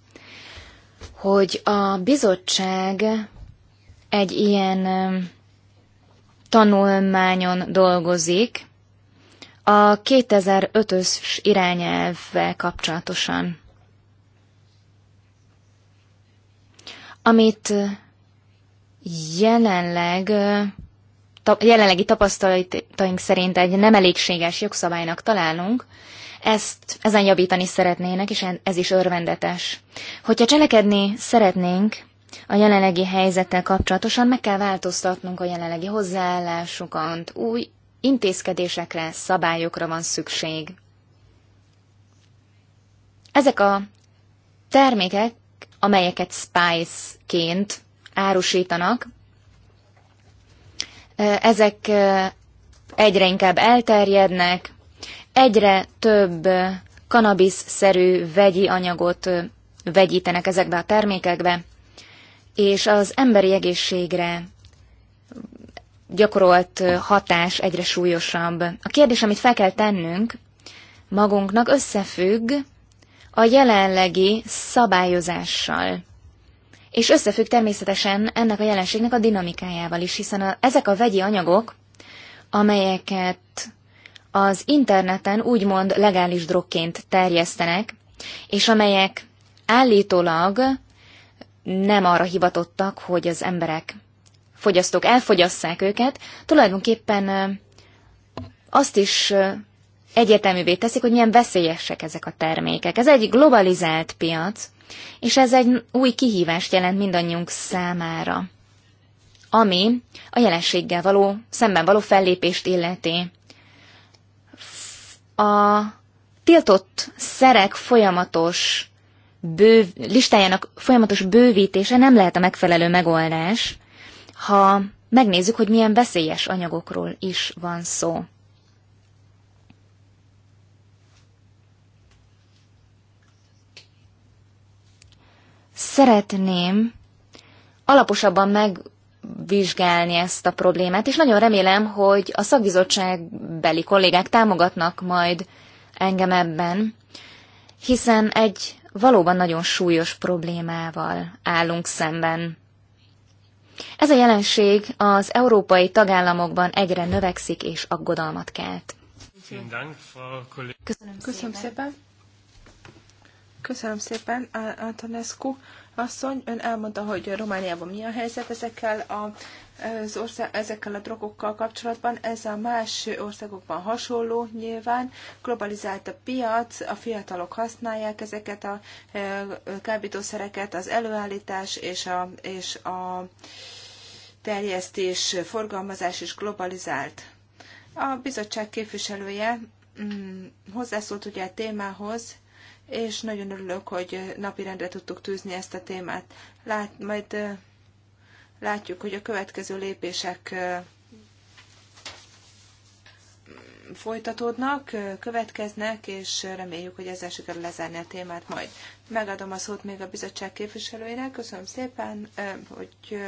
hogy a bizottság egy ilyen tanulmányon dolgozik, a 2005-ös irányelvvel kapcsolatosan. Amit jelenleg jelenlegi tapasztalataink szerint egy nem elégséges jogszabálynak találunk, ezt ezen javítani szeretnének, és ez is örvendetes. Hogyha cselekedni szeretnénk a jelenlegi helyzettel kapcsolatosan, meg kell változtatnunk a jelenlegi hozzáállásukat, új intézkedésekre, szabályokra van szükség. Ezek a termékek, amelyeket spice-ként árusítanak, ezek egyre inkább elterjednek, egyre több kanabisz-szerű vegyi anyagot vegyítenek ezekbe a termékekbe, és az emberi egészségre gyakorolt hatás egyre súlyosabb. A kérdés, amit fel kell tennünk magunknak, összefügg a jelenlegi szabályozással. És összefügg természetesen ennek a jelenségnek a dinamikájával is, hiszen a, ezek a vegyi anyagok, amelyeket az interneten úgymond legális drogként terjesztenek, és amelyek állítólag nem arra hivatottak, hogy az emberek fogyasztók elfogyasszák őket, tulajdonképpen azt is egyértelművé teszik, hogy milyen veszélyesek ezek a termékek. Ez egy globalizált piac, és ez egy új kihívást jelent mindannyiunk számára, ami a jelenséggel való, szemben való fellépést illeti. A tiltott szerek folyamatos bőv, listájának folyamatos bővítése nem lehet a megfelelő megoldás, ha megnézzük, hogy milyen veszélyes anyagokról is van szó. Szeretném alaposabban megvizsgálni ezt a problémát, és nagyon remélem, hogy a szakbizottságbeli kollégák támogatnak majd engem ebben, hiszen egy valóban nagyon súlyos problémával állunk szemben. Ez a jelenség az európai tagállamokban egyre növekszik és aggodalmat kelt. Köszönöm, Köszönöm szépen. Köszönöm szépen, Antonescu asszony. Ön elmondta, hogy Romániában mi a helyzet ezekkel a az ország, ezekkel a drogokkal kapcsolatban. Ez a más országokban hasonló nyilván. Globalizált a piac, a fiatalok használják ezeket a e, kábítószereket, az előállítás és a, és a terjesztés, forgalmazás is globalizált. A bizottság képviselője mm, hozzászólt ugye a témához, és nagyon örülök, hogy napirendre tudtuk tűzni ezt a témát. Lát, majd e, látjuk, hogy a következő lépések folytatódnak, következnek, és reméljük, hogy ezzel sikerül lezárni a témát majd. Megadom a szót még a bizottság képviselőinek. Köszönöm szépen, hogy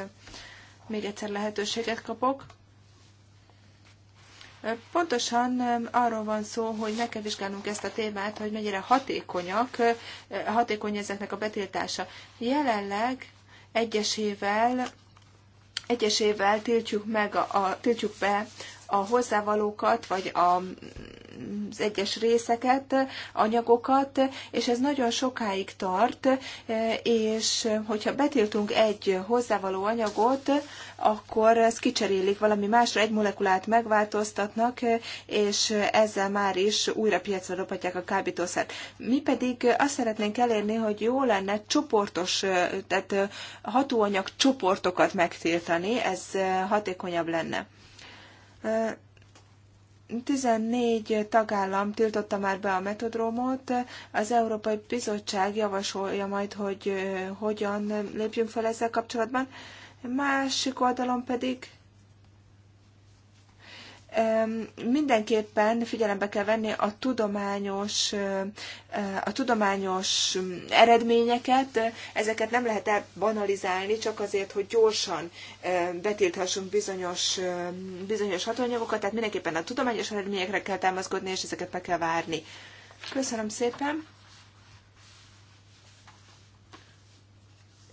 még egyszer lehetőséget kapok. Pontosan arról van szó, hogy meg kell vizsgálnunk ezt a témát, hogy mennyire hatékonyak, hatékony ezeknek a betiltása. Jelenleg egyesével egyesével tiltjuk, meg a, a, tiltjuk be a hozzávalókat, vagy a az egyes részeket, anyagokat, és ez nagyon sokáig tart, és hogyha betiltunk egy hozzávaló anyagot, akkor ez kicserélik valami másra, egy molekulát megváltoztatnak, és ezzel már is újra piacra dobhatják a kábítószert. Mi pedig azt szeretnénk elérni, hogy jó lenne csoportos, tehát hatóanyag csoportokat megtiltani, ez hatékonyabb lenne. 14 tagállam tiltotta már be a metodrómot. Az Európai Bizottság javasolja majd, hogy eh, hogyan lépjünk fel ezzel kapcsolatban. Másik oldalon pedig mindenképpen figyelembe kell venni a tudományos, a tudományos eredményeket, ezeket nem lehet elbanalizálni csak azért, hogy gyorsan betilthassunk bizonyos, bizonyos hatóanyagokat, tehát mindenképpen a tudományos eredményekre kell támaszkodni, és ezeket be kell várni. Köszönöm szépen!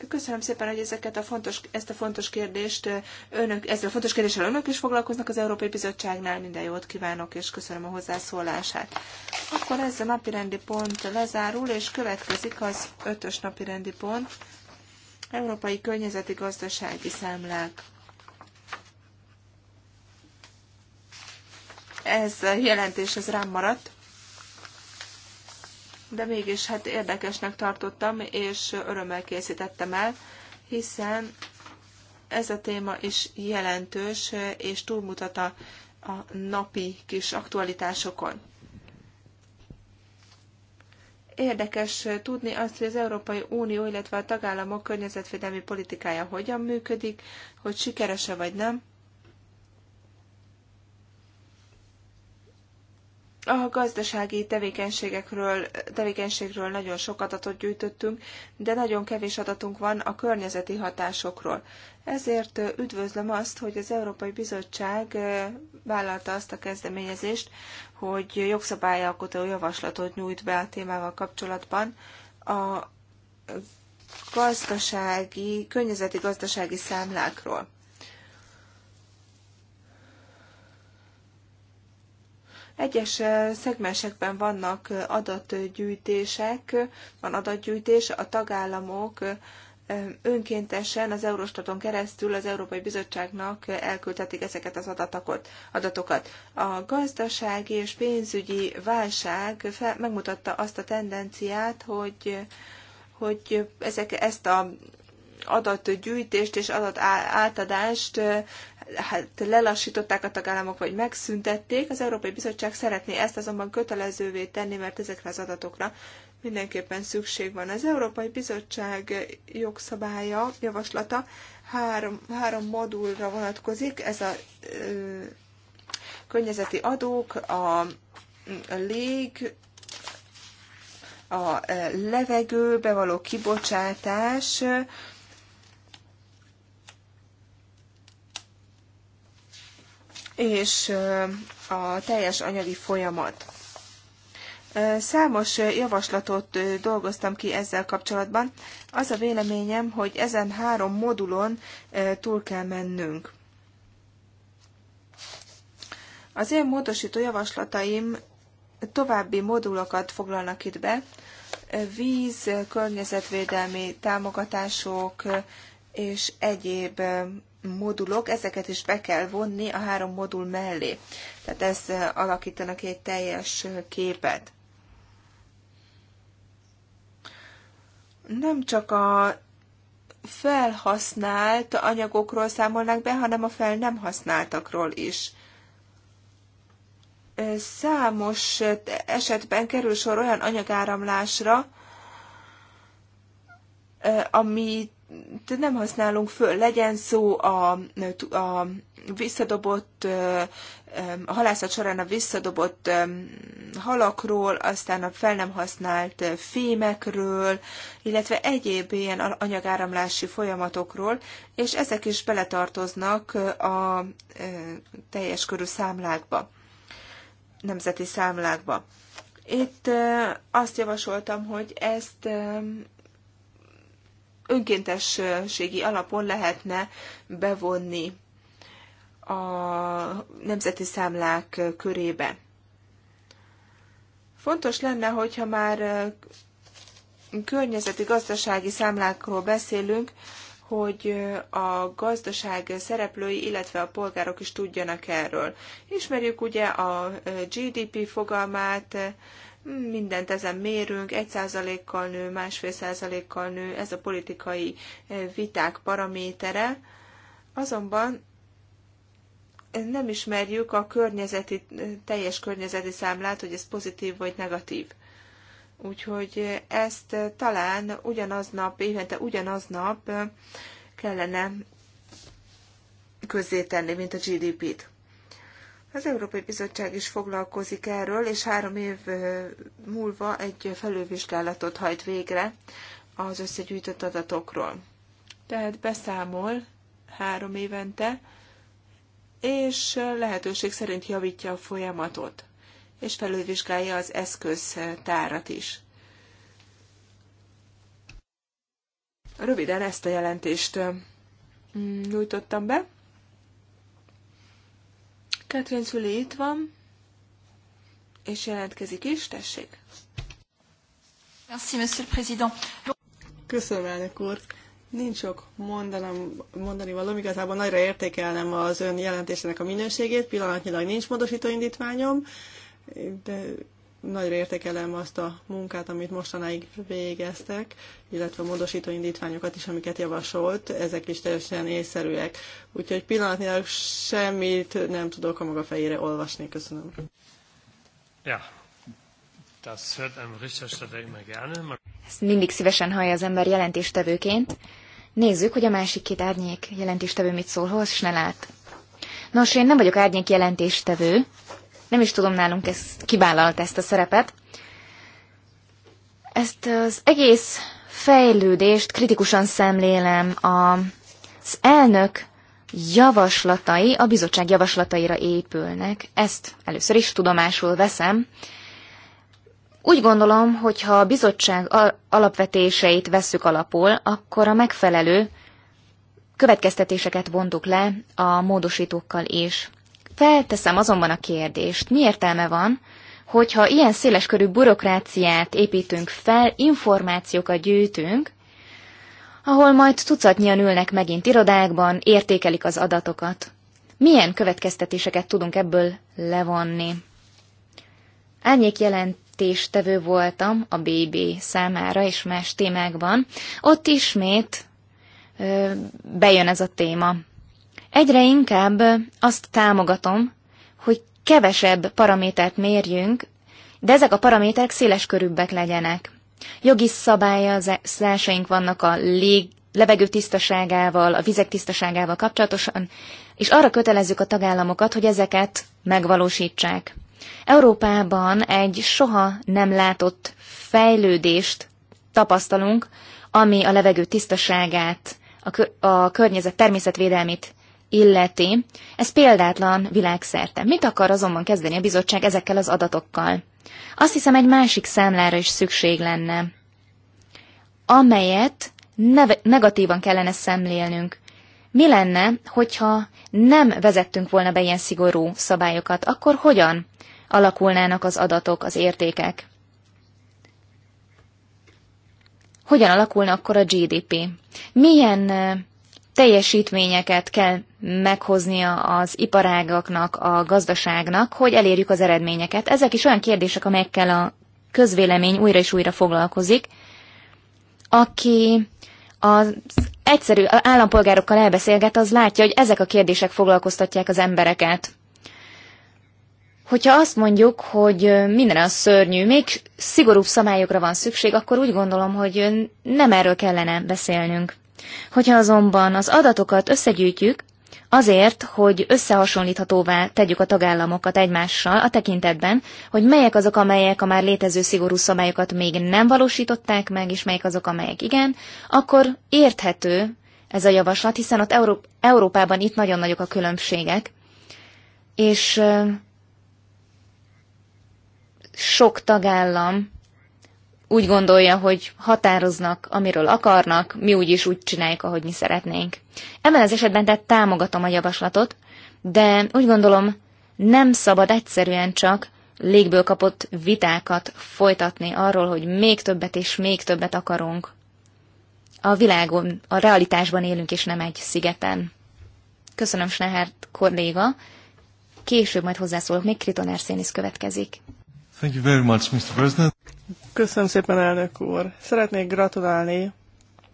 Köszönöm szépen, hogy ezeket a fontos, ezt a fontos kérdést eh, önök, ezzel a fontos kérdéssel önök is foglalkoznak az Európai Bizottságnál. Minden jót kívánok, és köszönöm a hozzászólását. Akkor ez a napi rendi pont lezárul, és következik az ötös napi rendi pont. Európai Környezeti Gazdasági Számlák. Ez a jelentés, ez rám maradt de mégis hát érdekesnek tartottam, és örömmel készítettem el, hiszen ez a téma is jelentős, és túlmutat a, a napi kis aktualitásokon. Érdekes tudni azt, hogy az Európai Unió, illetve a tagállamok környezetvédelmi politikája hogyan működik, hogy sikerese vagy nem. A gazdasági tevékenységekről, tevékenységről nagyon sok adatot gyűjtöttünk, de nagyon kevés adatunk van a környezeti hatásokról. Ezért üdvözlöm azt, hogy az Európai Bizottság vállalta azt a kezdeményezést, hogy jogszabályalkotó javaslatot nyújt be a témával kapcsolatban a gazdasági, környezeti gazdasági számlákról. Egyes szegmensekben vannak adatgyűjtések, van adatgyűjtés, a tagállamok önkéntesen az Eurostaton keresztül az Európai Bizottságnak elküldhetik ezeket az adatokat. adatokat. A gazdasági és pénzügyi válság megmutatta azt a tendenciát, hogy hogy ezek, ezt a adatgyűjtést és adatátadást hát lelassították a tagállamok, vagy megszüntették. Az Európai Bizottság szeretné ezt azonban kötelezővé tenni, mert ezekre az adatokra mindenképpen szükség van. Az Európai Bizottság jogszabálya, javaslata három, három modulra vonatkozik. Ez a ö, környezeti adók, a, a lég, a levegőbe való kibocsátás, és a teljes anyagi folyamat. Számos javaslatot dolgoztam ki ezzel kapcsolatban. Az a véleményem, hogy ezen három modulon túl kell mennünk. Az én módosító javaslataim további modulokat foglalnak itt be, víz, környezetvédelmi támogatások és egyéb modulok, ezeket is be kell vonni a három modul mellé. Tehát ez eh, alakítanak egy teljes eh, képet. Nem csak a felhasznált anyagokról számolnak be, hanem a fel nem használtakról is. Eh, számos esetben kerül sor olyan anyagáramlásra, amit nem használunk föl, legyen szó a, a visszadobott, a halászat során a visszadobott halakról, aztán a fel nem használt fémekről, illetve egyéb ilyen anyagáramlási folyamatokról, és ezek is beletartoznak a teljes körű számlákba, nemzeti számlákba. Itt azt javasoltam, hogy ezt önkéntességi alapon lehetne bevonni a nemzeti számlák körébe. Fontos lenne, hogyha már környezeti gazdasági számlákról beszélünk, hogy a gazdaság szereplői, illetve a polgárok is tudjanak erről. Ismerjük ugye a GDP fogalmát, mindent ezen mérünk, egy százalékkal nő, másfél százalékkal nő, ez a politikai eh, viták paramétere. Azonban eh, nem ismerjük a környezeti, eh, teljes környezeti számlát, hogy ez pozitív vagy negatív. Úgyhogy ezt talán ugyanaznap, évente ugyanaznap kellene közzétenni, mint a GDP-t. Az Európai Bizottság is foglalkozik erről, és három év múlva egy felülvizsgálatot hajt végre az összegyűjtött adatokról. Tehát beszámol három évente, és lehetőség szerint javítja a folyamatot, és felülvizsgálja az eszköztárat is. Röviden ezt a jelentést mm, nyújtottam be. Katrin Szüli itt van, és jelentkezik is, tessék. Merci, Monsieur le Président. Köszönöm, elnök úr. Nincs sok mondanom, mondani valóm, igazából nagyra értékelnem az ön jelentésének a minőségét, pillanatnyilag nincs módosító indítványom, de Nagyra értékelem azt a munkát, amit mostanáig végeztek, illetve a módosító indítványokat is, amiket javasolt, ezek is teljesen észszerűek. Úgyhogy pillanatnyilag semmit nem tudok a maga fejére olvasni. Köszönöm. Ja, das hört ein Berichterstatter immer gerne. Ezt mindig szívesen hallja az ember jelentéstevőként. Nézzük, hogy a másik két árnyék jelentéstevő mit szól, hol ne lát. Nos, én nem vagyok árnyék jelentéstevő, nem is tudom nálunk, ez kivállalt ezt a szerepet. Ezt az egész fejlődést kritikusan szemlélem az elnök javaslatai a bizottság javaslataira épülnek. Ezt először is tudomásul veszem. Úgy gondolom, hogy ha a bizottság alapvetéseit vesszük alapul, akkor a megfelelő következtetéseket vontuk le a módosítókkal is. Felteszem azonban a kérdést, mi értelme van, hogyha ilyen széleskörű bürokráciát építünk fel, információkat gyűjtünk, ahol majd tucatnyian ülnek megint irodákban, értékelik az adatokat. Milyen következtetéseket tudunk ebből levonni? Árnyék jelentéstevő voltam a BB számára és más témákban. Ott ismét ö, bejön ez a téma. Egyre inkább azt támogatom, hogy kevesebb paramétert mérjünk, de ezek a paraméterek széles körűbbek legyenek. Jogi szabályozásaink vannak a lég, levegő tisztaságával, a vizek tisztaságával kapcsolatosan, és arra kötelezzük a tagállamokat, hogy ezeket megvalósítsák. Európában egy soha nem látott fejlődést tapasztalunk, ami a levegő tisztaságát, a, kö- a környezet természetvédelmét illeti, ez példátlan világszerte. Mit akar azonban kezdeni a bizottság ezekkel az adatokkal? Azt hiszem, egy másik számlára is szükség lenne, amelyet neve- negatívan kellene szemlélnünk. Mi lenne, hogyha nem vezettünk volna be ilyen szigorú szabályokat, akkor hogyan alakulnának az adatok, az értékek? Hogyan alakulna akkor a GDP? Milyen eh, teljesítményeket kell meghoznia az iparágaknak, a gazdaságnak, hogy elérjük az eredményeket. Ezek is olyan kérdések, amelyekkel a közvélemény újra és újra foglalkozik, aki az egyszerű állampolgárokkal elbeszélget, az látja, hogy ezek a kérdések foglalkoztatják az embereket. Hogyha azt mondjuk, hogy minden az szörnyű, még szigorúbb szabályokra van szükség, akkor úgy gondolom, hogy nem erről kellene beszélnünk. Hogyha azonban az adatokat összegyűjtjük, azért, hogy összehasonlíthatóvá tegyük a tagállamokat egymással a tekintetben, hogy melyek azok, amelyek a már létező szigorú szabályokat még nem valósították meg, és melyek azok, amelyek igen, akkor érthető ez a javaslat, hiszen ott Euró- Európában itt nagyon nagyok a különbségek, és sok tagállam úgy gondolja, hogy határoznak, amiről akarnak, mi úgyis úgy csináljuk, ahogy mi szeretnénk. Ebben az esetben tehát támogatom a javaslatot, de úgy gondolom, nem szabad egyszerűen csak légből kapott vitákat folytatni arról, hogy még többet és még többet akarunk. A világon, a realitásban élünk, és nem egy szigeten. Köszönöm, Snehert kolléga. Később majd hozzászólok, még Kriton Erszénisz következik. Thank you very much, Mr. President. Köszönöm szépen, elnök úr. Szeretnék gratulálni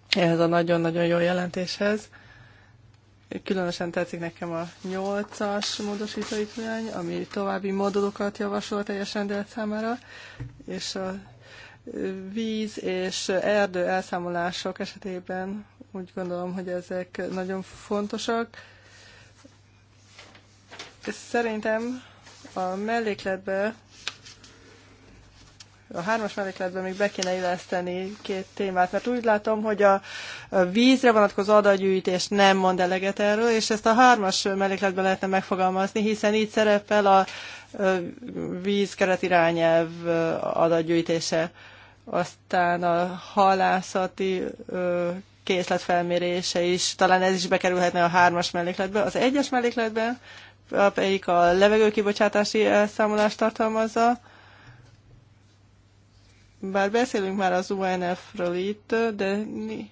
ehhez a nagyon-nagyon jó jelentéshez. Különösen tetszik nekem a 8-as módosítóítvány, ami további modulokat javasol teljes rendelet számára, és a víz és erdő elszámolások esetében úgy gondolom, hogy ezek nagyon fontosak. Szerintem a mellékletbe a hármas mellékletben még be kéne illeszteni két témát, mert úgy látom, hogy a vízre vonatkozó adagyűjtés nem mond eleget erről, és ezt a hármas mellékletben lehetne megfogalmazni, hiszen így szerepel a vízkeret irányelv adagyűjtése. aztán a halászati készletfelmérése is, talán ez is bekerülhetne a hármas mellékletbe. Az egyes mellékletben, amelyik a levegőkibocsátási elszámolást tartalmazza, bár beszélünk már az UNF-ről itt, de mi?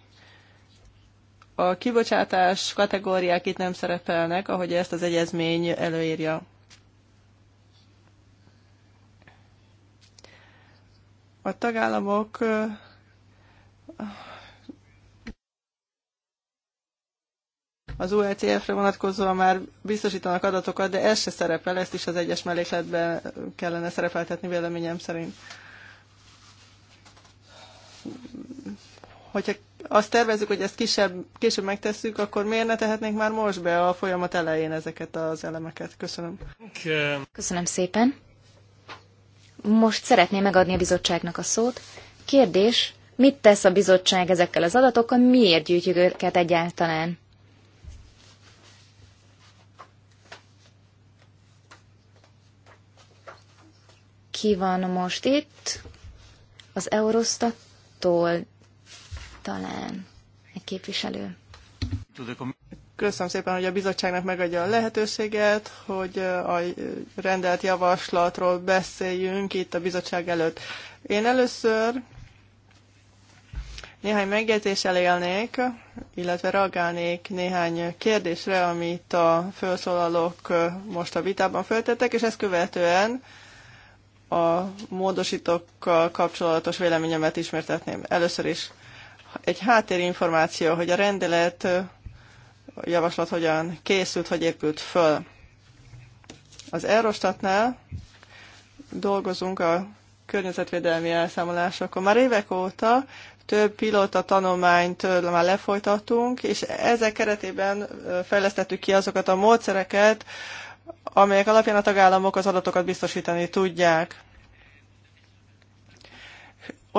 a kibocsátás kategóriák itt nem szerepelnek, ahogy ezt az egyezmény előírja. A tagállamok az UECF-re vonatkozóan már biztosítanak adatokat, de ez se szerepel, ezt is az egyes mellékletben kellene szerepeltetni véleményem szerint. hogyha azt tervezzük, hogy ezt kisebb, később megtesszük, akkor miért ne tehetnénk már most be a folyamat elején ezeket az elemeket? Köszönöm. Köszönöm szépen. Most szeretném megadni a bizottságnak a szót. Kérdés, mit tesz a bizottság ezekkel az adatokkal, miért gyűjtjük őket egyáltalán? Ki van most itt? Az Eurostattól talán egy képviselő. Köszönöm szépen, hogy a bizottságnak megadja a lehetőséget, hogy a rendelt javaslatról beszéljünk itt a bizottság előtt. Én először néhány megjegyzéssel élnék, illetve reagálnék néhány kérdésre, amit a felszólalók most a vitában föltettek, és ezt követően a módosítókkal kapcsolatos véleményemet ismertetném. Először is egy háttérinformáció, hogy a rendelet a javaslat hogyan készült, hogy épült föl. Az Eurostatnál dolgozunk a környezetvédelmi elszámolásokon. Már évek óta több pilóta tanulmányt már lefolytattunk, és ezek keretében fejlesztettük ki azokat a módszereket, amelyek alapján a tagállamok az adatokat biztosítani tudják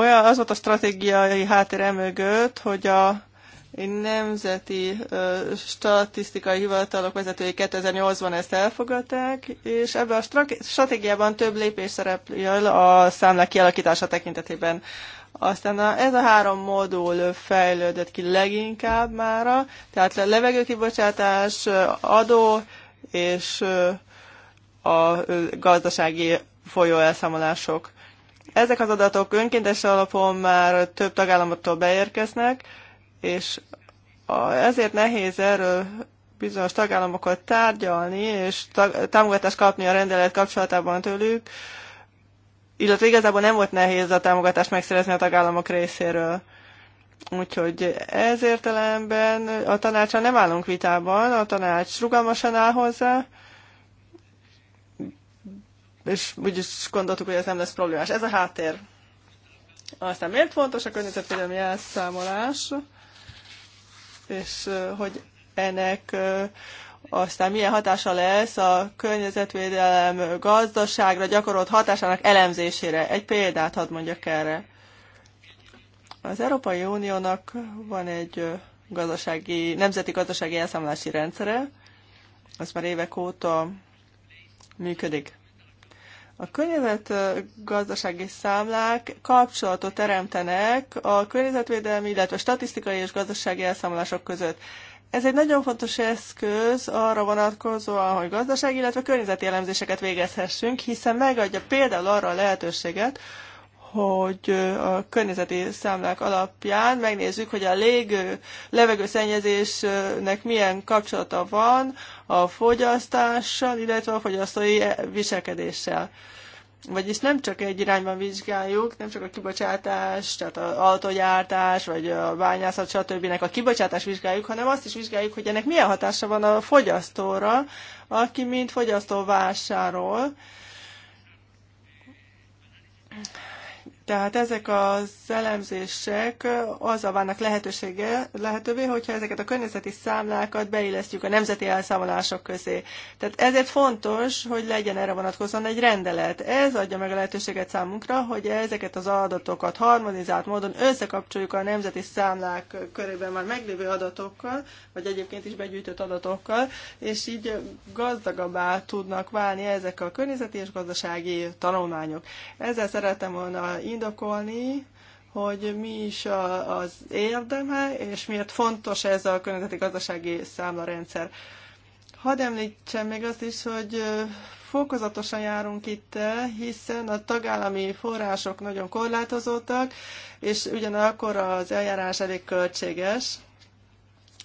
olyan, az volt a stratégiai háttere mögött, hogy a nemzeti statisztikai hivatalok vezetői 2008-ban ezt elfogadták, és ebben a stratégiában több lépés szerepel a számlák kialakítása tekintetében. Aztán a, ez a három modul fejlődött ki leginkább mára, tehát a levegőkibocsátás, adó és a gazdasági folyóelszámolások. Ezek az adatok önkéntes alapon már több tagállamattól beérkeznek, és ezért nehéz erről bizonyos tagállamokat tárgyalni, és támogatást kapni a rendelet kapcsolatában tőlük, illetve igazából nem volt nehéz a támogatást megszerezni a tagállamok részéről. Úgyhogy ezért értelemben a tanácsa nem állunk vitában, a tanács rugalmasan áll hozzá, és úgyis gondoltuk, hogy ez nem lesz problémás. Ez a háttér. Aztán miért fontos a környezetvédelmi elszámolás, és hogy ennek aztán milyen hatása lesz a környezetvédelem gazdaságra gyakorolt hatásának elemzésére. Egy példát hadd mondjak erre. Az Európai Uniónak van egy gazdasági, nemzeti gazdasági elszámolási rendszere, az már évek óta működik. A környezet gazdasági számlák kapcsolatot teremtenek a környezetvédelmi, illetve statisztikai és gazdasági elszámolások között. Ez egy nagyon fontos eszköz arra vonatkozóan, hogy gazdasági, illetve környezeti elemzéseket végezhessünk, hiszen megadja például arra a lehetőséget, hogy a környezeti számlák alapján megnézzük, hogy a lég levegőszennyezésnek milyen kapcsolata van a fogyasztással, illetve a fogyasztói eh, viselkedéssel. Vagyis nem csak egy irányban vizsgáljuk, nem csak a kibocsátás, tehát az autogyártás, vagy a bányászat, stb. a kibocsátás vizsgáljuk, hanem azt is vizsgáljuk, hogy ennek milyen hatása van a fogyasztóra, aki mint fogyasztó vásárol tehát ezek az elemzések azzal vannak lehetősége, lehetővé, hogyha ezeket a környezeti számlákat beillesztjük a nemzeti elszámolások közé. Tehát ezért fontos, hogy legyen erre vonatkozóan egy rendelet. Ez adja meg a lehetőséget számunkra, hogy ezeket az adatokat harmonizált módon összekapcsoljuk a nemzeti számlák körében már meglévő adatokkal, vagy egyébként is begyűjtött adatokkal, és így gazdagabbá tudnak válni ezek a környezeti és gazdasági tanulmányok. Ezzel szeretem volna indokolni, hogy mi is a, az érdeme, és miért fontos ez a környezeti gazdasági számlarendszer. Hadd említsem még azt is, hogy fokozatosan járunk itt, hiszen a tagállami források nagyon korlátozottak, és ugyanakkor az eljárás elég költséges,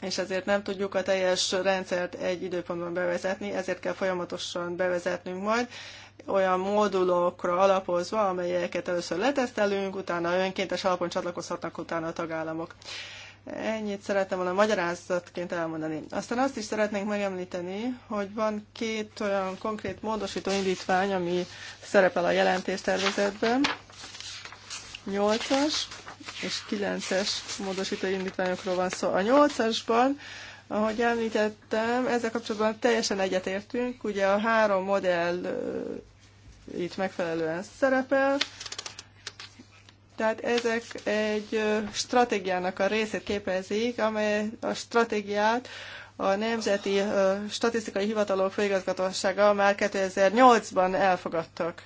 és ezért nem tudjuk a teljes rendszert egy időpontban bevezetni, ezért kell folyamatosan bevezetnünk majd, olyan modulokra alapozva, amelyeket először letesztelünk, utána önkéntes alapon csatlakozhatnak utána a tagállamok. Ennyit szerettem volna magyarázatként elmondani. Aztán azt is szeretnénk megemlíteni, hogy van két olyan konkrét módosító indítvány, ami szerepel a jelentéstervezetben. 8-as és 9-es módosító indítványokról van szó. A 8-asban ahogy említettem, ezzel kapcsolatban teljesen egyetértünk. Ugye a három modell itt megfelelően szerepel. Tehát ezek egy stratégiának a részét képezik, amely a stratégiát a Nemzeti Statisztikai Hivatalok Főigazgatósága már 2008-ban elfogadtak.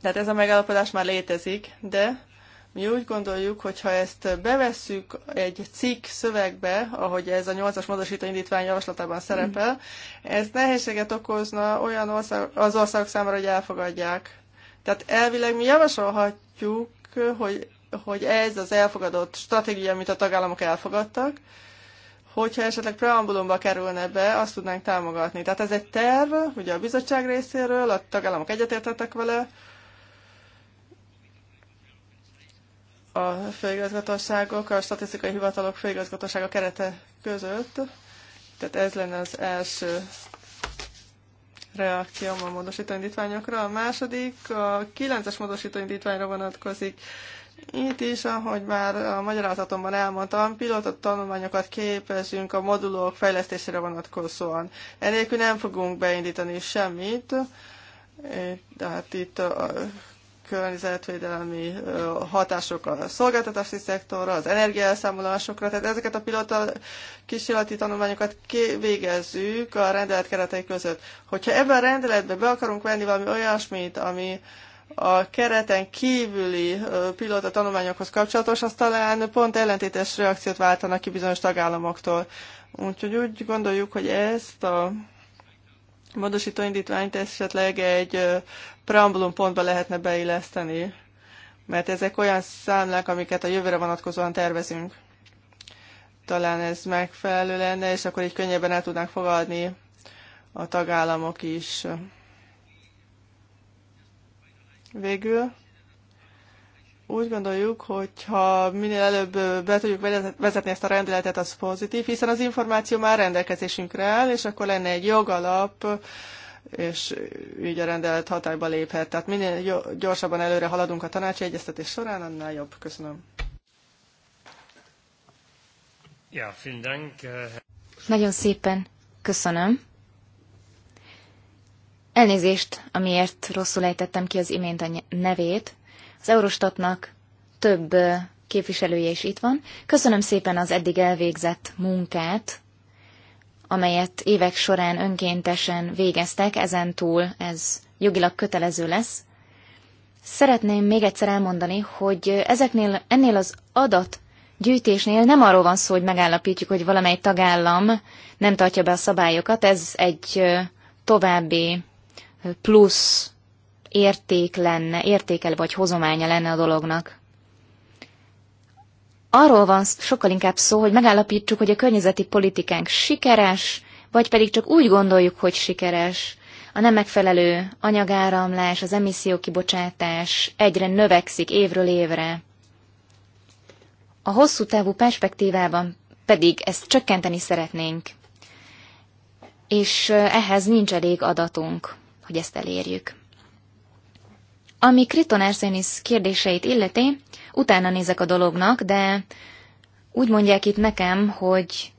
Tehát ez a megállapodás már létezik, de mi úgy gondoljuk, hogy ha ezt bevesszük egy cikk szövegbe, ahogy ez a 8-as módosító indítvány javaslatában szerepel, ez nehézséget okozna olyan ország, az országok számára, hogy elfogadják. Tehát elvileg mi javasolhatjuk, hogy, hogy ez az elfogadott stratégia, amit a tagállamok elfogadtak, hogyha esetleg preambulumba kerülne be, azt tudnánk támogatni. Tehát ez egy terv, ugye a bizottság részéről, a tagállamok egyetértettek vele, a főigazgatóságok, a statisztikai hivatalok főigazgatósága kerete között. Tehát ez lenne az első reakcióm a módosító indítványokra. A második, a 9-es módosító indítványra vonatkozik. Itt is, ahogy már a magyarázatomban elmondtam, pilota tanulmányokat képezünk a modulok fejlesztésére vonatkozóan. Enélkül nem fogunk beindítani semmit, hát itt a környezetvédelmi hatások a szolgáltatási szektorra, az energiaelszámolásokra, tehát ezeket a pilota kísérleti tanulmányokat végezzük a rendelet keretei között. Hogyha ebben a rendeletben be akarunk venni valami olyasmit, ami a kereten kívüli pilota tanulmányokhoz kapcsolatos, az talán pont ellentétes reakciót váltanak ki bizonyos tagállamoktól. Úgyhogy úgy gondoljuk, hogy ezt a módosító indítványt esetleg egy preambulum pontba lehetne beilleszteni, mert ezek olyan számlák, amiket a jövőre vonatkozóan tervezünk. Talán ez megfelelő lenne, és akkor így könnyebben el tudnánk fogadni a tagállamok is. Végül úgy gondoljuk, hogy ha minél előbb be tudjuk vezetni ezt a rendeletet, az pozitív, hiszen az információ már rendelkezésünkre áll, és akkor lenne egy jogalap, és így a rendelet hatályba léphet. Tehát minél gyorsabban előre haladunk a tanácsi egyeztetés során, annál jobb. Köszönöm. Ja, Dank. Äh, Nagyon szépen köszönöm. Elnézést, amiért rosszul ejtettem ki az imént a nevét az Eurostatnak több képviselője is itt van. Köszönöm szépen az eddig elvégzett munkát, amelyet évek során önkéntesen végeztek, ezen túl ez jogilag kötelező lesz. Szeretném még egyszer elmondani, hogy ezeknél, ennél az adat gyűjtésnél nem arról van szó, hogy megállapítjuk, hogy valamely tagállam nem tartja be a szabályokat, ez egy további plusz érték lenne, értékel vagy hozománya lenne a dolognak. Arról van sokkal inkább szó, hogy megállapítsuk, hogy a környezeti politikánk sikeres, vagy pedig csak úgy gondoljuk, hogy sikeres. A nem megfelelő anyagáramlás, az emissziókibocsátás egyre növekszik évről évre. A hosszú távú perspektívában pedig ezt csökkenteni szeretnénk. És ehhez nincs elég adatunk, hogy ezt elérjük. Ami Kriton Arsenis kérdéseit illeti, utána nézek a dolognak, de úgy mondják itt nekem, hogy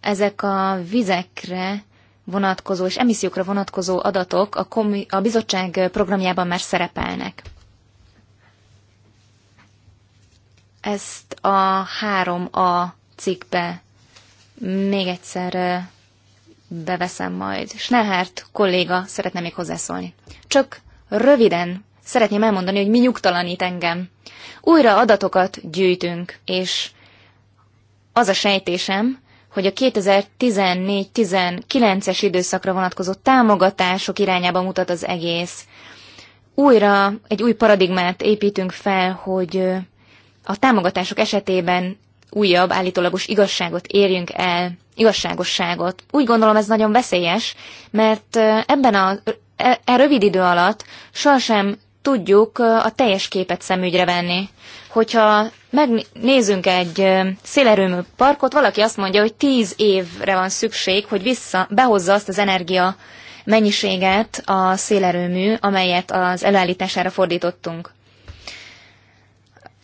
ezek a vizekre vonatkozó és emissziókra vonatkozó adatok a, komi- a bizottság programjában már szerepelnek. Ezt a 3A cikkbe még egyszer beveszem majd. Schnehárt kolléga szeretne még hozzászólni. Csak Röviden szeretném elmondani, hogy mi nyugtalanít engem. Újra adatokat gyűjtünk, és az a sejtésem, hogy a 2014-19-es időszakra vonatkozó támogatások irányába mutat az egész. Újra egy új paradigmát építünk fel, hogy a támogatások esetében újabb állítólagos igazságot érjünk el, igazságosságot. Úgy gondolom ez nagyon veszélyes, mert ebben a e, e rövid idő alatt sohasem tudjuk a teljes képet szemügyre venni. Hogyha megnézünk egy szélerőmű parkot, valaki azt mondja, hogy tíz évre van szükség, hogy vissza, behozza azt az energia mennyiséget a szélerőmű, amelyet az előállítására fordítottunk.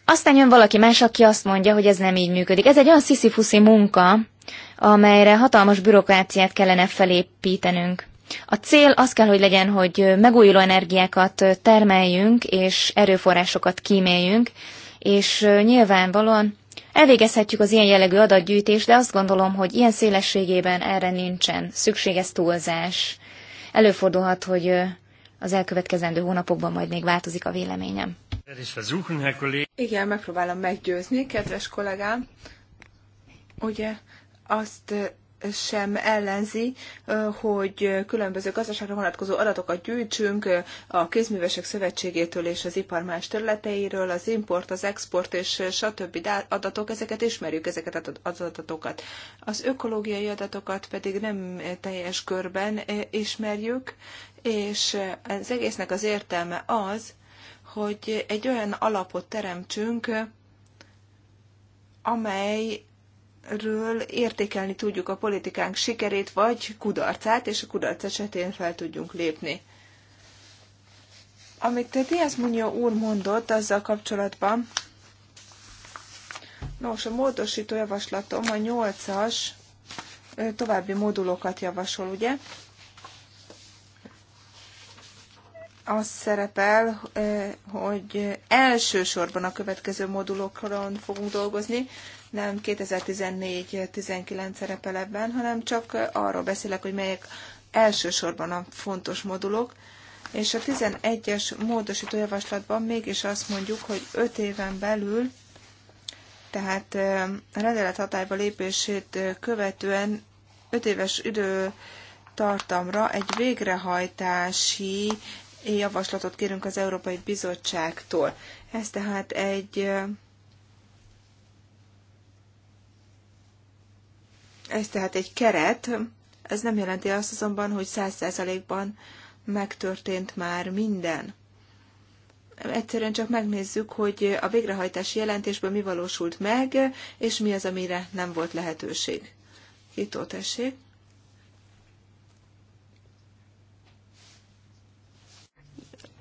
Aztán jön valaki más, aki azt mondja, hogy ez nem így működik. Ez egy olyan sziszifuszi munka, amelyre hatalmas bürokráciát kellene felépítenünk. A cél az kell, hogy legyen, hogy megújuló energiákat termeljünk, és erőforrásokat kíméljünk, és nyilvánvalóan elvégezhetjük az ilyen jellegű adatgyűjtést, de azt gondolom, hogy ilyen szélességében erre nincsen szükséges túlzás. Előfordulhat, hogy az elkövetkezendő hónapokban majd még változik a véleményem. Igen, megpróbálom meggyőzni, kedves kollégám. Ugye azt sem ellenzi, hogy különböző gazdaságra vonatkozó adatokat gyűjtsünk a kézművesek szövetségétől és az ipar más területeiről, az import, az export és stb. adatok, ezeket ismerjük, ezeket az adatokat. Az ökológiai adatokat pedig nem teljes körben ismerjük, és az egésznek az értelme az, hogy egy olyan alapot teremtsünk, amely ről értékelni tudjuk a politikánk sikerét vagy kudarcát, és a kudarc esetén fel tudjunk lépni. Amit te Diaz Munyó úr mondott azzal kapcsolatban, nos, a módosító javaslatom a 8-as további modulokat javasol, ugye? az szerepel, hogy elsősorban a következő modulokon fogunk dolgozni, nem 2014-19 szerepel ebben, hanem csak arról beszélek, hogy melyek elsősorban a fontos modulok, és a 11-es módosító javaslatban mégis azt mondjuk, hogy 5 éven belül, tehát a rendelet hatályba lépését követően 5 éves időtartamra egy végrehajtási javaslatot kérünk az Európai Bizottságtól. Ez tehát egy Ez tehát egy keret, ez nem jelenti azt azonban, hogy száz százalékban megtörtént már minden. Egyszerűen csak megnézzük, hogy a végrehajtási jelentésből mi valósult meg, és mi az, amire nem volt lehetőség. Kitó, tessék.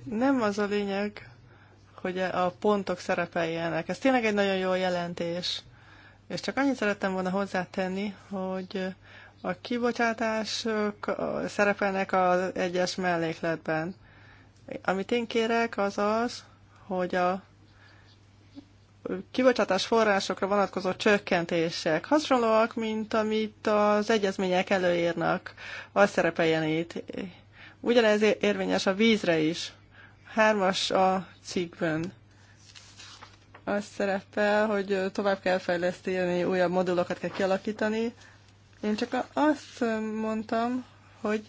Nem az a lényeg, hogy a pontok szerepeljenek. Ez tényleg egy nagyon jó jelentés és csak annyit szerettem volna hozzátenni, hogy a kibocsátások szerepelnek az egyes mellékletben. Amit én kérek, az az, hogy a kibocsátás forrásokra vonatkozó csökkentések hasonlóak, mint amit az egyezmények előírnak, az szerepeljen itt. Ugyanez érvényes a vízre is. Hármas a cikkben az szerepel, hogy tovább kell fejleszteni, újabb modulokat kell kialakítani. Én csak azt mondtam, hogy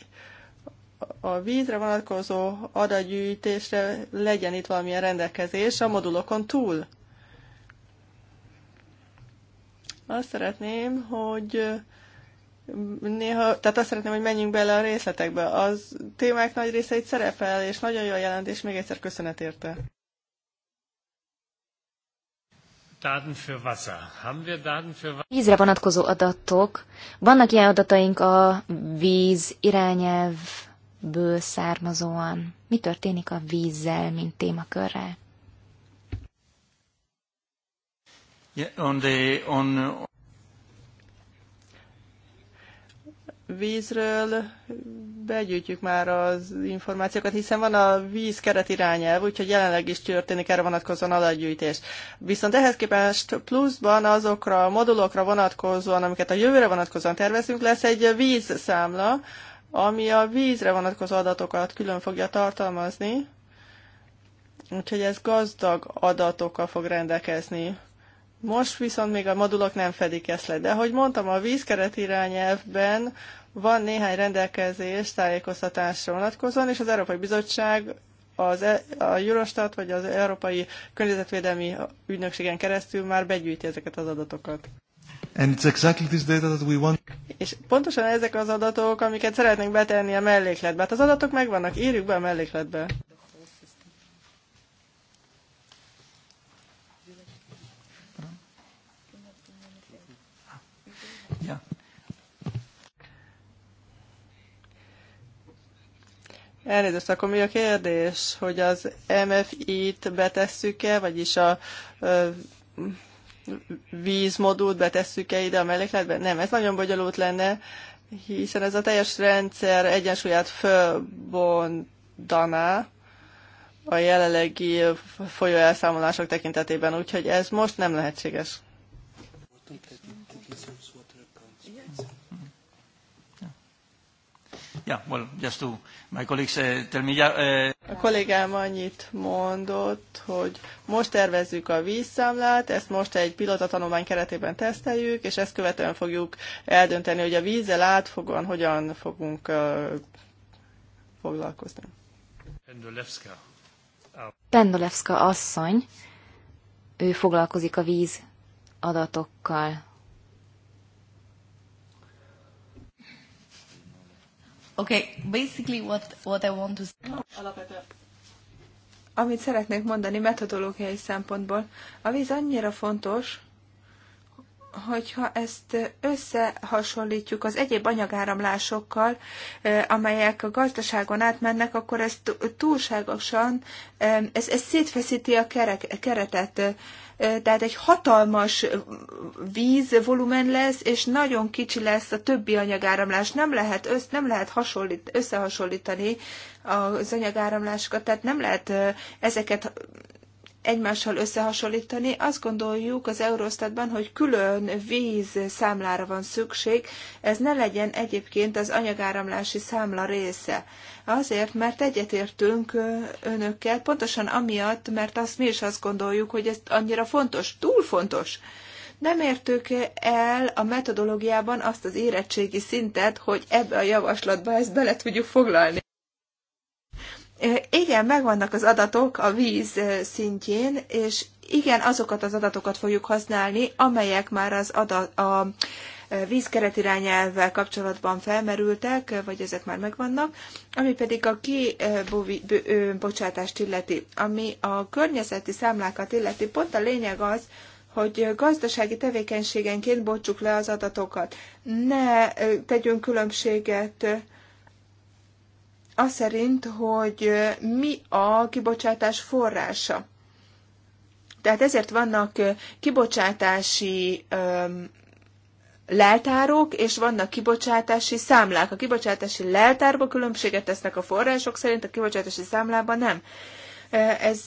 a vízre vonatkozó adagyűjtésre legyen itt valamilyen rendelkezés a modulokon túl. Azt szeretném, hogy néha, tehát azt szeretném, hogy menjünk bele a részletekbe. Az témák nagy része itt szerepel, és nagyon jó a jelentés, még egyszer köszönet érte. Vízre vonatkozó adatok. Vannak ilyen adataink a víz irányelvből származóan. Mi történik a vízzel, mint témakörrel? Yeah, on the, on, vízről begyűjtjük már az információkat, hiszen van a víz irányelv, úgyhogy jelenleg is történik erre vonatkozóan adatgyűjtés. Viszont ehhez képest pluszban azokra a modulokra vonatkozóan, amiket a jövőre vonatkozóan tervezünk, lesz egy vízszámla, ami a vízre vonatkozó adatokat külön fogja tartalmazni, úgyhogy ez gazdag adatokkal fog rendelkezni. Most viszont még a modulok nem fedik ezt le. De ahogy mondtam, a vízkeret irányelvben van néhány rendelkezés tájékoztatásra vonatkozóan, és az Európai Bizottság az e, a Eurostat vagy az Európai Környezetvédelmi Ügynökségen keresztül már begyűjti ezeket az adatokat. And it's exactly this data that we want. És pontosan ezek az adatok, amiket szeretnénk betenni a mellékletbe. Hát az adatok megvannak, írjuk be a mellékletbe. Ja. Elnézést, akkor mi a kérdés, hogy az MFI-t betesszük-e, vagyis a ö, vízmodult betesszük-e ide a mellékletbe? Nem, ez nagyon bonyolult lenne, hiszen ez a teljes rendszer egyensúlyát fölbontaná a jelenlegi folyóelszámolások tekintetében, úgyhogy ez most nem lehetséges. Yeah, well, just to my colleagues uh, tell me, yeah, uh... A kollégám annyit mondott, hogy most tervezzük a vízszámlát, ezt most egy pilota keretében teszteljük, és ezt követően fogjuk eldönteni, hogy a vízzel átfogóan hogyan fogunk uh, foglalkozni. Pendolevska asszony, ő foglalkozik a víz adatokkal. Okay, basically what, what I want to say. Amit szeretnék mondani metodológiai szempontból, a víz annyira fontos, hogyha ezt összehasonlítjuk az egyéb anyagáramlásokkal, eh, amelyek a gazdaságon átmennek, akkor ez túlságosan, eh, ez, ez szétfeszíti a kerek, keretet tehát egy hatalmas vízvolumen lesz, és nagyon kicsi lesz a többi anyagáramlás. Nem lehet, össz, nem lehet hasonlít, összehasonlítani az anyagáramlásokat, tehát nem lehet ezeket egymással összehasonlítani. Azt gondoljuk az Eurostatban, hogy külön víz számlára van szükség, ez ne legyen egyébként az anyagáramlási számla része. Azért, mert egyetértünk önökkel, pontosan amiatt, mert azt mi is azt gondoljuk, hogy ez annyira fontos, túl fontos. Nem értük el a metodológiában azt az érettségi szintet, hogy ebbe a javaslatba ezt bele tudjuk foglalni. Igen, megvannak az adatok a víz szintjén, és igen, azokat az adatokat fogjuk használni, amelyek már az adat, a vízkeretirányelvvel kapcsolatban felmerültek, vagy ezek már megvannak, ami pedig a kibocsátást illeti, ami a környezeti számlákat illeti, pont a lényeg az, hogy gazdasági tevékenységenként bontsuk le az adatokat. Ne tegyünk különbséget az szerint, hogy mi a kibocsátás forrása. Tehát ezért vannak kibocsátási leltárok, és vannak kibocsátási számlák. A kibocsátási leltárba különbséget tesznek a források szerint, a kibocsátási számlában nem. Ez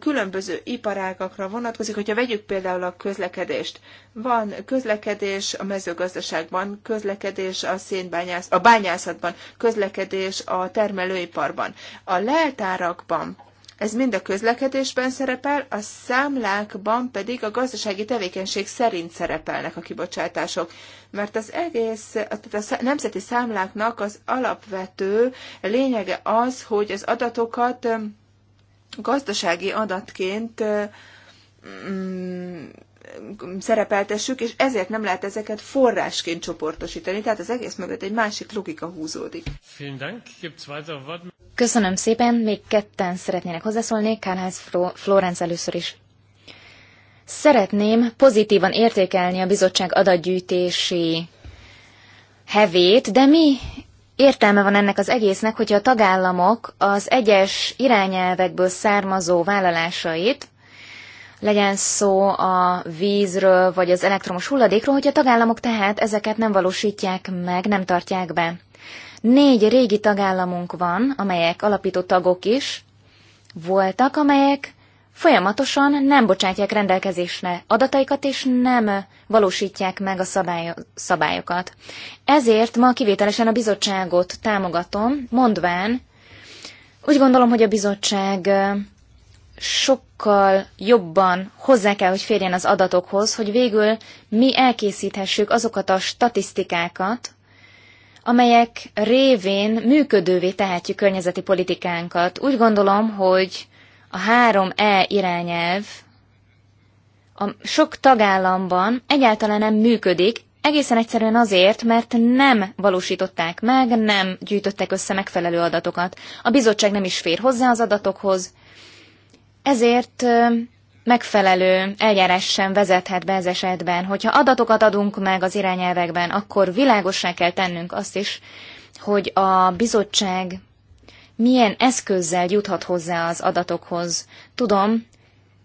különböző iparágakra vonatkozik, hogyha vegyük például a közlekedést. Van közlekedés a mezőgazdaságban, közlekedés a szénbányász, a bányászatban, közlekedés a termelőiparban. A leltárakban ez mind a közlekedésben szerepel, a számlákban pedig a gazdasági tevékenység szerint szerepelnek a kibocsátások. Mert az egész, tehát a nemzeti számláknak az alapvető lényege az, hogy az adatokat gazdasági adatként mm, szerepeltessük, és ezért nem lehet ezeket forrásként csoportosítani, tehát az egész mögött egy másik logika húzódik. Köszönöm szépen, még ketten szeretnének hozzászólni, Kárház Florence először is. Szeretném pozitívan értékelni a bizottság adatgyűjtési hevét, de mi értelme van ennek az egésznek, hogyha a tagállamok az egyes irányelvekből származó vállalásait legyen szó a vízről, vagy az elektromos hulladékról, hogy a tagállamok tehát ezeket nem valósítják meg, nem tartják be. Négy régi tagállamunk van, amelyek alapító tagok is voltak, amelyek folyamatosan nem bocsátják rendelkezésre adataikat, és nem valósítják meg a szabály- szabályokat. Ezért ma kivételesen a bizottságot támogatom, mondván, úgy gondolom, hogy a bizottság sokkal jobban hozzá kell, hogy férjen az adatokhoz, hogy végül mi elkészíthessük azokat a statisztikákat, amelyek révén működővé tehetjük környezeti politikánkat. Úgy gondolom, hogy a 3E irányelv a sok tagállamban egyáltalán nem működik, egészen egyszerűen azért, mert nem valósították meg, nem gyűjtöttek össze megfelelő adatokat. A bizottság nem is fér hozzá az adatokhoz, ezért megfelelő eljárás sem vezethet be ez esetben. Hogyha adatokat adunk meg az irányelvekben, akkor világosá kell tennünk azt is, hogy a bizottság milyen eszközzel juthat hozzá az adatokhoz. Tudom,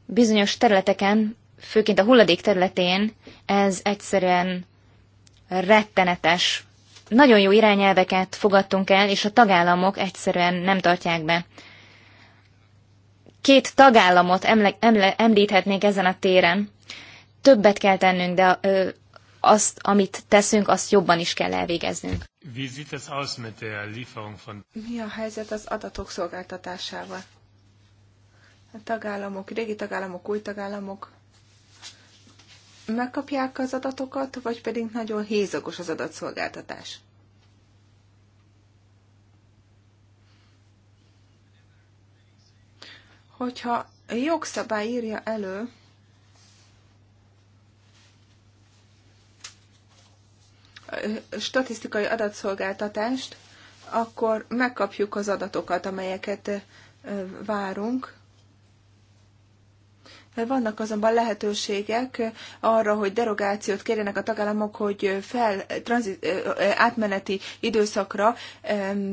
bizonyos területeken, főként a hulladék területén ez egyszerűen rettenetes. Nagyon jó irányelveket fogadtunk el, és a tagállamok egyszerűen nem tartják be két tagállamot emle, emle, említhetnék ezen a téren. Többet kell tennünk, de ö, azt, amit teszünk, azt jobban is kell elvégeznünk. Mi a helyzet az adatok szolgáltatásával? A tagállamok, régi tagállamok, új tagállamok megkapják az adatokat, vagy pedig nagyon hézagos az adatszolgáltatás? hogyha jogszabály írja elő, statisztikai adatszolgáltatást, akkor megkapjuk az adatokat, amelyeket várunk, vannak azonban lehetőségek arra, hogy derogációt kérjenek a tagállamok, hogy fel, tranzi, átmeneti időszakra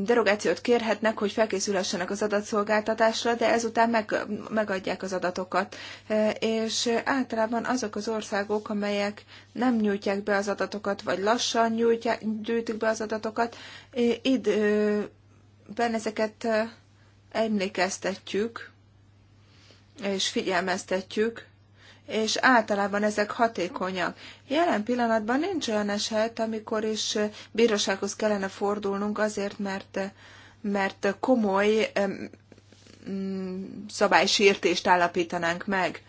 derogációt kérhetnek, hogy felkészülhessenek az adatszolgáltatásra, de ezután meg, megadják az adatokat. E, és általában azok az országok, amelyek nem nyújtják be az adatokat, vagy lassan nyújtják, gyűjtik be az adatokat, időben ezeket emlékeztetjük és figyelmeztetjük, és általában ezek hatékonyak. Jelen pillanatban nincs olyan eset, amikor is bírósághoz kellene fordulnunk azért, mert, mert komoly mm, szabálysértést állapítanánk meg.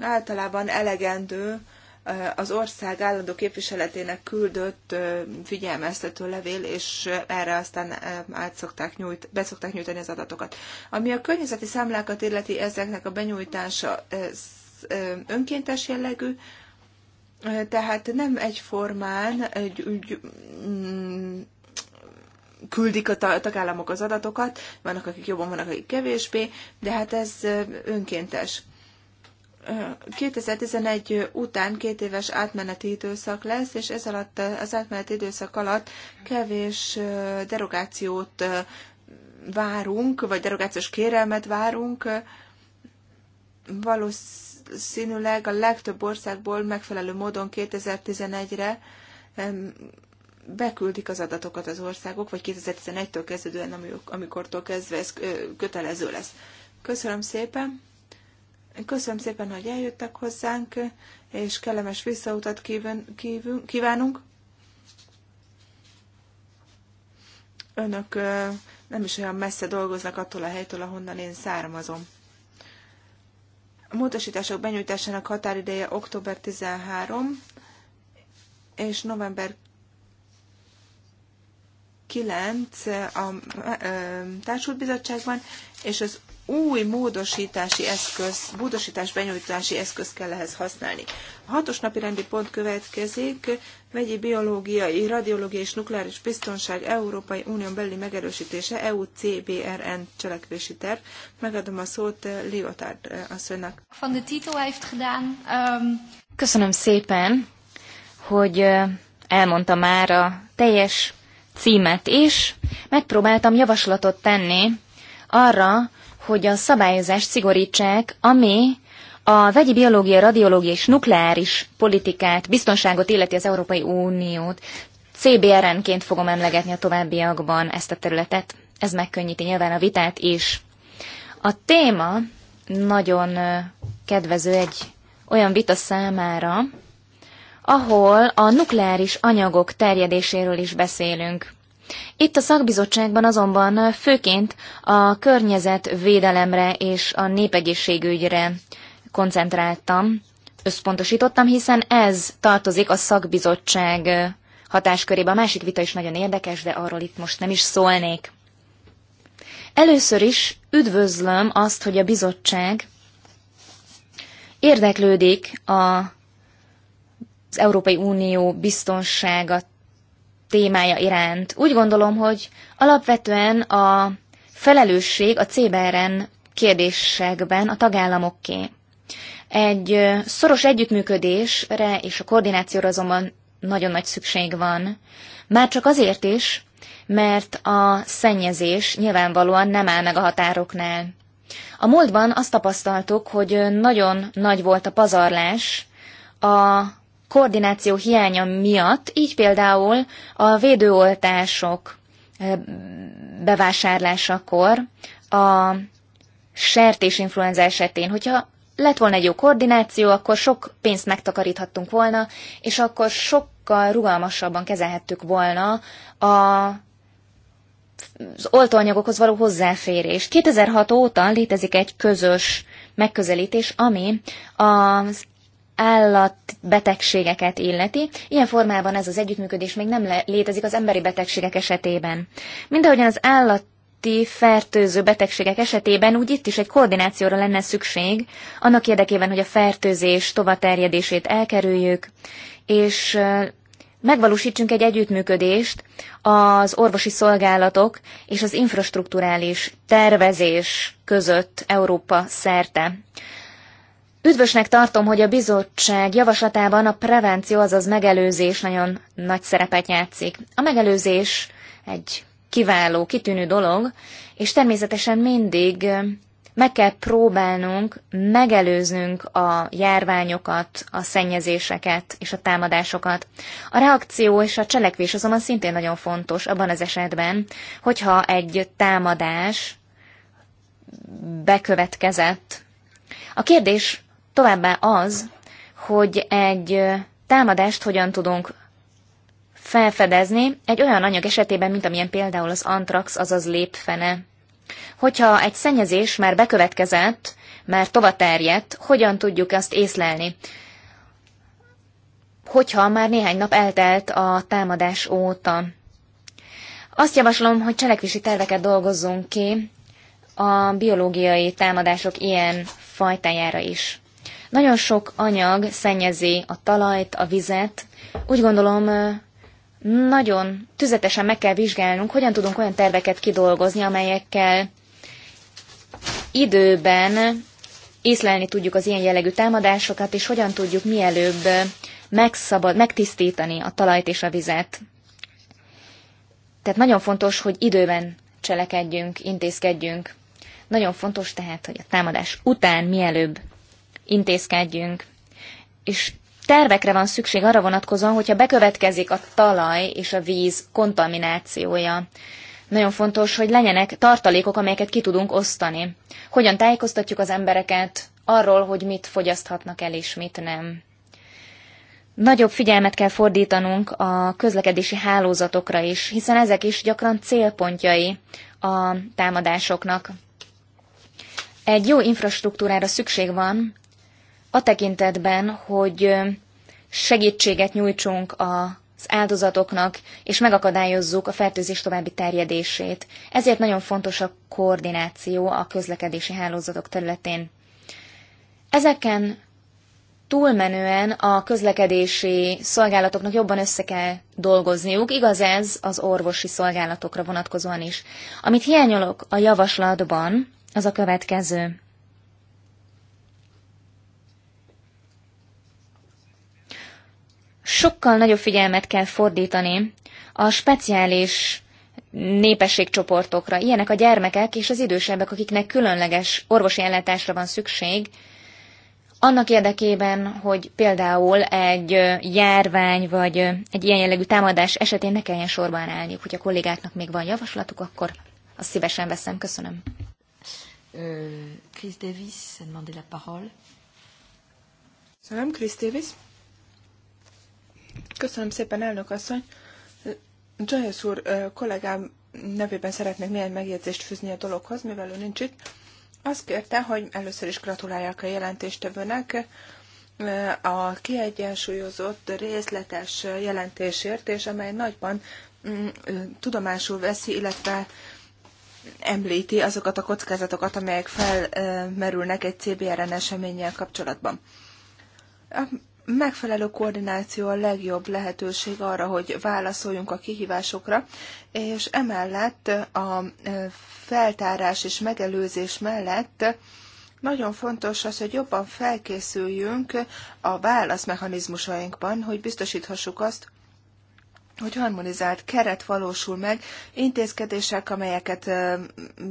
Általában elegendő Eh, az ország állandó képviseletének küldött eh, figyelmeztető levél, és eh, erre aztán át szokták nyújt, be szokták nyújtani az adatokat. Ami a környezeti számlákat illeti, ezeknek a benyújtása önkéntes jellegű, tehát nem egyformán egy, egy, mm, küldik a tagállamok az adatokat, vannak akik jobban, vannak akik kevésbé, de hát ez önkéntes. 2011 után két éves átmeneti időszak lesz, és ez alatt, az átmeneti időszak alatt kevés derogációt várunk, vagy derogációs kérelmet várunk. Valószínűleg a legtöbb országból megfelelő módon 2011-re beküldik az adatokat az országok, vagy 2011-től kezdődően, amikortól kezdve ez kötelező lesz. Köszönöm szépen! Köszönöm szépen, hogy eljöttek hozzánk, és kellemes visszautat kívánunk. Önök nem is olyan messze dolgoznak attól a helytől, ahonnan én származom. A módosítások benyújtásának határideje október 13 és november 9 a társult bizottságban, és az új módosítási eszköz, módosítás benyújtási eszköz kell ehhez használni. A hatos napi rendi pont következik, vegyi biológiai, radiológiai és nukleáris biztonság Európai Unión belüli megerősítése, EU-CBRN cselekvési terv. Megadom a szót eh, Liotard eh, asszonynak. Van de Tito gedaan. Ehm, Köszönöm szépen, hogy eh, elmondta már a teljes címet is. Megpróbáltam javaslatot tenni arra, hogy a szabályozást szigorítsák, ami a vegyi biológia, radiológia és nukleáris politikát, biztonságot illeti az Európai Uniót. CBRN-ként fogom emlegetni a továbbiakban ezt a területet. Ez megkönnyíti nyilván a vitát is. A téma nagyon kedvező egy olyan vita számára, ahol a nukleáris anyagok terjedéséről is beszélünk. Itt a szakbizottságban azonban főként a környezetvédelemre és a népegészségügyre koncentráltam, összpontosítottam, hiszen ez tartozik a szakbizottság hatáskörébe. A másik vita is nagyon érdekes, de arról itt most nem is szólnék. Először is üdvözlöm azt, hogy a bizottság érdeklődik a, az Európai Unió biztonsága témája iránt. Úgy gondolom, hogy alapvetően a felelősség a CBRN kérdésekben a tagállamokké. Egy szoros együttműködésre és a koordinációra azonban nagyon nagy szükség van. Már csak azért is, mert a szennyezés nyilvánvalóan nem áll meg a határoknál. A múltban azt tapasztaltuk, hogy nagyon nagy volt a pazarlás, a koordináció hiánya miatt, így például a védőoltások bevásárlásakor a influenza esetén, hogyha lett volna egy jó koordináció, akkor sok pénzt megtakaríthattunk volna, és akkor sokkal rugalmasabban kezelhettük volna a, az oltóanyagokhoz való hozzáférést. 2006 óta létezik egy közös megközelítés, ami az állatbetegségeket illeti. Ilyen formában ez az együttműködés még nem létezik az emberi betegségek esetében. Mindahogyan az állati fertőző betegségek esetében úgy itt is egy koordinációra lenne szükség, annak érdekében, hogy a fertőzés tovaterjedését elkerüljük, és megvalósítsunk egy együttműködést az orvosi szolgálatok és az infrastruktúrális tervezés között Európa szerte. Üdvösnek tartom, hogy a bizottság javaslatában a prevenció, azaz megelőzés nagyon nagy szerepet játszik. A megelőzés egy kiváló, kitűnő dolog, és természetesen mindig meg kell próbálnunk megelőznünk a járványokat, a szennyezéseket és a támadásokat. A reakció és a cselekvés azonban szintén nagyon fontos abban az esetben, hogyha egy támadás bekövetkezett. A kérdés Továbbá az, hogy egy támadást hogyan tudunk felfedezni egy olyan anyag esetében, mint amilyen például az antrax, azaz lépfene. Hogyha egy szennyezés már bekövetkezett, már terjedt, hogyan tudjuk azt észlelni? Hogyha már néhány nap eltelt a támadás óta. Azt javaslom, hogy cselekvési terveket dolgozzunk ki a biológiai támadások ilyen fajtájára is. Nagyon sok anyag szennyezi a talajt, a vizet. Úgy gondolom, nagyon tüzetesen meg kell vizsgálnunk, hogyan tudunk olyan terveket kidolgozni, amelyekkel időben észlelni tudjuk az ilyen jellegű támadásokat, és hogyan tudjuk mielőbb megszabad, megtisztítani a talajt és a vizet. Tehát nagyon fontos, hogy időben cselekedjünk, intézkedjünk. Nagyon fontos tehát, hogy a támadás után mielőbb intézkedjünk. És tervekre van szükség arra vonatkozóan, hogyha bekövetkezik a talaj és a víz kontaminációja. Nagyon fontos, hogy legyenek tartalékok, amelyeket ki tudunk osztani. Hogyan tájékoztatjuk az embereket arról, hogy mit fogyaszthatnak el és mit nem. Nagyobb figyelmet kell fordítanunk a közlekedési hálózatokra is, hiszen ezek is gyakran célpontjai a támadásoknak. Egy jó infrastruktúrára szükség van, a tekintetben, hogy segítséget nyújtsunk az áldozatoknak, és megakadályozzuk a fertőzés további terjedését. Ezért nagyon fontos a koordináció a közlekedési hálózatok területén. Ezeken túlmenően a közlekedési szolgálatoknak jobban össze kell dolgozniuk, igaz ez az orvosi szolgálatokra vonatkozóan is. Amit hiányolok a javaslatban, az a következő. sokkal nagyobb figyelmet kell fordítani a speciális népességcsoportokra. Ilyenek a gyermekek és az idősebbek, akiknek különleges orvosi ellátásra van szükség, annak érdekében, hogy például egy járvány vagy egy ilyen jellegű támadás esetén ne kelljen sorban állni. Hogyha kollégáknak még van javaslatuk, akkor azt szívesen veszem. Köszönöm. Chris Davis a parole. Köszönöm, Chris Davis. Köszönöm szépen, elnök asszony. Csajos úr kollégám nevében szeretnék néhány megjegyzést fűzni a dologhoz, mivel ő nincs itt. Azt kérte, hogy először is gratuláljak a jelentéstevőnek a kiegyensúlyozott részletes jelentésért, és amely nagyban mm, tudomásul veszi, illetve említi azokat a kockázatokat, amelyek felmerülnek egy CBRN eseménnyel kapcsolatban megfelelő koordináció a legjobb lehetőség arra, hogy válaszoljunk a kihívásokra, és emellett a e, feltárás és megelőzés mellett nagyon fontos az, hogy jobban felkészüljünk a válaszmechanizmusainkban, hogy biztosíthassuk azt, hogy harmonizált keret valósul meg, intézkedések, amelyeket e,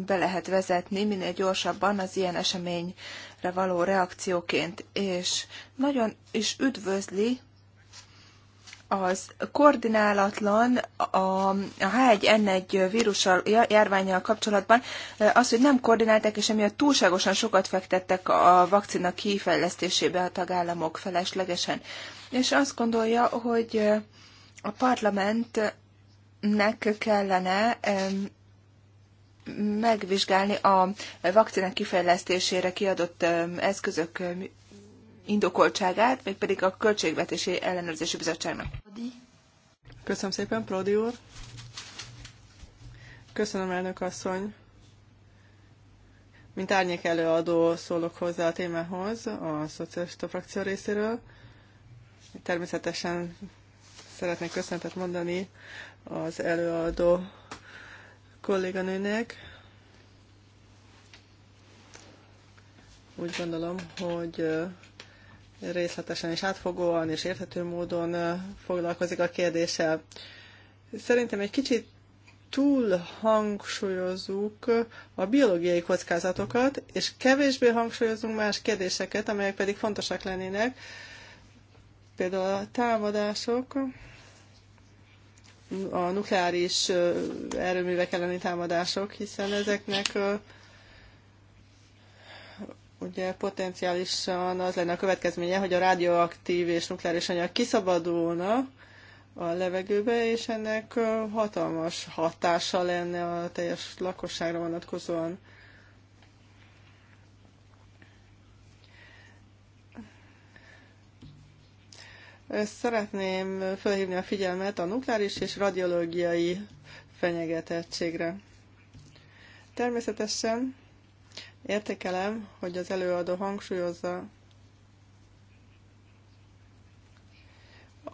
be lehet vezetni minél gyorsabban az ilyen esemény lépésre való reakcióként, és nagyon is üdvözli az koordinálatlan a H1N1 vírussal, járványjal kapcsolatban az, hogy nem koordinálták, és emiatt túlságosan sokat fektettek a vakcina kifejlesztésébe a tagállamok feleslegesen. És azt gondolja, hogy a parlamentnek kellene megvizsgálni a vakcinák kifejlesztésére kiadott eszközök indokoltságát, vagy pedig a Költségvetési Ellenőrzési Bizottságnak. Köszönöm szépen, Prodi úr. Köszönöm, elnök asszony. Mint árnyék előadó szólok hozzá a témához a szocialista frakció részéről. Természetesen szeretnék köszöntet mondani az előadó kolléganőnek. Úgy gondolom, hogy részletesen és átfogóan és érthető módon foglalkozik a kérdéssel. Szerintem egy kicsit túl hangsúlyozzuk a biológiai kockázatokat, és kevésbé hangsúlyozunk más kérdéseket, amelyek pedig fontosak lennének, például a támadások, a nukleáris erőművek elleni támadások, hiszen ezeknek ugye potenciálisan az lenne a következménye, hogy a radioaktív és nukleáris anyag kiszabadulna a levegőbe, és ennek hatalmas hatása lenne a teljes lakosságra vonatkozóan. Szeretném felhívni a figyelmet a nukleáris és radiológiai fenyegetettségre. Természetesen értékelem, hogy az előadó hangsúlyozza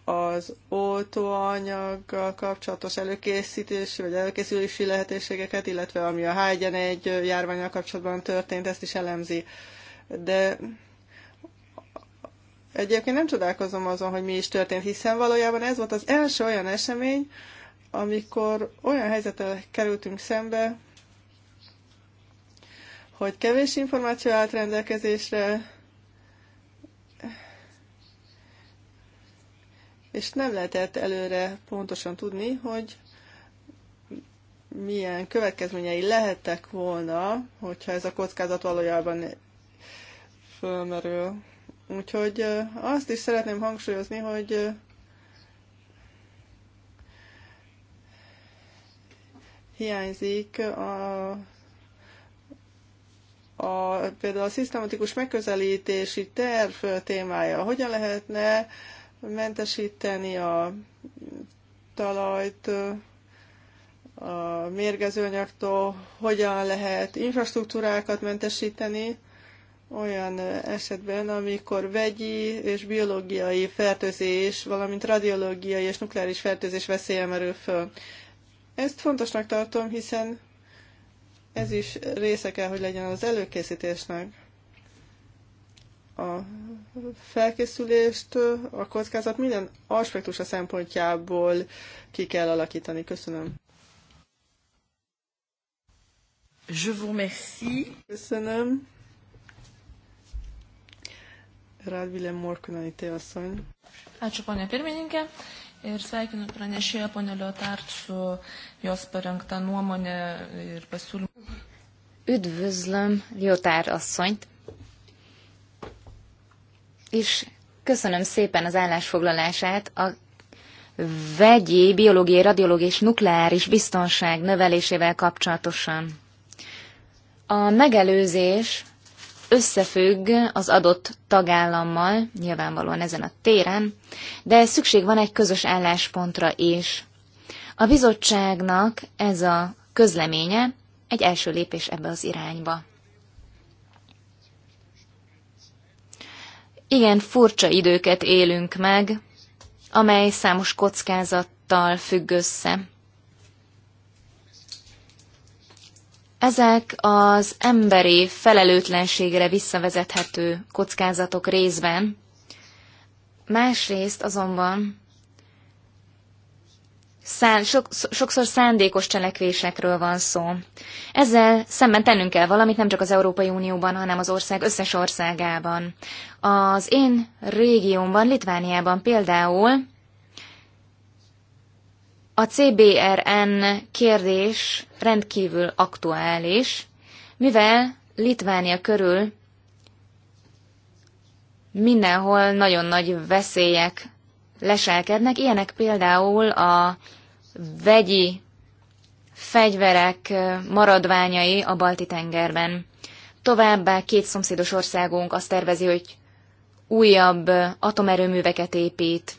az oltóanyaggal kapcsolatos előkészítési vagy előkészülési lehetőségeket, illetve ami a H1N1 járványal kapcsolatban történt, ezt is elemzi. De Egyébként nem csodálkozom azon, hogy mi is történt, hiszen valójában ez volt az első olyan esemény, amikor olyan helyzetel kerültünk szembe, hogy kevés információ állt rendelkezésre, és nem lehetett előre pontosan tudni, hogy milyen következményei lehettek volna, hogyha ez a kockázat valójában fölmerül. Úgyhogy azt is szeretném hangsúlyozni, hogy hiányzik a a, például a szisztematikus megközelítési terv témája. Hogyan lehetne mentesíteni a talajt a mérgezőanyagtól, hogyan lehet infrastruktúrákat mentesíteni, olyan esetben, amikor vegyi és biológiai fertőzés, valamint radiológiai és nukleáris fertőzés veszélye merül föl. Ezt fontosnak tartom, hiszen ez is része kell, hogy legyen az előkészítésnek. A felkészülést a kockázat minden aspektusa szempontjából ki kell alakítani. Köszönöm. Je vous remercie. Köszönöm. Radvilė Morkunaitė asszony. Ačiū, ponė pirmininkė. Ir sveikinu pranešėją ponė Liotart su jos parengta nuomonė ir pasiūlymu. Üdvözlöm Liotár asszonyt, és köszönöm szépen az állásfoglalását. A vegyi, biológiai, radiológiai és nukleáris biztonság növelésével kapcsolatosan. A megelőzés összefügg az adott tagállammal, nyilvánvalóan ezen a téren, de szükség van egy közös álláspontra is. A bizottságnak ez a közleménye egy első lépés ebbe az irányba. Igen, furcsa időket élünk meg, amely számos kockázattal függ össze. Ezek az emberi felelőtlenségre visszavezethető kockázatok részben, másrészt azonban szán, sok, sokszor szándékos cselekvésekről van szó. Ezzel szemben tennünk kell valamit nem csak az Európai Unióban, hanem az ország összes országában. Az én régiómban, Litvániában például a CBRN kérdés rendkívül aktuális, mivel Litvánia körül mindenhol nagyon nagy veszélyek leselkednek, ilyenek például a vegyi fegyverek maradványai a Balti-tengerben. Továbbá két szomszédos országunk azt tervezi, hogy újabb atomerőműveket épít.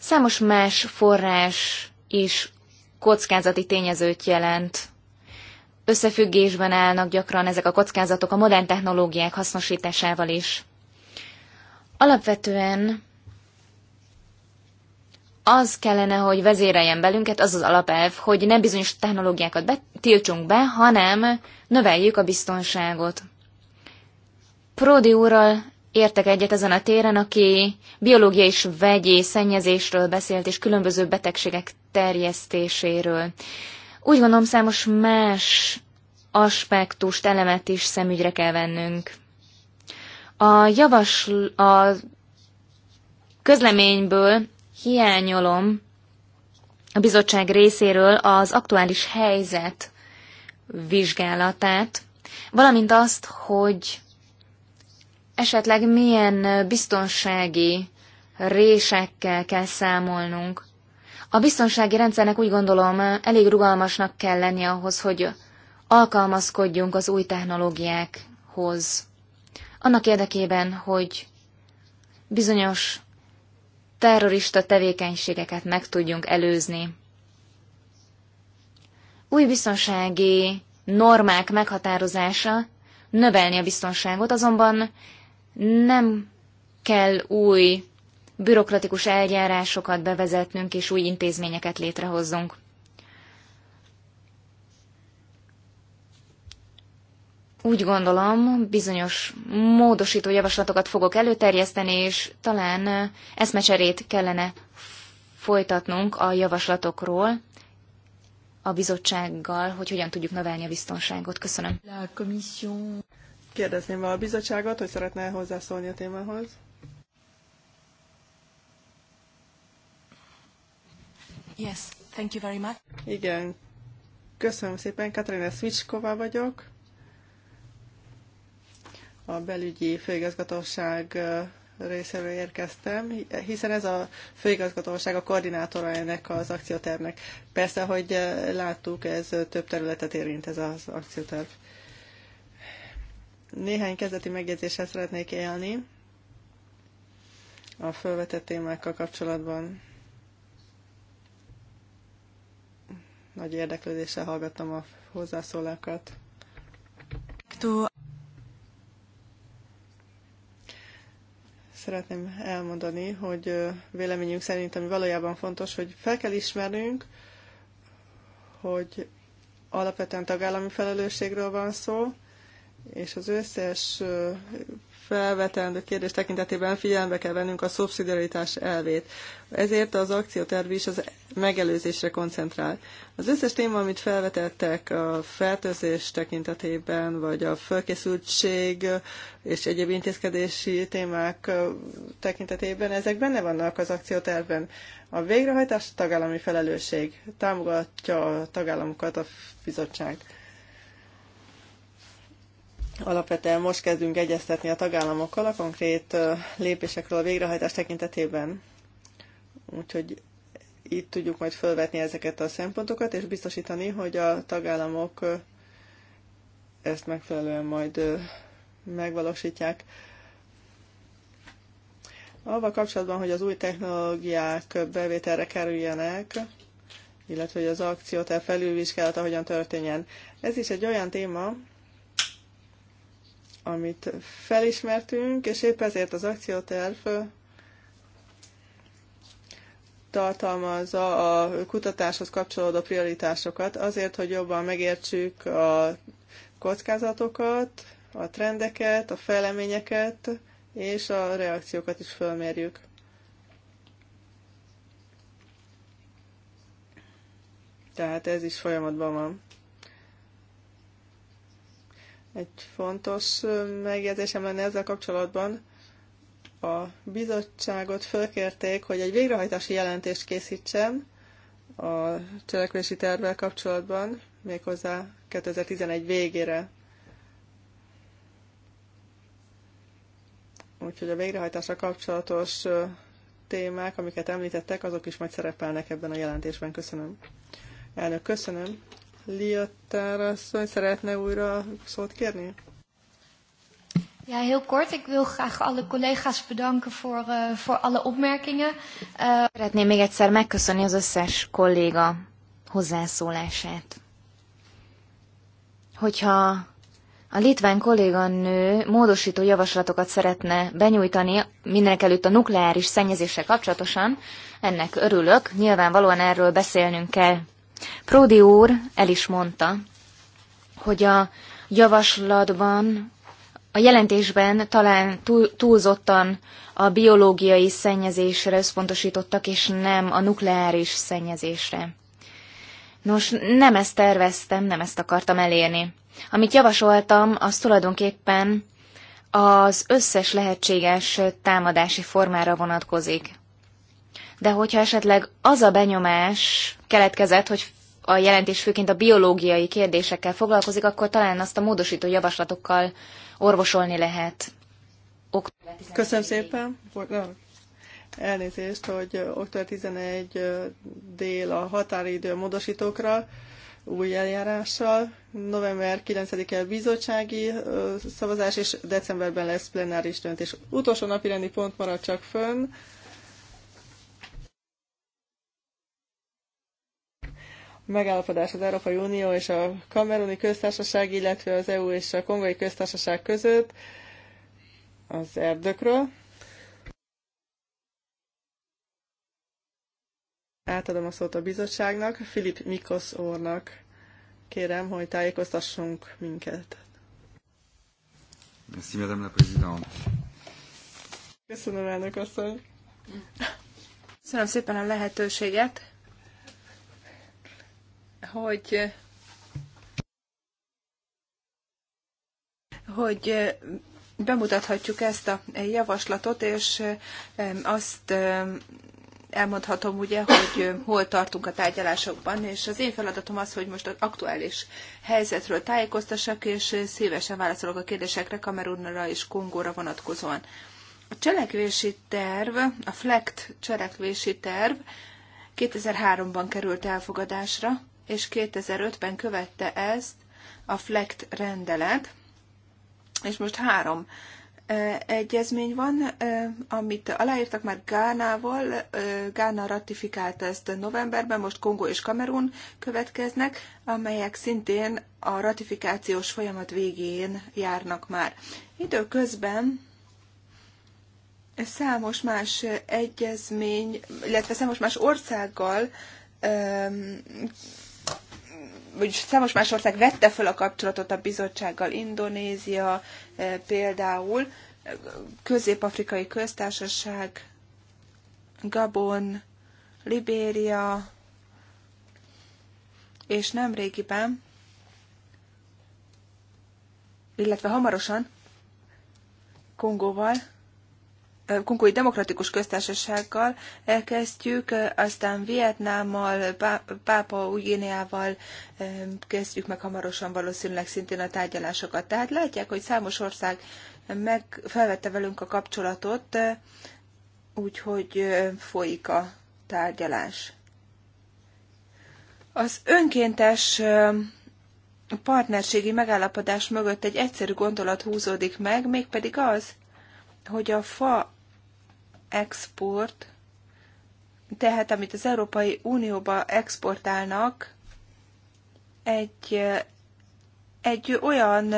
Számos más forrás is kockázati tényezőt jelent. Összefüggésben állnak gyakran ezek a kockázatok a modern technológiák hasznosításával is. Alapvetően az kellene, hogy vezéreljen belünket, az az alapelv, hogy ne bizonyos technológiákat tiltsunk be, hanem növeljük a biztonságot. Pródi úrral értek egyet ezen a téren, aki biológiai és vegyi szennyezésről beszélt, és különböző betegségek terjesztéséről. Úgy gondolom, számos más aspektust, elemet is szemügyre kell vennünk. A javas, a közleményből hiányolom a bizottság részéről az aktuális helyzet vizsgálatát, valamint azt, hogy esetleg milyen biztonsági résekkel kell számolnunk. A biztonsági rendszernek úgy gondolom elég rugalmasnak kell lennie ahhoz, hogy alkalmazkodjunk az új technológiákhoz. Annak érdekében, hogy bizonyos terrorista tevékenységeket meg tudjunk előzni. Új biztonsági normák meghatározása növelni a biztonságot, azonban nem kell új bürokratikus eljárásokat bevezetnünk és új intézményeket létrehozzunk. Úgy gondolom, bizonyos módosító javaslatokat fogok előterjeszteni, és talán eszmecserét kellene folytatnunk a javaslatokról a bizottsággal, hogy hogyan tudjuk növelni a biztonságot. Köszönöm. Kérdezném a bizottságot, hogy szeretne hozzászólni a témához. Yes, thank you very much. Igen, köszönöm szépen. Katarina Switchkova vagyok. A belügyi főigazgatóság részéről érkeztem, hiszen ez a főigazgatóság a koordinátora ennek az akciótervnek. Persze, hogy láttuk, ez több területet érint ez az akcióterv. Néhány kezdeti megjegyzéssel szeretnék élni a felvetett témákkal kapcsolatban. Nagy érdeklődéssel hallgattam a hozzászólákat. Szeretném elmondani, hogy véleményünk szerint, ami valójában fontos, hogy fel kell ismernünk, hogy alapvetően tagállami felelősségről van szó, és az összes felvetendő kérdés tekintetében figyelembe kell vennünk a szubszidiaritás elvét. Ezért az akcióterv is az megelőzésre koncentrál. Az összes téma, amit felvetettek a fertőzés tekintetében, vagy a fölkészültség és egyéb intézkedési témák tekintetében, ezek benne vannak az akciótervben. A végrehajtás a tagállami felelősség. Támogatja a tagállamokat a bizottság. Alapvetően most kezdünk egyeztetni a tagállamokkal a konkrét lépésekről a végrehajtás tekintetében. Úgyhogy itt tudjuk majd felvetni ezeket a szempontokat, és biztosítani, hogy a tagállamok ezt megfelelően majd megvalósítják. Avval kapcsolatban, hogy az új technológiák bevételre kerüljenek, illetve hogy az akciótel felülvizsgálata hogyan történjen. Ez is egy olyan téma, amit felismertünk, és épp ezért az akcióterv tartalmazza a kutatáshoz kapcsolódó prioritásokat, azért, hogy jobban megértsük a kockázatokat, a trendeket, a fejleményeket, és a reakciókat is fölmérjük. Tehát ez is folyamatban van. Egy fontos megjegyzésem lenne ezzel kapcsolatban. A bizottságot fölkérték, hogy egy végrehajtási jelentést készítsen a cselekvési tervvel kapcsolatban, méghozzá 2011 végére. Úgyhogy a végrehajtásra kapcsolatos témák, amiket említettek, azok is majd szerepelnek ebben a jelentésben. Köszönöm. Elnök, köszönöm. Liattár asszony szeretne újra szót kérni? Ja, heel kort. Ik wil graag alle collega's bedanken voor, uh, voor alle opmerkingen. Uh... Szeretném még egyszer megköszönni az összes kolléga hozzászólását. Hogyha a litván kolléganő módosító javaslatokat szeretne benyújtani mindenek előtt a nukleáris szennyezéssel kapcsolatosan, ennek örülök, nyilvánvalóan erről beszélnünk kell. Pródi úr el is mondta, hogy a javaslatban, a jelentésben talán túl, túlzottan a biológiai szennyezésre összpontosítottak, és nem a nukleáris szennyezésre. Nos, nem ezt terveztem, nem ezt akartam elérni. Amit javasoltam, az tulajdonképpen az összes lehetséges támadási formára vonatkozik. De hogyha esetleg az a benyomás keletkezett, hogy a jelentés főként a biológiai kérdésekkel foglalkozik, akkor talán azt a módosító javaslatokkal orvosolni lehet. Október Köszönöm szépen. Elnézést, hogy október 11 dél a határidő módosítókra új eljárással. November 9-e bizottsági szavazás, és decemberben lesz plenáris döntés. Utolsó napi rendi pont marad csak fönn. megállapodás az Európai Unió és a Kameruni Köztársaság, illetve az EU és a Kongai Köztársaság között az erdőkről. Átadom a szót a bizottságnak, Filip Mikosz úrnak. Kérem, hogy tájékoztassunk minket. Merci, Madame la Présidente. Köszönöm, elnök asszony. Köszönöm szépen a lehetőséget hogy hogy bemutathatjuk ezt a javaslatot, és azt elmondhatom ugye, hogy hol tartunk a tárgyalásokban, és az én feladatom az, hogy most az aktuális helyzetről tájékoztassak, és szívesen válaszolok a kérdésekre Kamerunra és Kongóra vonatkozóan. A cselekvési terv, a FLECT cselekvési terv 2003-ban került elfogadásra, és 2005-ben követte ezt a FLECT rendelet, és most három egyezmény van, amit aláírtak már Gánával, Gána ratifikálta ezt novemberben, most Kongo és Kamerun következnek, amelyek szintén a ratifikációs folyamat végén járnak már. Időközben számos más egyezmény, illetve számos más országgal vagyis számos más ország vette fel a kapcsolatot a bizottsággal, Indonézia eh, például, Közép-Afrikai Köztársaság, Gabon, Libéria, és nem régiben, illetve hamarosan Kongóval Kongói Demokratikus Köztársasággal elkezdjük, aztán Vietnámmal, Pápa Új-Guineával kezdjük meg hamarosan valószínűleg szintén a tárgyalásokat. Tehát látják, hogy számos ország meg felvette velünk a kapcsolatot, úgyhogy folyik a tárgyalás. Az önkéntes partnerségi megállapodás mögött egy egyszerű gondolat húzódik meg, mégpedig az, hogy a fa export, tehát amit az Európai Unióba exportálnak, egy, egy olyan,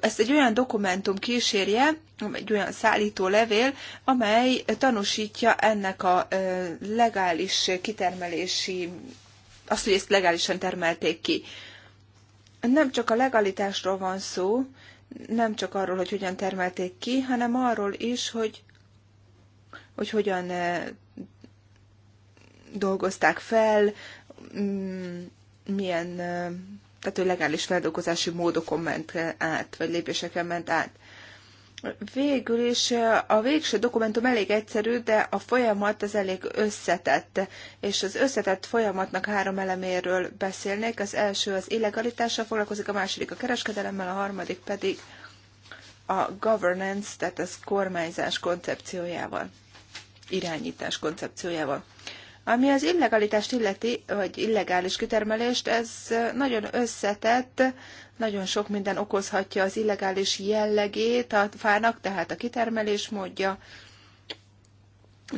ezt egy olyan dokumentum kísérje, egy olyan szállító levél, amely tanúsítja ennek a legális kitermelési, azt, hogy ezt legálisan termelték ki. Nem csak a legalitásról van szó, nem csak arról, hogy hogyan termelték ki, hanem arról is, hogy hogy hogyan eh, dolgozták fel, mm, milyen, eh, tehát hogy legális feldolgozási módokon ment át, vagy lépéseken ment át. Végül is eh, a végső dokumentum elég egyszerű, de a folyamat az elég összetett, és az összetett folyamatnak három eleméről beszélnék. Az első az illegalitással foglalkozik, a második a kereskedelemmel, a harmadik pedig a governance, tehát az kormányzás koncepciójával irányítás koncepciójával. Ami az illegalitást illeti, vagy illegális kitermelést, ez nagyon összetett, nagyon sok minden okozhatja az illegális jellegét a fának, tehát a kitermelés módja,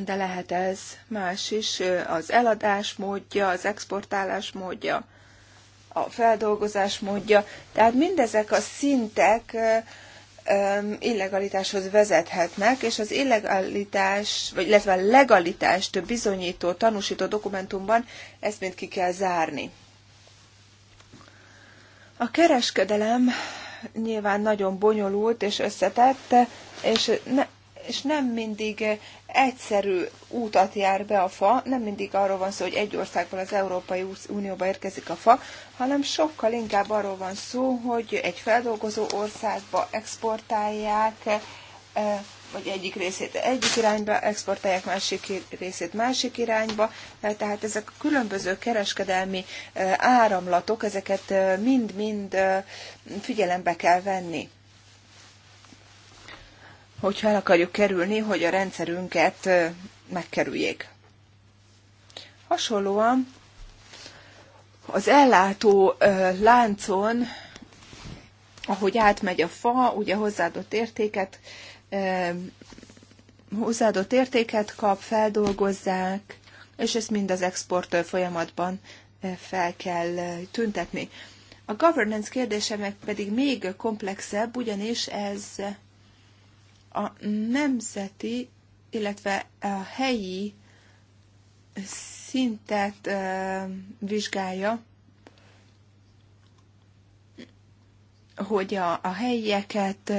de lehet ez más is, az eladás módja, az exportálás módja, a feldolgozás módja. Tehát mindezek a szintek, illegalitáshoz vezethetnek, és az illegalitás, vagy illetve a legalitást bizonyító, tanúsító dokumentumban ezt mind ki kell zárni. A kereskedelem nyilván nagyon bonyolult és összetett, és ne, és nem mindig eh, egyszerű útat jár be a fa, nem mindig arról van szó, hogy egy országból az Európai Unióba érkezik a fa, hanem sokkal inkább arról van szó, hogy egy feldolgozó országba exportálják, eh, vagy egyik részét egyik irányba exportálják, másik részét másik irányba. Eh, tehát ezek a különböző kereskedelmi áramlatok, ezeket mind-mind figyelembe kell venni hogyha el akarjuk kerülni, hogy a rendszerünket megkerüljék. Hasonlóan az ellátó láncon, ahogy átmegy a fa, ugye hozzáadott értéket, hozzáadott értéket kap, feldolgozzák, és ezt mind az export folyamatban fel kell tüntetni. A governance kérdése meg pedig még komplexebb, ugyanis ez a nemzeti, illetve a helyi szintet vizsgálja, hogy a, a helyieket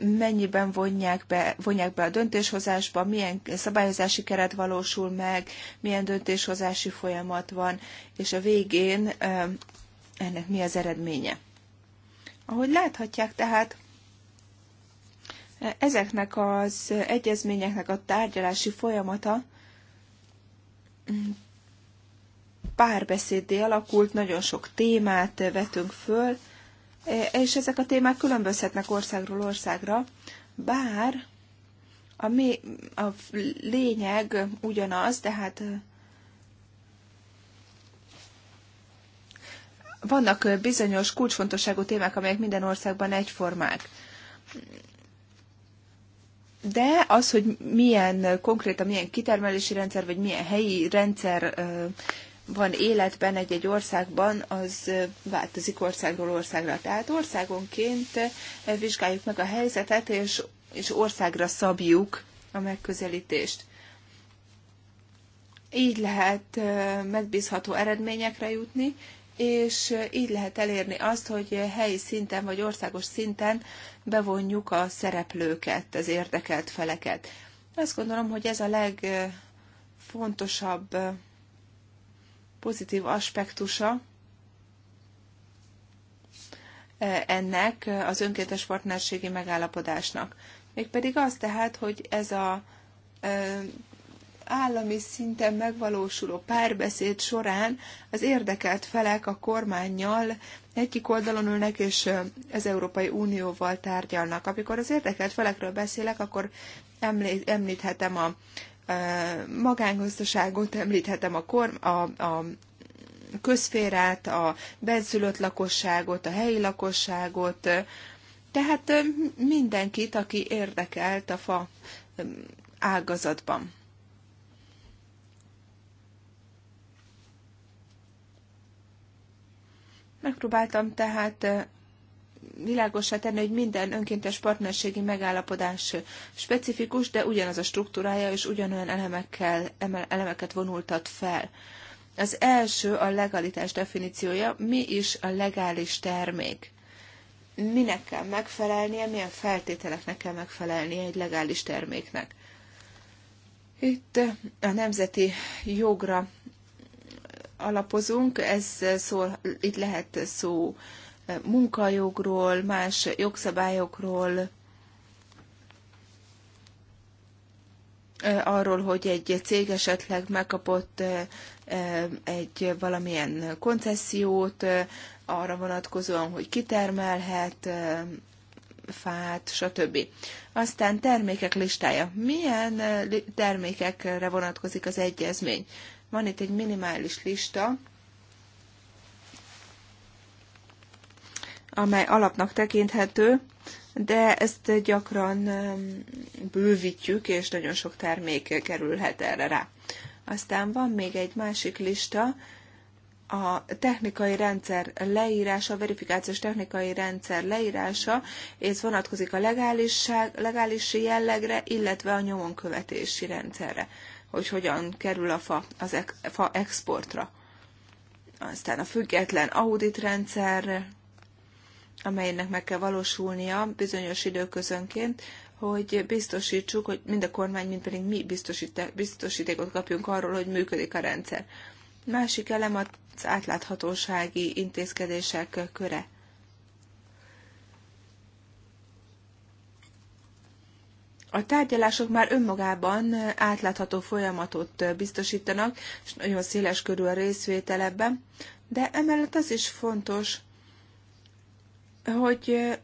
mennyiben vonják be, vonják be a döntéshozásba, milyen szabályozási keret valósul meg, milyen döntéshozási folyamat van, és a végén ennek mi az eredménye. Ahogy láthatják tehát, Ezeknek az egyezményeknek a tárgyalási folyamata párbeszédé alakult, nagyon sok témát vetünk föl, és ezek a témák különbözhetnek országról országra, bár a, mi, a lényeg ugyanaz, tehát vannak bizonyos kulcsfontosságú témák, amelyek minden országban egyformák de az, hogy milyen konkrétan, milyen kitermelési rendszer, vagy milyen helyi rendszer van életben egy-egy országban, az változik országról országra. Tehát országonként vizsgáljuk meg a helyzetet, és, és országra szabjuk a megközelítést. Így lehet megbízható eredményekre jutni, és így lehet elérni azt, hogy helyi szinten vagy országos szinten bevonjuk a szereplőket, az érdekelt feleket. Azt gondolom, hogy ez a legfontosabb pozitív aspektusa ennek az önkéntes partnerségi megállapodásnak. Mégpedig az tehát, hogy ez a állami szinten megvalósuló párbeszéd során az érdekelt felek a kormányjal egyik oldalon ülnek, és az Európai Unióval tárgyalnak. Amikor az érdekelt felekről beszélek, akkor említhetem a magángazdaságot, említhetem a, korm, a, a közférát, a benszülött lakosságot, a helyi lakosságot, tehát mindenkit, aki érdekelt a fa ágazatban. Megpróbáltam tehát világosá tenni, hogy minden önkéntes partnerségi megállapodás specifikus, de ugyanaz a struktúrája és ugyanolyan elemekkel, elemeket vonultat fel. Az első a legalitás definíciója, mi is a legális termék. Minek kell megfelelnie, milyen feltételeknek kell megfelelnie egy legális terméknek. Itt a nemzeti jogra alapozunk, ez szól, itt lehet szó munkajogról, más jogszabályokról, arról, hogy egy cég esetleg megkapott eh, egy valamilyen koncesziót, eh, arra vonatkozóan, hogy kitermelhet eh, fát, stb. Aztán termékek listája. Milyen termékekre vonatkozik az egyezmény? Van itt egy minimális lista, amely alapnak tekinthető, de ezt gyakran um, bővítjük, és nagyon sok termék kerülhet erre rá. Aztán van még egy másik lista, a technikai rendszer leírása, a verifikációs technikai rendszer leírása, ez vonatkozik a legális jellegre, illetve a nyomon követési rendszerre hogy hogyan kerül a fa, az ek, fa exportra. Aztán a független audit rendszer, amelynek meg kell valósulnia bizonyos időközönként, hogy biztosítsuk, hogy mind a kormány, mind pedig mi biztosítékot kapjunk arról, hogy működik a rendszer. Másik elem az átláthatósági intézkedések köre. A tárgyalások már önmagában átlátható folyamatot biztosítanak, és nagyon széles körül a részvétel ebben, de emellett az is fontos, hogy eh,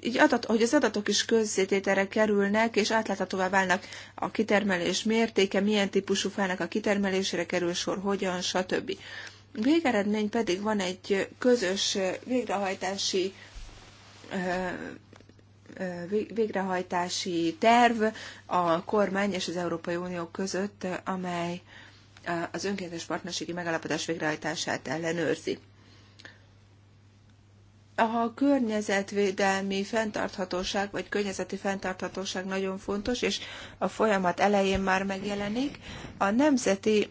így adat, hogy az adatok is közzététere kerülnek, és átláthatóvá válnak a kitermelés mértéke, milyen típusú fának a kitermelésére kerül sor, hogyan, stb. Végeredmény pedig van egy közös eh, végrehajtási eh, végrehajtási terv a kormány és az Európai Unió között, amely az önkéntes partnerségi megállapodás végrehajtását ellenőrzi. A környezetvédelmi fenntarthatóság, vagy környezeti fenntarthatóság nagyon fontos, és a folyamat elején már megjelenik. A nemzeti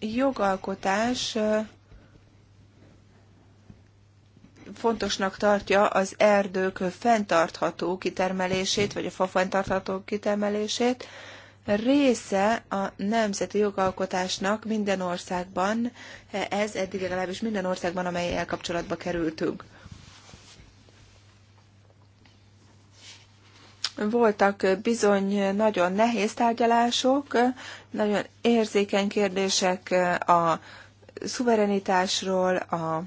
jogalkotás fontosnak tartja az erdők fenntartható kitermelését, vagy a fa fenntartható kitermelését. Része a nemzeti jogalkotásnak minden országban, ez eddig legalábbis minden országban, amelyel kapcsolatba kerültünk. voltak bizony nagyon nehéz tárgyalások, nagyon érzékeny kérdések a szuverenitásról, a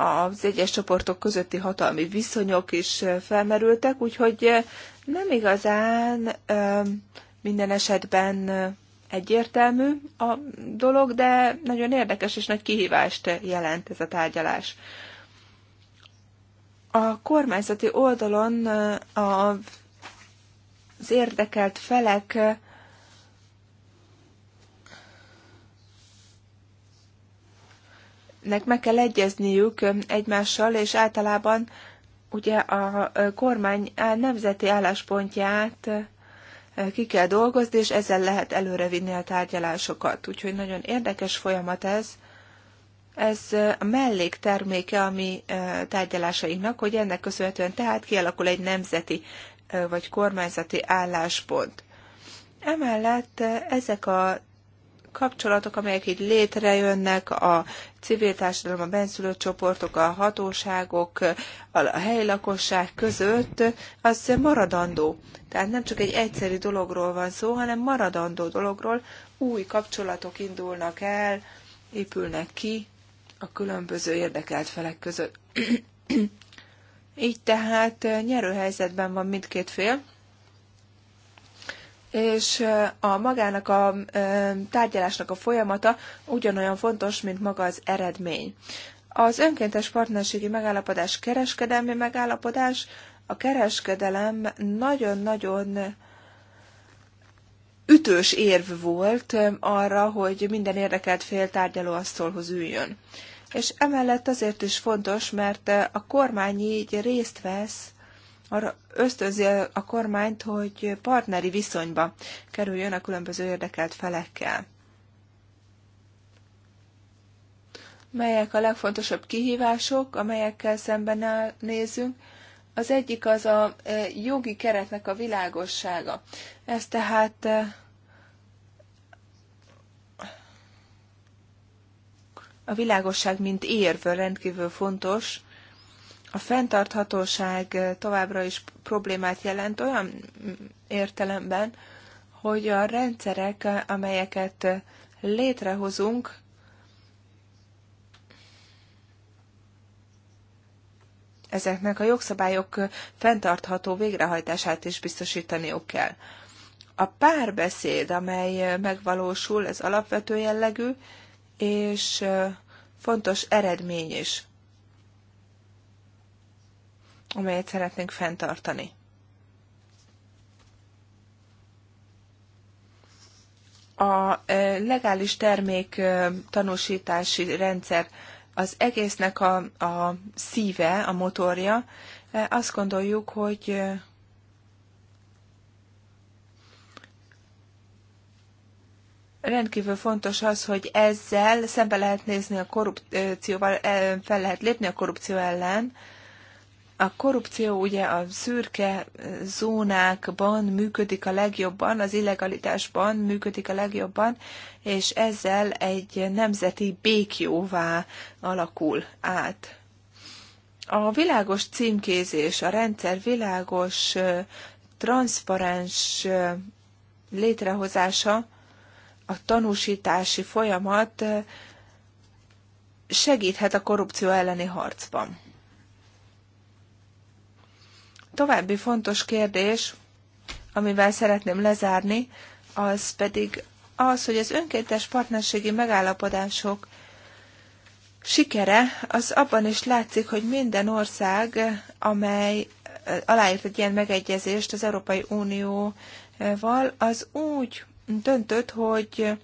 az egyes csoportok közötti hatalmi viszonyok is felmerültek, úgyhogy nem igazán minden esetben egyértelmű a dolog, de nagyon érdekes és nagy kihívást jelent ez a tárgyalás. A kormányzati oldalon az érdekelt felek nek meg kell egyezniük egymással, és általában ugye a kormány nemzeti álláspontját ki kell dolgozni, és ezzel lehet előrevinni a tárgyalásokat. Úgyhogy nagyon érdekes folyamat ez. Ez a mellékterméke a mi tárgyalásainknak, hogy ennek köszönhetően tehát kialakul egy nemzeti vagy kormányzati álláspont. Emellett ezek a kapcsolatok, amelyek így létrejönnek, a civil társadalom, a benszülött csoportok, a hatóságok, a lakosság között, az maradandó. Tehát nem csak egy egyszerű dologról van szó, hanem maradandó dologról új kapcsolatok indulnak el, épülnek ki a különböző érdekelt felek között. így tehát nyerő helyzetben van mindkét fél és eh, a magának a eh, tárgyalásnak a folyamata ugyanolyan fontos, mint maga az eredmény. Az önkéntes partnerségi megállapodás kereskedelmi megállapodás, a kereskedelem nagyon-nagyon ütős érv volt eh, arra, hogy minden érdekelt fél tárgyalóasztalhoz üljön. És emellett azért is fontos, mert a kormány így részt vesz arra ösztönzi a kormányt, hogy partneri viszonyba kerüljön a különböző érdekelt felekkel. Melyek a legfontosabb kihívások, amelyekkel szemben nézünk? Az egyik az a e, jogi keretnek a világossága. Ez tehát e, a világosság, mint érv rendkívül fontos, a fenntarthatóság továbbra is problémát jelent olyan értelemben, hogy a rendszerek, amelyeket létrehozunk, ezeknek a jogszabályok fenntartható végrehajtását is biztosítaniuk kell. A párbeszéd, amely megvalósul, ez alapvető jellegű, és fontos eredmény is amelyet szeretnénk fenntartani. a e, legális termék e, tanúsítási rendszer az egésznek a, a szíve, a motorja. E, azt gondoljuk, hogy rendkívül fontos az, hogy ezzel szembe lehet nézni a korrupcióval, fel lehet lépni a korrupció ellen, a korrupció ugye a szürke eh, zónákban működik a legjobban, az illegalitásban működik a legjobban, és ezzel egy nemzeti békjóvá alakul át. A világos címkézés, a rendszer világos, eh, transzparens eh, létrehozása, a tanúsítási folyamat segíthet a korrupció elleni harcban. További fontos kérdés, amivel szeretném lezárni, az pedig az, hogy az önkéntes partnerségi megállapodások sikere az abban is látszik, hogy minden ország, amely eh, aláírt egy ilyen megegyezést az Európai Unióval, az úgy döntött, hogy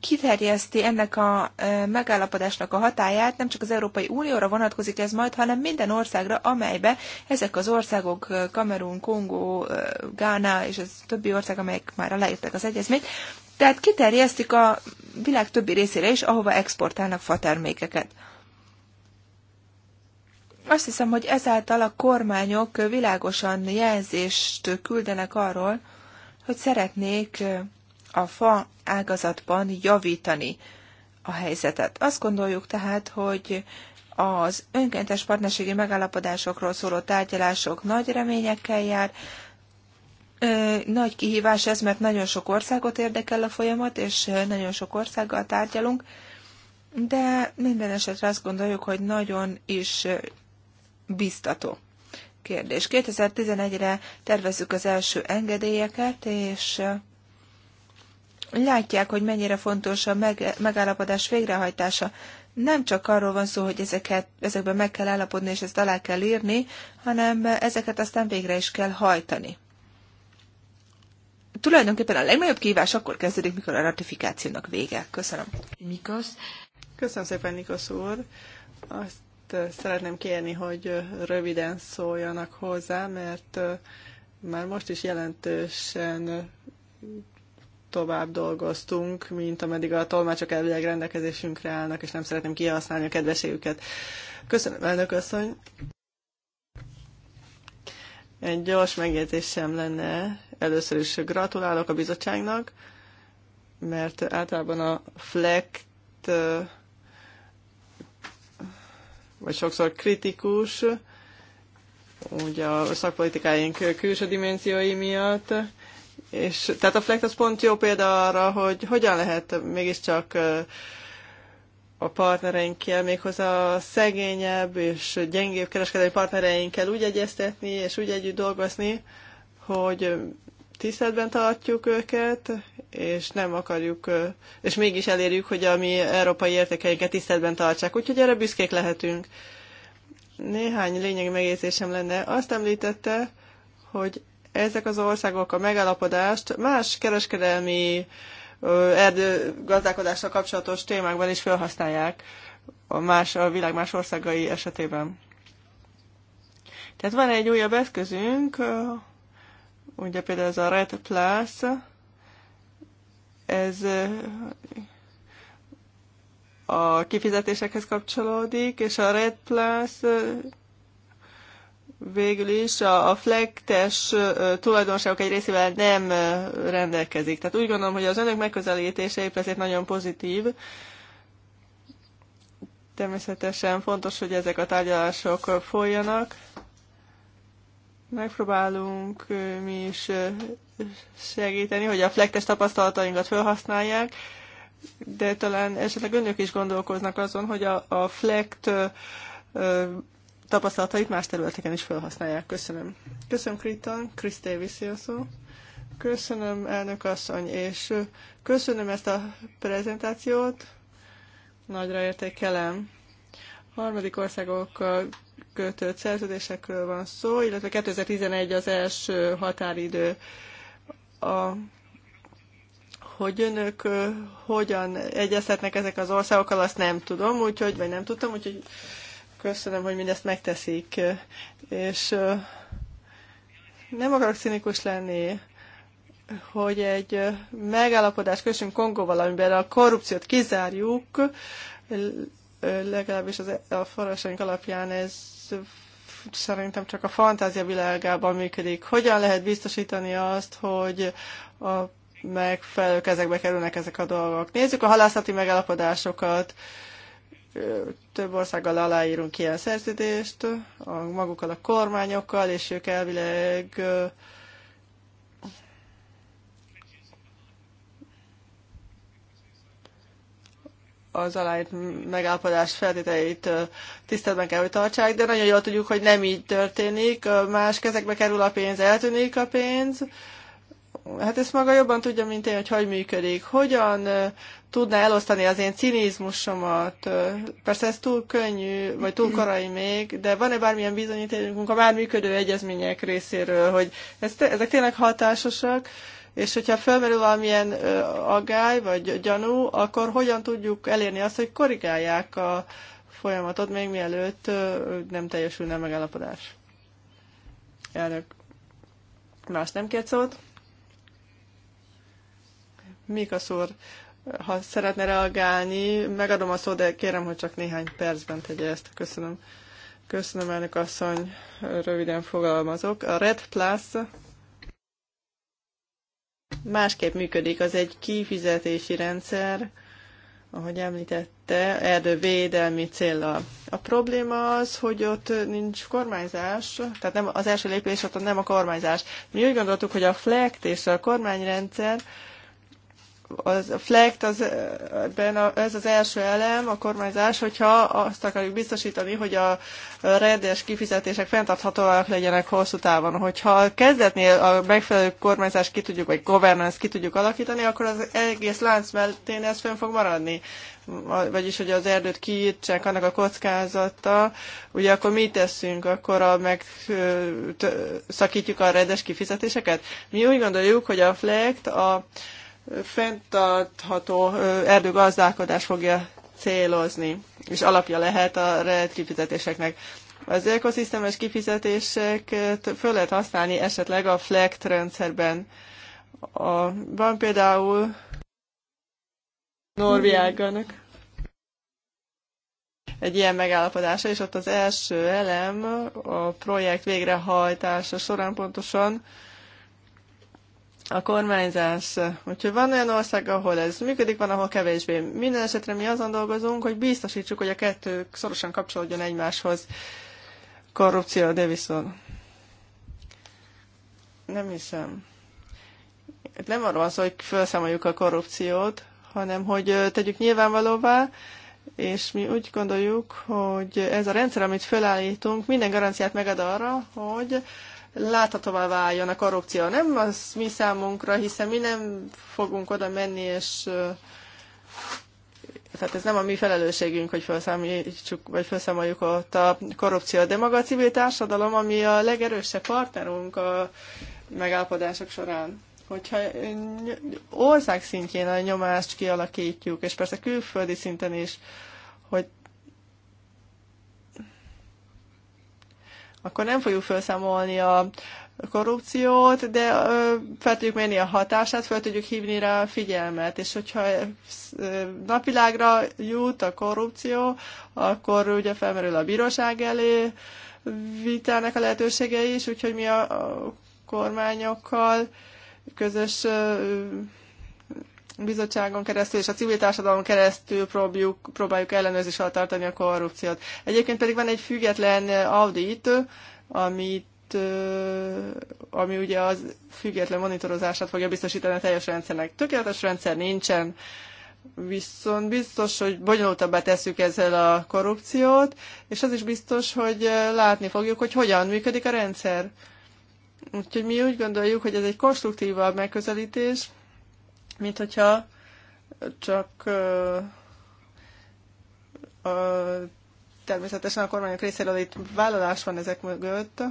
kiterjeszti ennek a e, megállapodásnak a hatáját, nem csak az Európai Unióra vonatkozik ez majd, hanem minden országra, amelybe ezek az országok, e, Kamerun, Kongó, e, Gána és az többi ország, amelyek már aláírták az egyezményt, tehát kiterjesztik a világ többi részére is, ahova exportálnak fatermékeket. Azt hiszem, hogy ezáltal a kormányok világosan jelzést küldenek arról, hogy szeretnék a fa ágazatban javítani a helyzetet. Azt gondoljuk tehát, hogy az önkéntes partnerségi megállapodásokról szóló tárgyalások nagy reményekkel jár, nagy kihívás ez, mert nagyon sok országot érdekel a folyamat, és nagyon sok országgal tárgyalunk, de minden esetre azt gondoljuk, hogy nagyon is biztató kérdés. 2011-re tervezzük az első engedélyeket, és látják, hogy mennyire fontos a meg, megállapodás végrehajtása. Nem csak arról van szó, hogy ezeket, ezekben meg kell állapodni, és ezt alá kell írni, hanem ezeket aztán végre is kell hajtani. Tulajdonképpen a legnagyobb kihívás akkor kezdődik, mikor a ratifikációnak vége. Köszönöm. Mikosz. Köszönöm szépen, Nikosz úr. Azt szeretném kérni, hogy röviden szóljanak hozzá, mert már most is jelentősen tovább dolgoztunk, mint ameddig a tolmácsok elvileg rendelkezésünkre állnak, és nem szeretném kihasználni a kedvességüket. Köszönöm, elnök asszony! Egy gyors megjegyzésem lenne. Először is gratulálok a bizottságnak, mert általában a flekt vagy sokszor kritikus, ugye a szakpolitikáink külső dimenziói miatt, és tehát a Flex az pont jó példa arra, hogy hogyan lehet mégiscsak a partnereinkkel, méghozzá a szegényebb és gyengébb kereskedelmi partnereinkkel úgy egyeztetni és úgy együtt dolgozni, hogy tiszteletben tartjuk őket, és nem akarjuk, és mégis elérjük, hogy a mi európai értékeinket tiszteletben tartsák. Úgyhogy erre büszkék lehetünk. Néhány lényegi megjegyzésem lenne. Azt említette, hogy ezek az országok a megállapodást más kereskedelmi erdőgazdálkodással kapcsolatos témákban is felhasználják a, más, a világ más országai esetében. Tehát van egy újabb eszközünk, ugye például ez a Red Plus, ez a kifizetésekhez kapcsolódik, és a Red Plus végül is a, a flektes tulajdonságok egy részével nem rendelkezik. Tehát úgy gondolom, hogy az önök megközelítése épp ezért nagyon pozitív. Természetesen fontos, hogy ezek a tárgyalások folyjanak. Megpróbálunk mi is segíteni, hogy a flektes tapasztalatainkat felhasználják, de talán esetleg önök is gondolkoznak azon, hogy a, a flekt tapasztalatait más területeken is felhasználják. Köszönöm. Köszönöm, Kriton. Krisz Davis, szó. Köszönöm, elnök asszony, és köszönöm ezt a prezentációt. Nagyra értékelem. Harmadik országokkal kötött szerződésekről van szó, illetve 2011 az első határidő. A, hogy önök hogyan egyeztetnek ezek az országokkal, azt nem tudom, úgyhogy, vagy nem tudtam, úgyhogy Köszönöm, hogy mindezt megteszik. És nem akarok cinikus lenni, hogy egy megállapodás köszönjük Kongóval, amiben a korrupciót kizárjuk, legalábbis az, e, a forrásaink alapján ez szerintem csak a fantázia világában működik. Hogyan lehet biztosítani azt, hogy a megfelelő kezekbe kerülnek ezek a dolgok? Nézzük a halászati megállapodásokat több országgal aláírunk ilyen szerződést, a, magukkal a kormányokkal, és ők elvileg az aláírt megállapodás feltételeit tiszteletben kell, hogy tartsák, de nagyon jól tudjuk, hogy nem így történik. Más kezekbe kerül a pénz, eltűnik a pénz, hát ezt maga jobban tudja, mint én, hogy hogy működik. Hogyan tudná elosztani az én cinizmusomat? Persze ez túl könnyű, vagy túl korai még, de van-e bármilyen bizonyítékunk a már működő egyezmények részéről, hogy ez, ezek tényleg hatásosak, és hogyha felmerül valamilyen agály vagy gyanú, akkor hogyan tudjuk elérni azt, hogy korrigálják a folyamatot, még mielőtt nem teljesülne a megállapodás? Elnök, más nem kért szót? Mikasz úr, ha szeretne reagálni, megadom a szót, de kérem, hogy csak néhány percben tegye ezt. Köszönöm. Köszönöm, elnök asszony, röviden fogalmazok. A Red Plus másképp működik, az egy kifizetési rendszer, ahogy említette, erdővédelmi célra. A probléma az, hogy ott nincs kormányzás, tehát nem, az első lépés ott nem a kormányzás. Mi úgy gondoltuk, hogy a FLECT és a kormányrendszer az a flekt, az, ebben a, ez az első elem, a kormányzás, hogyha azt akarjuk biztosítani, hogy a rendes kifizetések fenntarthatóak legyenek hosszú távon. Hogyha kezdetnél a megfelelő kormányzást ki tudjuk, vagy governance ki tudjuk alakítani, akkor az egész lánc mellettén ez fenn fog maradni. Vagyis, hogy az erdőt kiítsák, annak a kockázata, ugye akkor mit teszünk, akkor a meg szakítjuk a rendes kifizetéseket? Mi úgy gondoljuk, hogy a flekt a fenntartható erdőgazdálkodás fogja célozni, és alapja lehet a kifizetéseknek. Az ökoszisztémás kifizetéseket föl lehet használni esetleg a FLECT rendszerben. A, van például Norvégának egy ilyen megállapodása, és ott az első elem a projekt végrehajtása során pontosan a kormányzás. Úgyhogy van olyan ország, ahol ez működik, van, ahol kevésbé. Minden esetre mi azon dolgozunk, hogy biztosítsuk, hogy a kettő szorosan kapcsolódjon egymáshoz. Korrupció, viszont Nem hiszem. nem arról van szó, hogy felszámoljuk a korrupciót, hanem hogy tegyük nyilvánvalóvá, és mi úgy gondoljuk, hogy ez a rendszer, amit felállítunk, minden garanciát megad arra, hogy láthatóvá váljon a korrupció. Nem az mi számunkra, hiszen mi nem fogunk oda menni, és tehát ez nem a mi felelősségünk, hogy felszámoljuk, vagy felszámoljuk ott a korrupciót, de maga a civil társadalom, ami a legerősebb partnerünk a megállapodások során. Hogyha ország szintjén a nyomást kialakítjuk, és persze külföldi szinten is, hogy akkor nem fogjuk felszámolni a korrupciót, de fel tudjuk menni a hatását, fel tudjuk hívni rá a figyelmet, és hogyha napvilágra jut a korrupció, akkor ugye felmerül a bíróság elé vitának a lehetőségei is, úgyhogy mi a kormányokkal közös bizottságon keresztül és a civil társadalom keresztül próbáljuk, próbáljuk ellenőrzés alatt tartani a korrupciót. Egyébként pedig van egy független audit, amit ami ugye az független monitorozását fogja biztosítani a teljes rendszernek. Tökéletes rendszer nincsen, viszont biztos, hogy bonyolultabbá tesszük ezzel a korrupciót, és az is biztos, hogy látni fogjuk, hogy hogyan működik a rendszer. Úgyhogy mi úgy gondoljuk, hogy ez egy konstruktívabb megközelítés, mint hogyha csak a, természetesen a kormányok részéről itt vállalás van ezek mögött.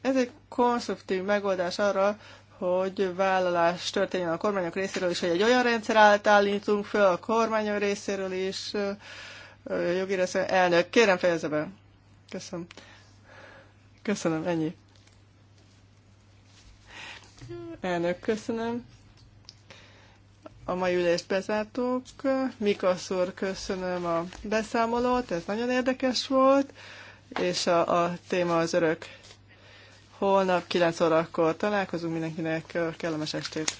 Ez egy konstruktív megoldás arra, hogy vállalás történjen a kormányok részéről is, hogy egy olyan rendszer állítunk föl a kormányok részéről is, jogi részéről. Elnök, kérem fejezze be. Köszönöm. Köszönöm, ennyi. Elnök, köszönöm. A mai ülést bezártuk. Mikasz úr, köszönöm a beszámolót, ez nagyon érdekes volt, és a, a téma az örök. Holnap 9 órakor találkozunk, mindenkinek kellemes estét!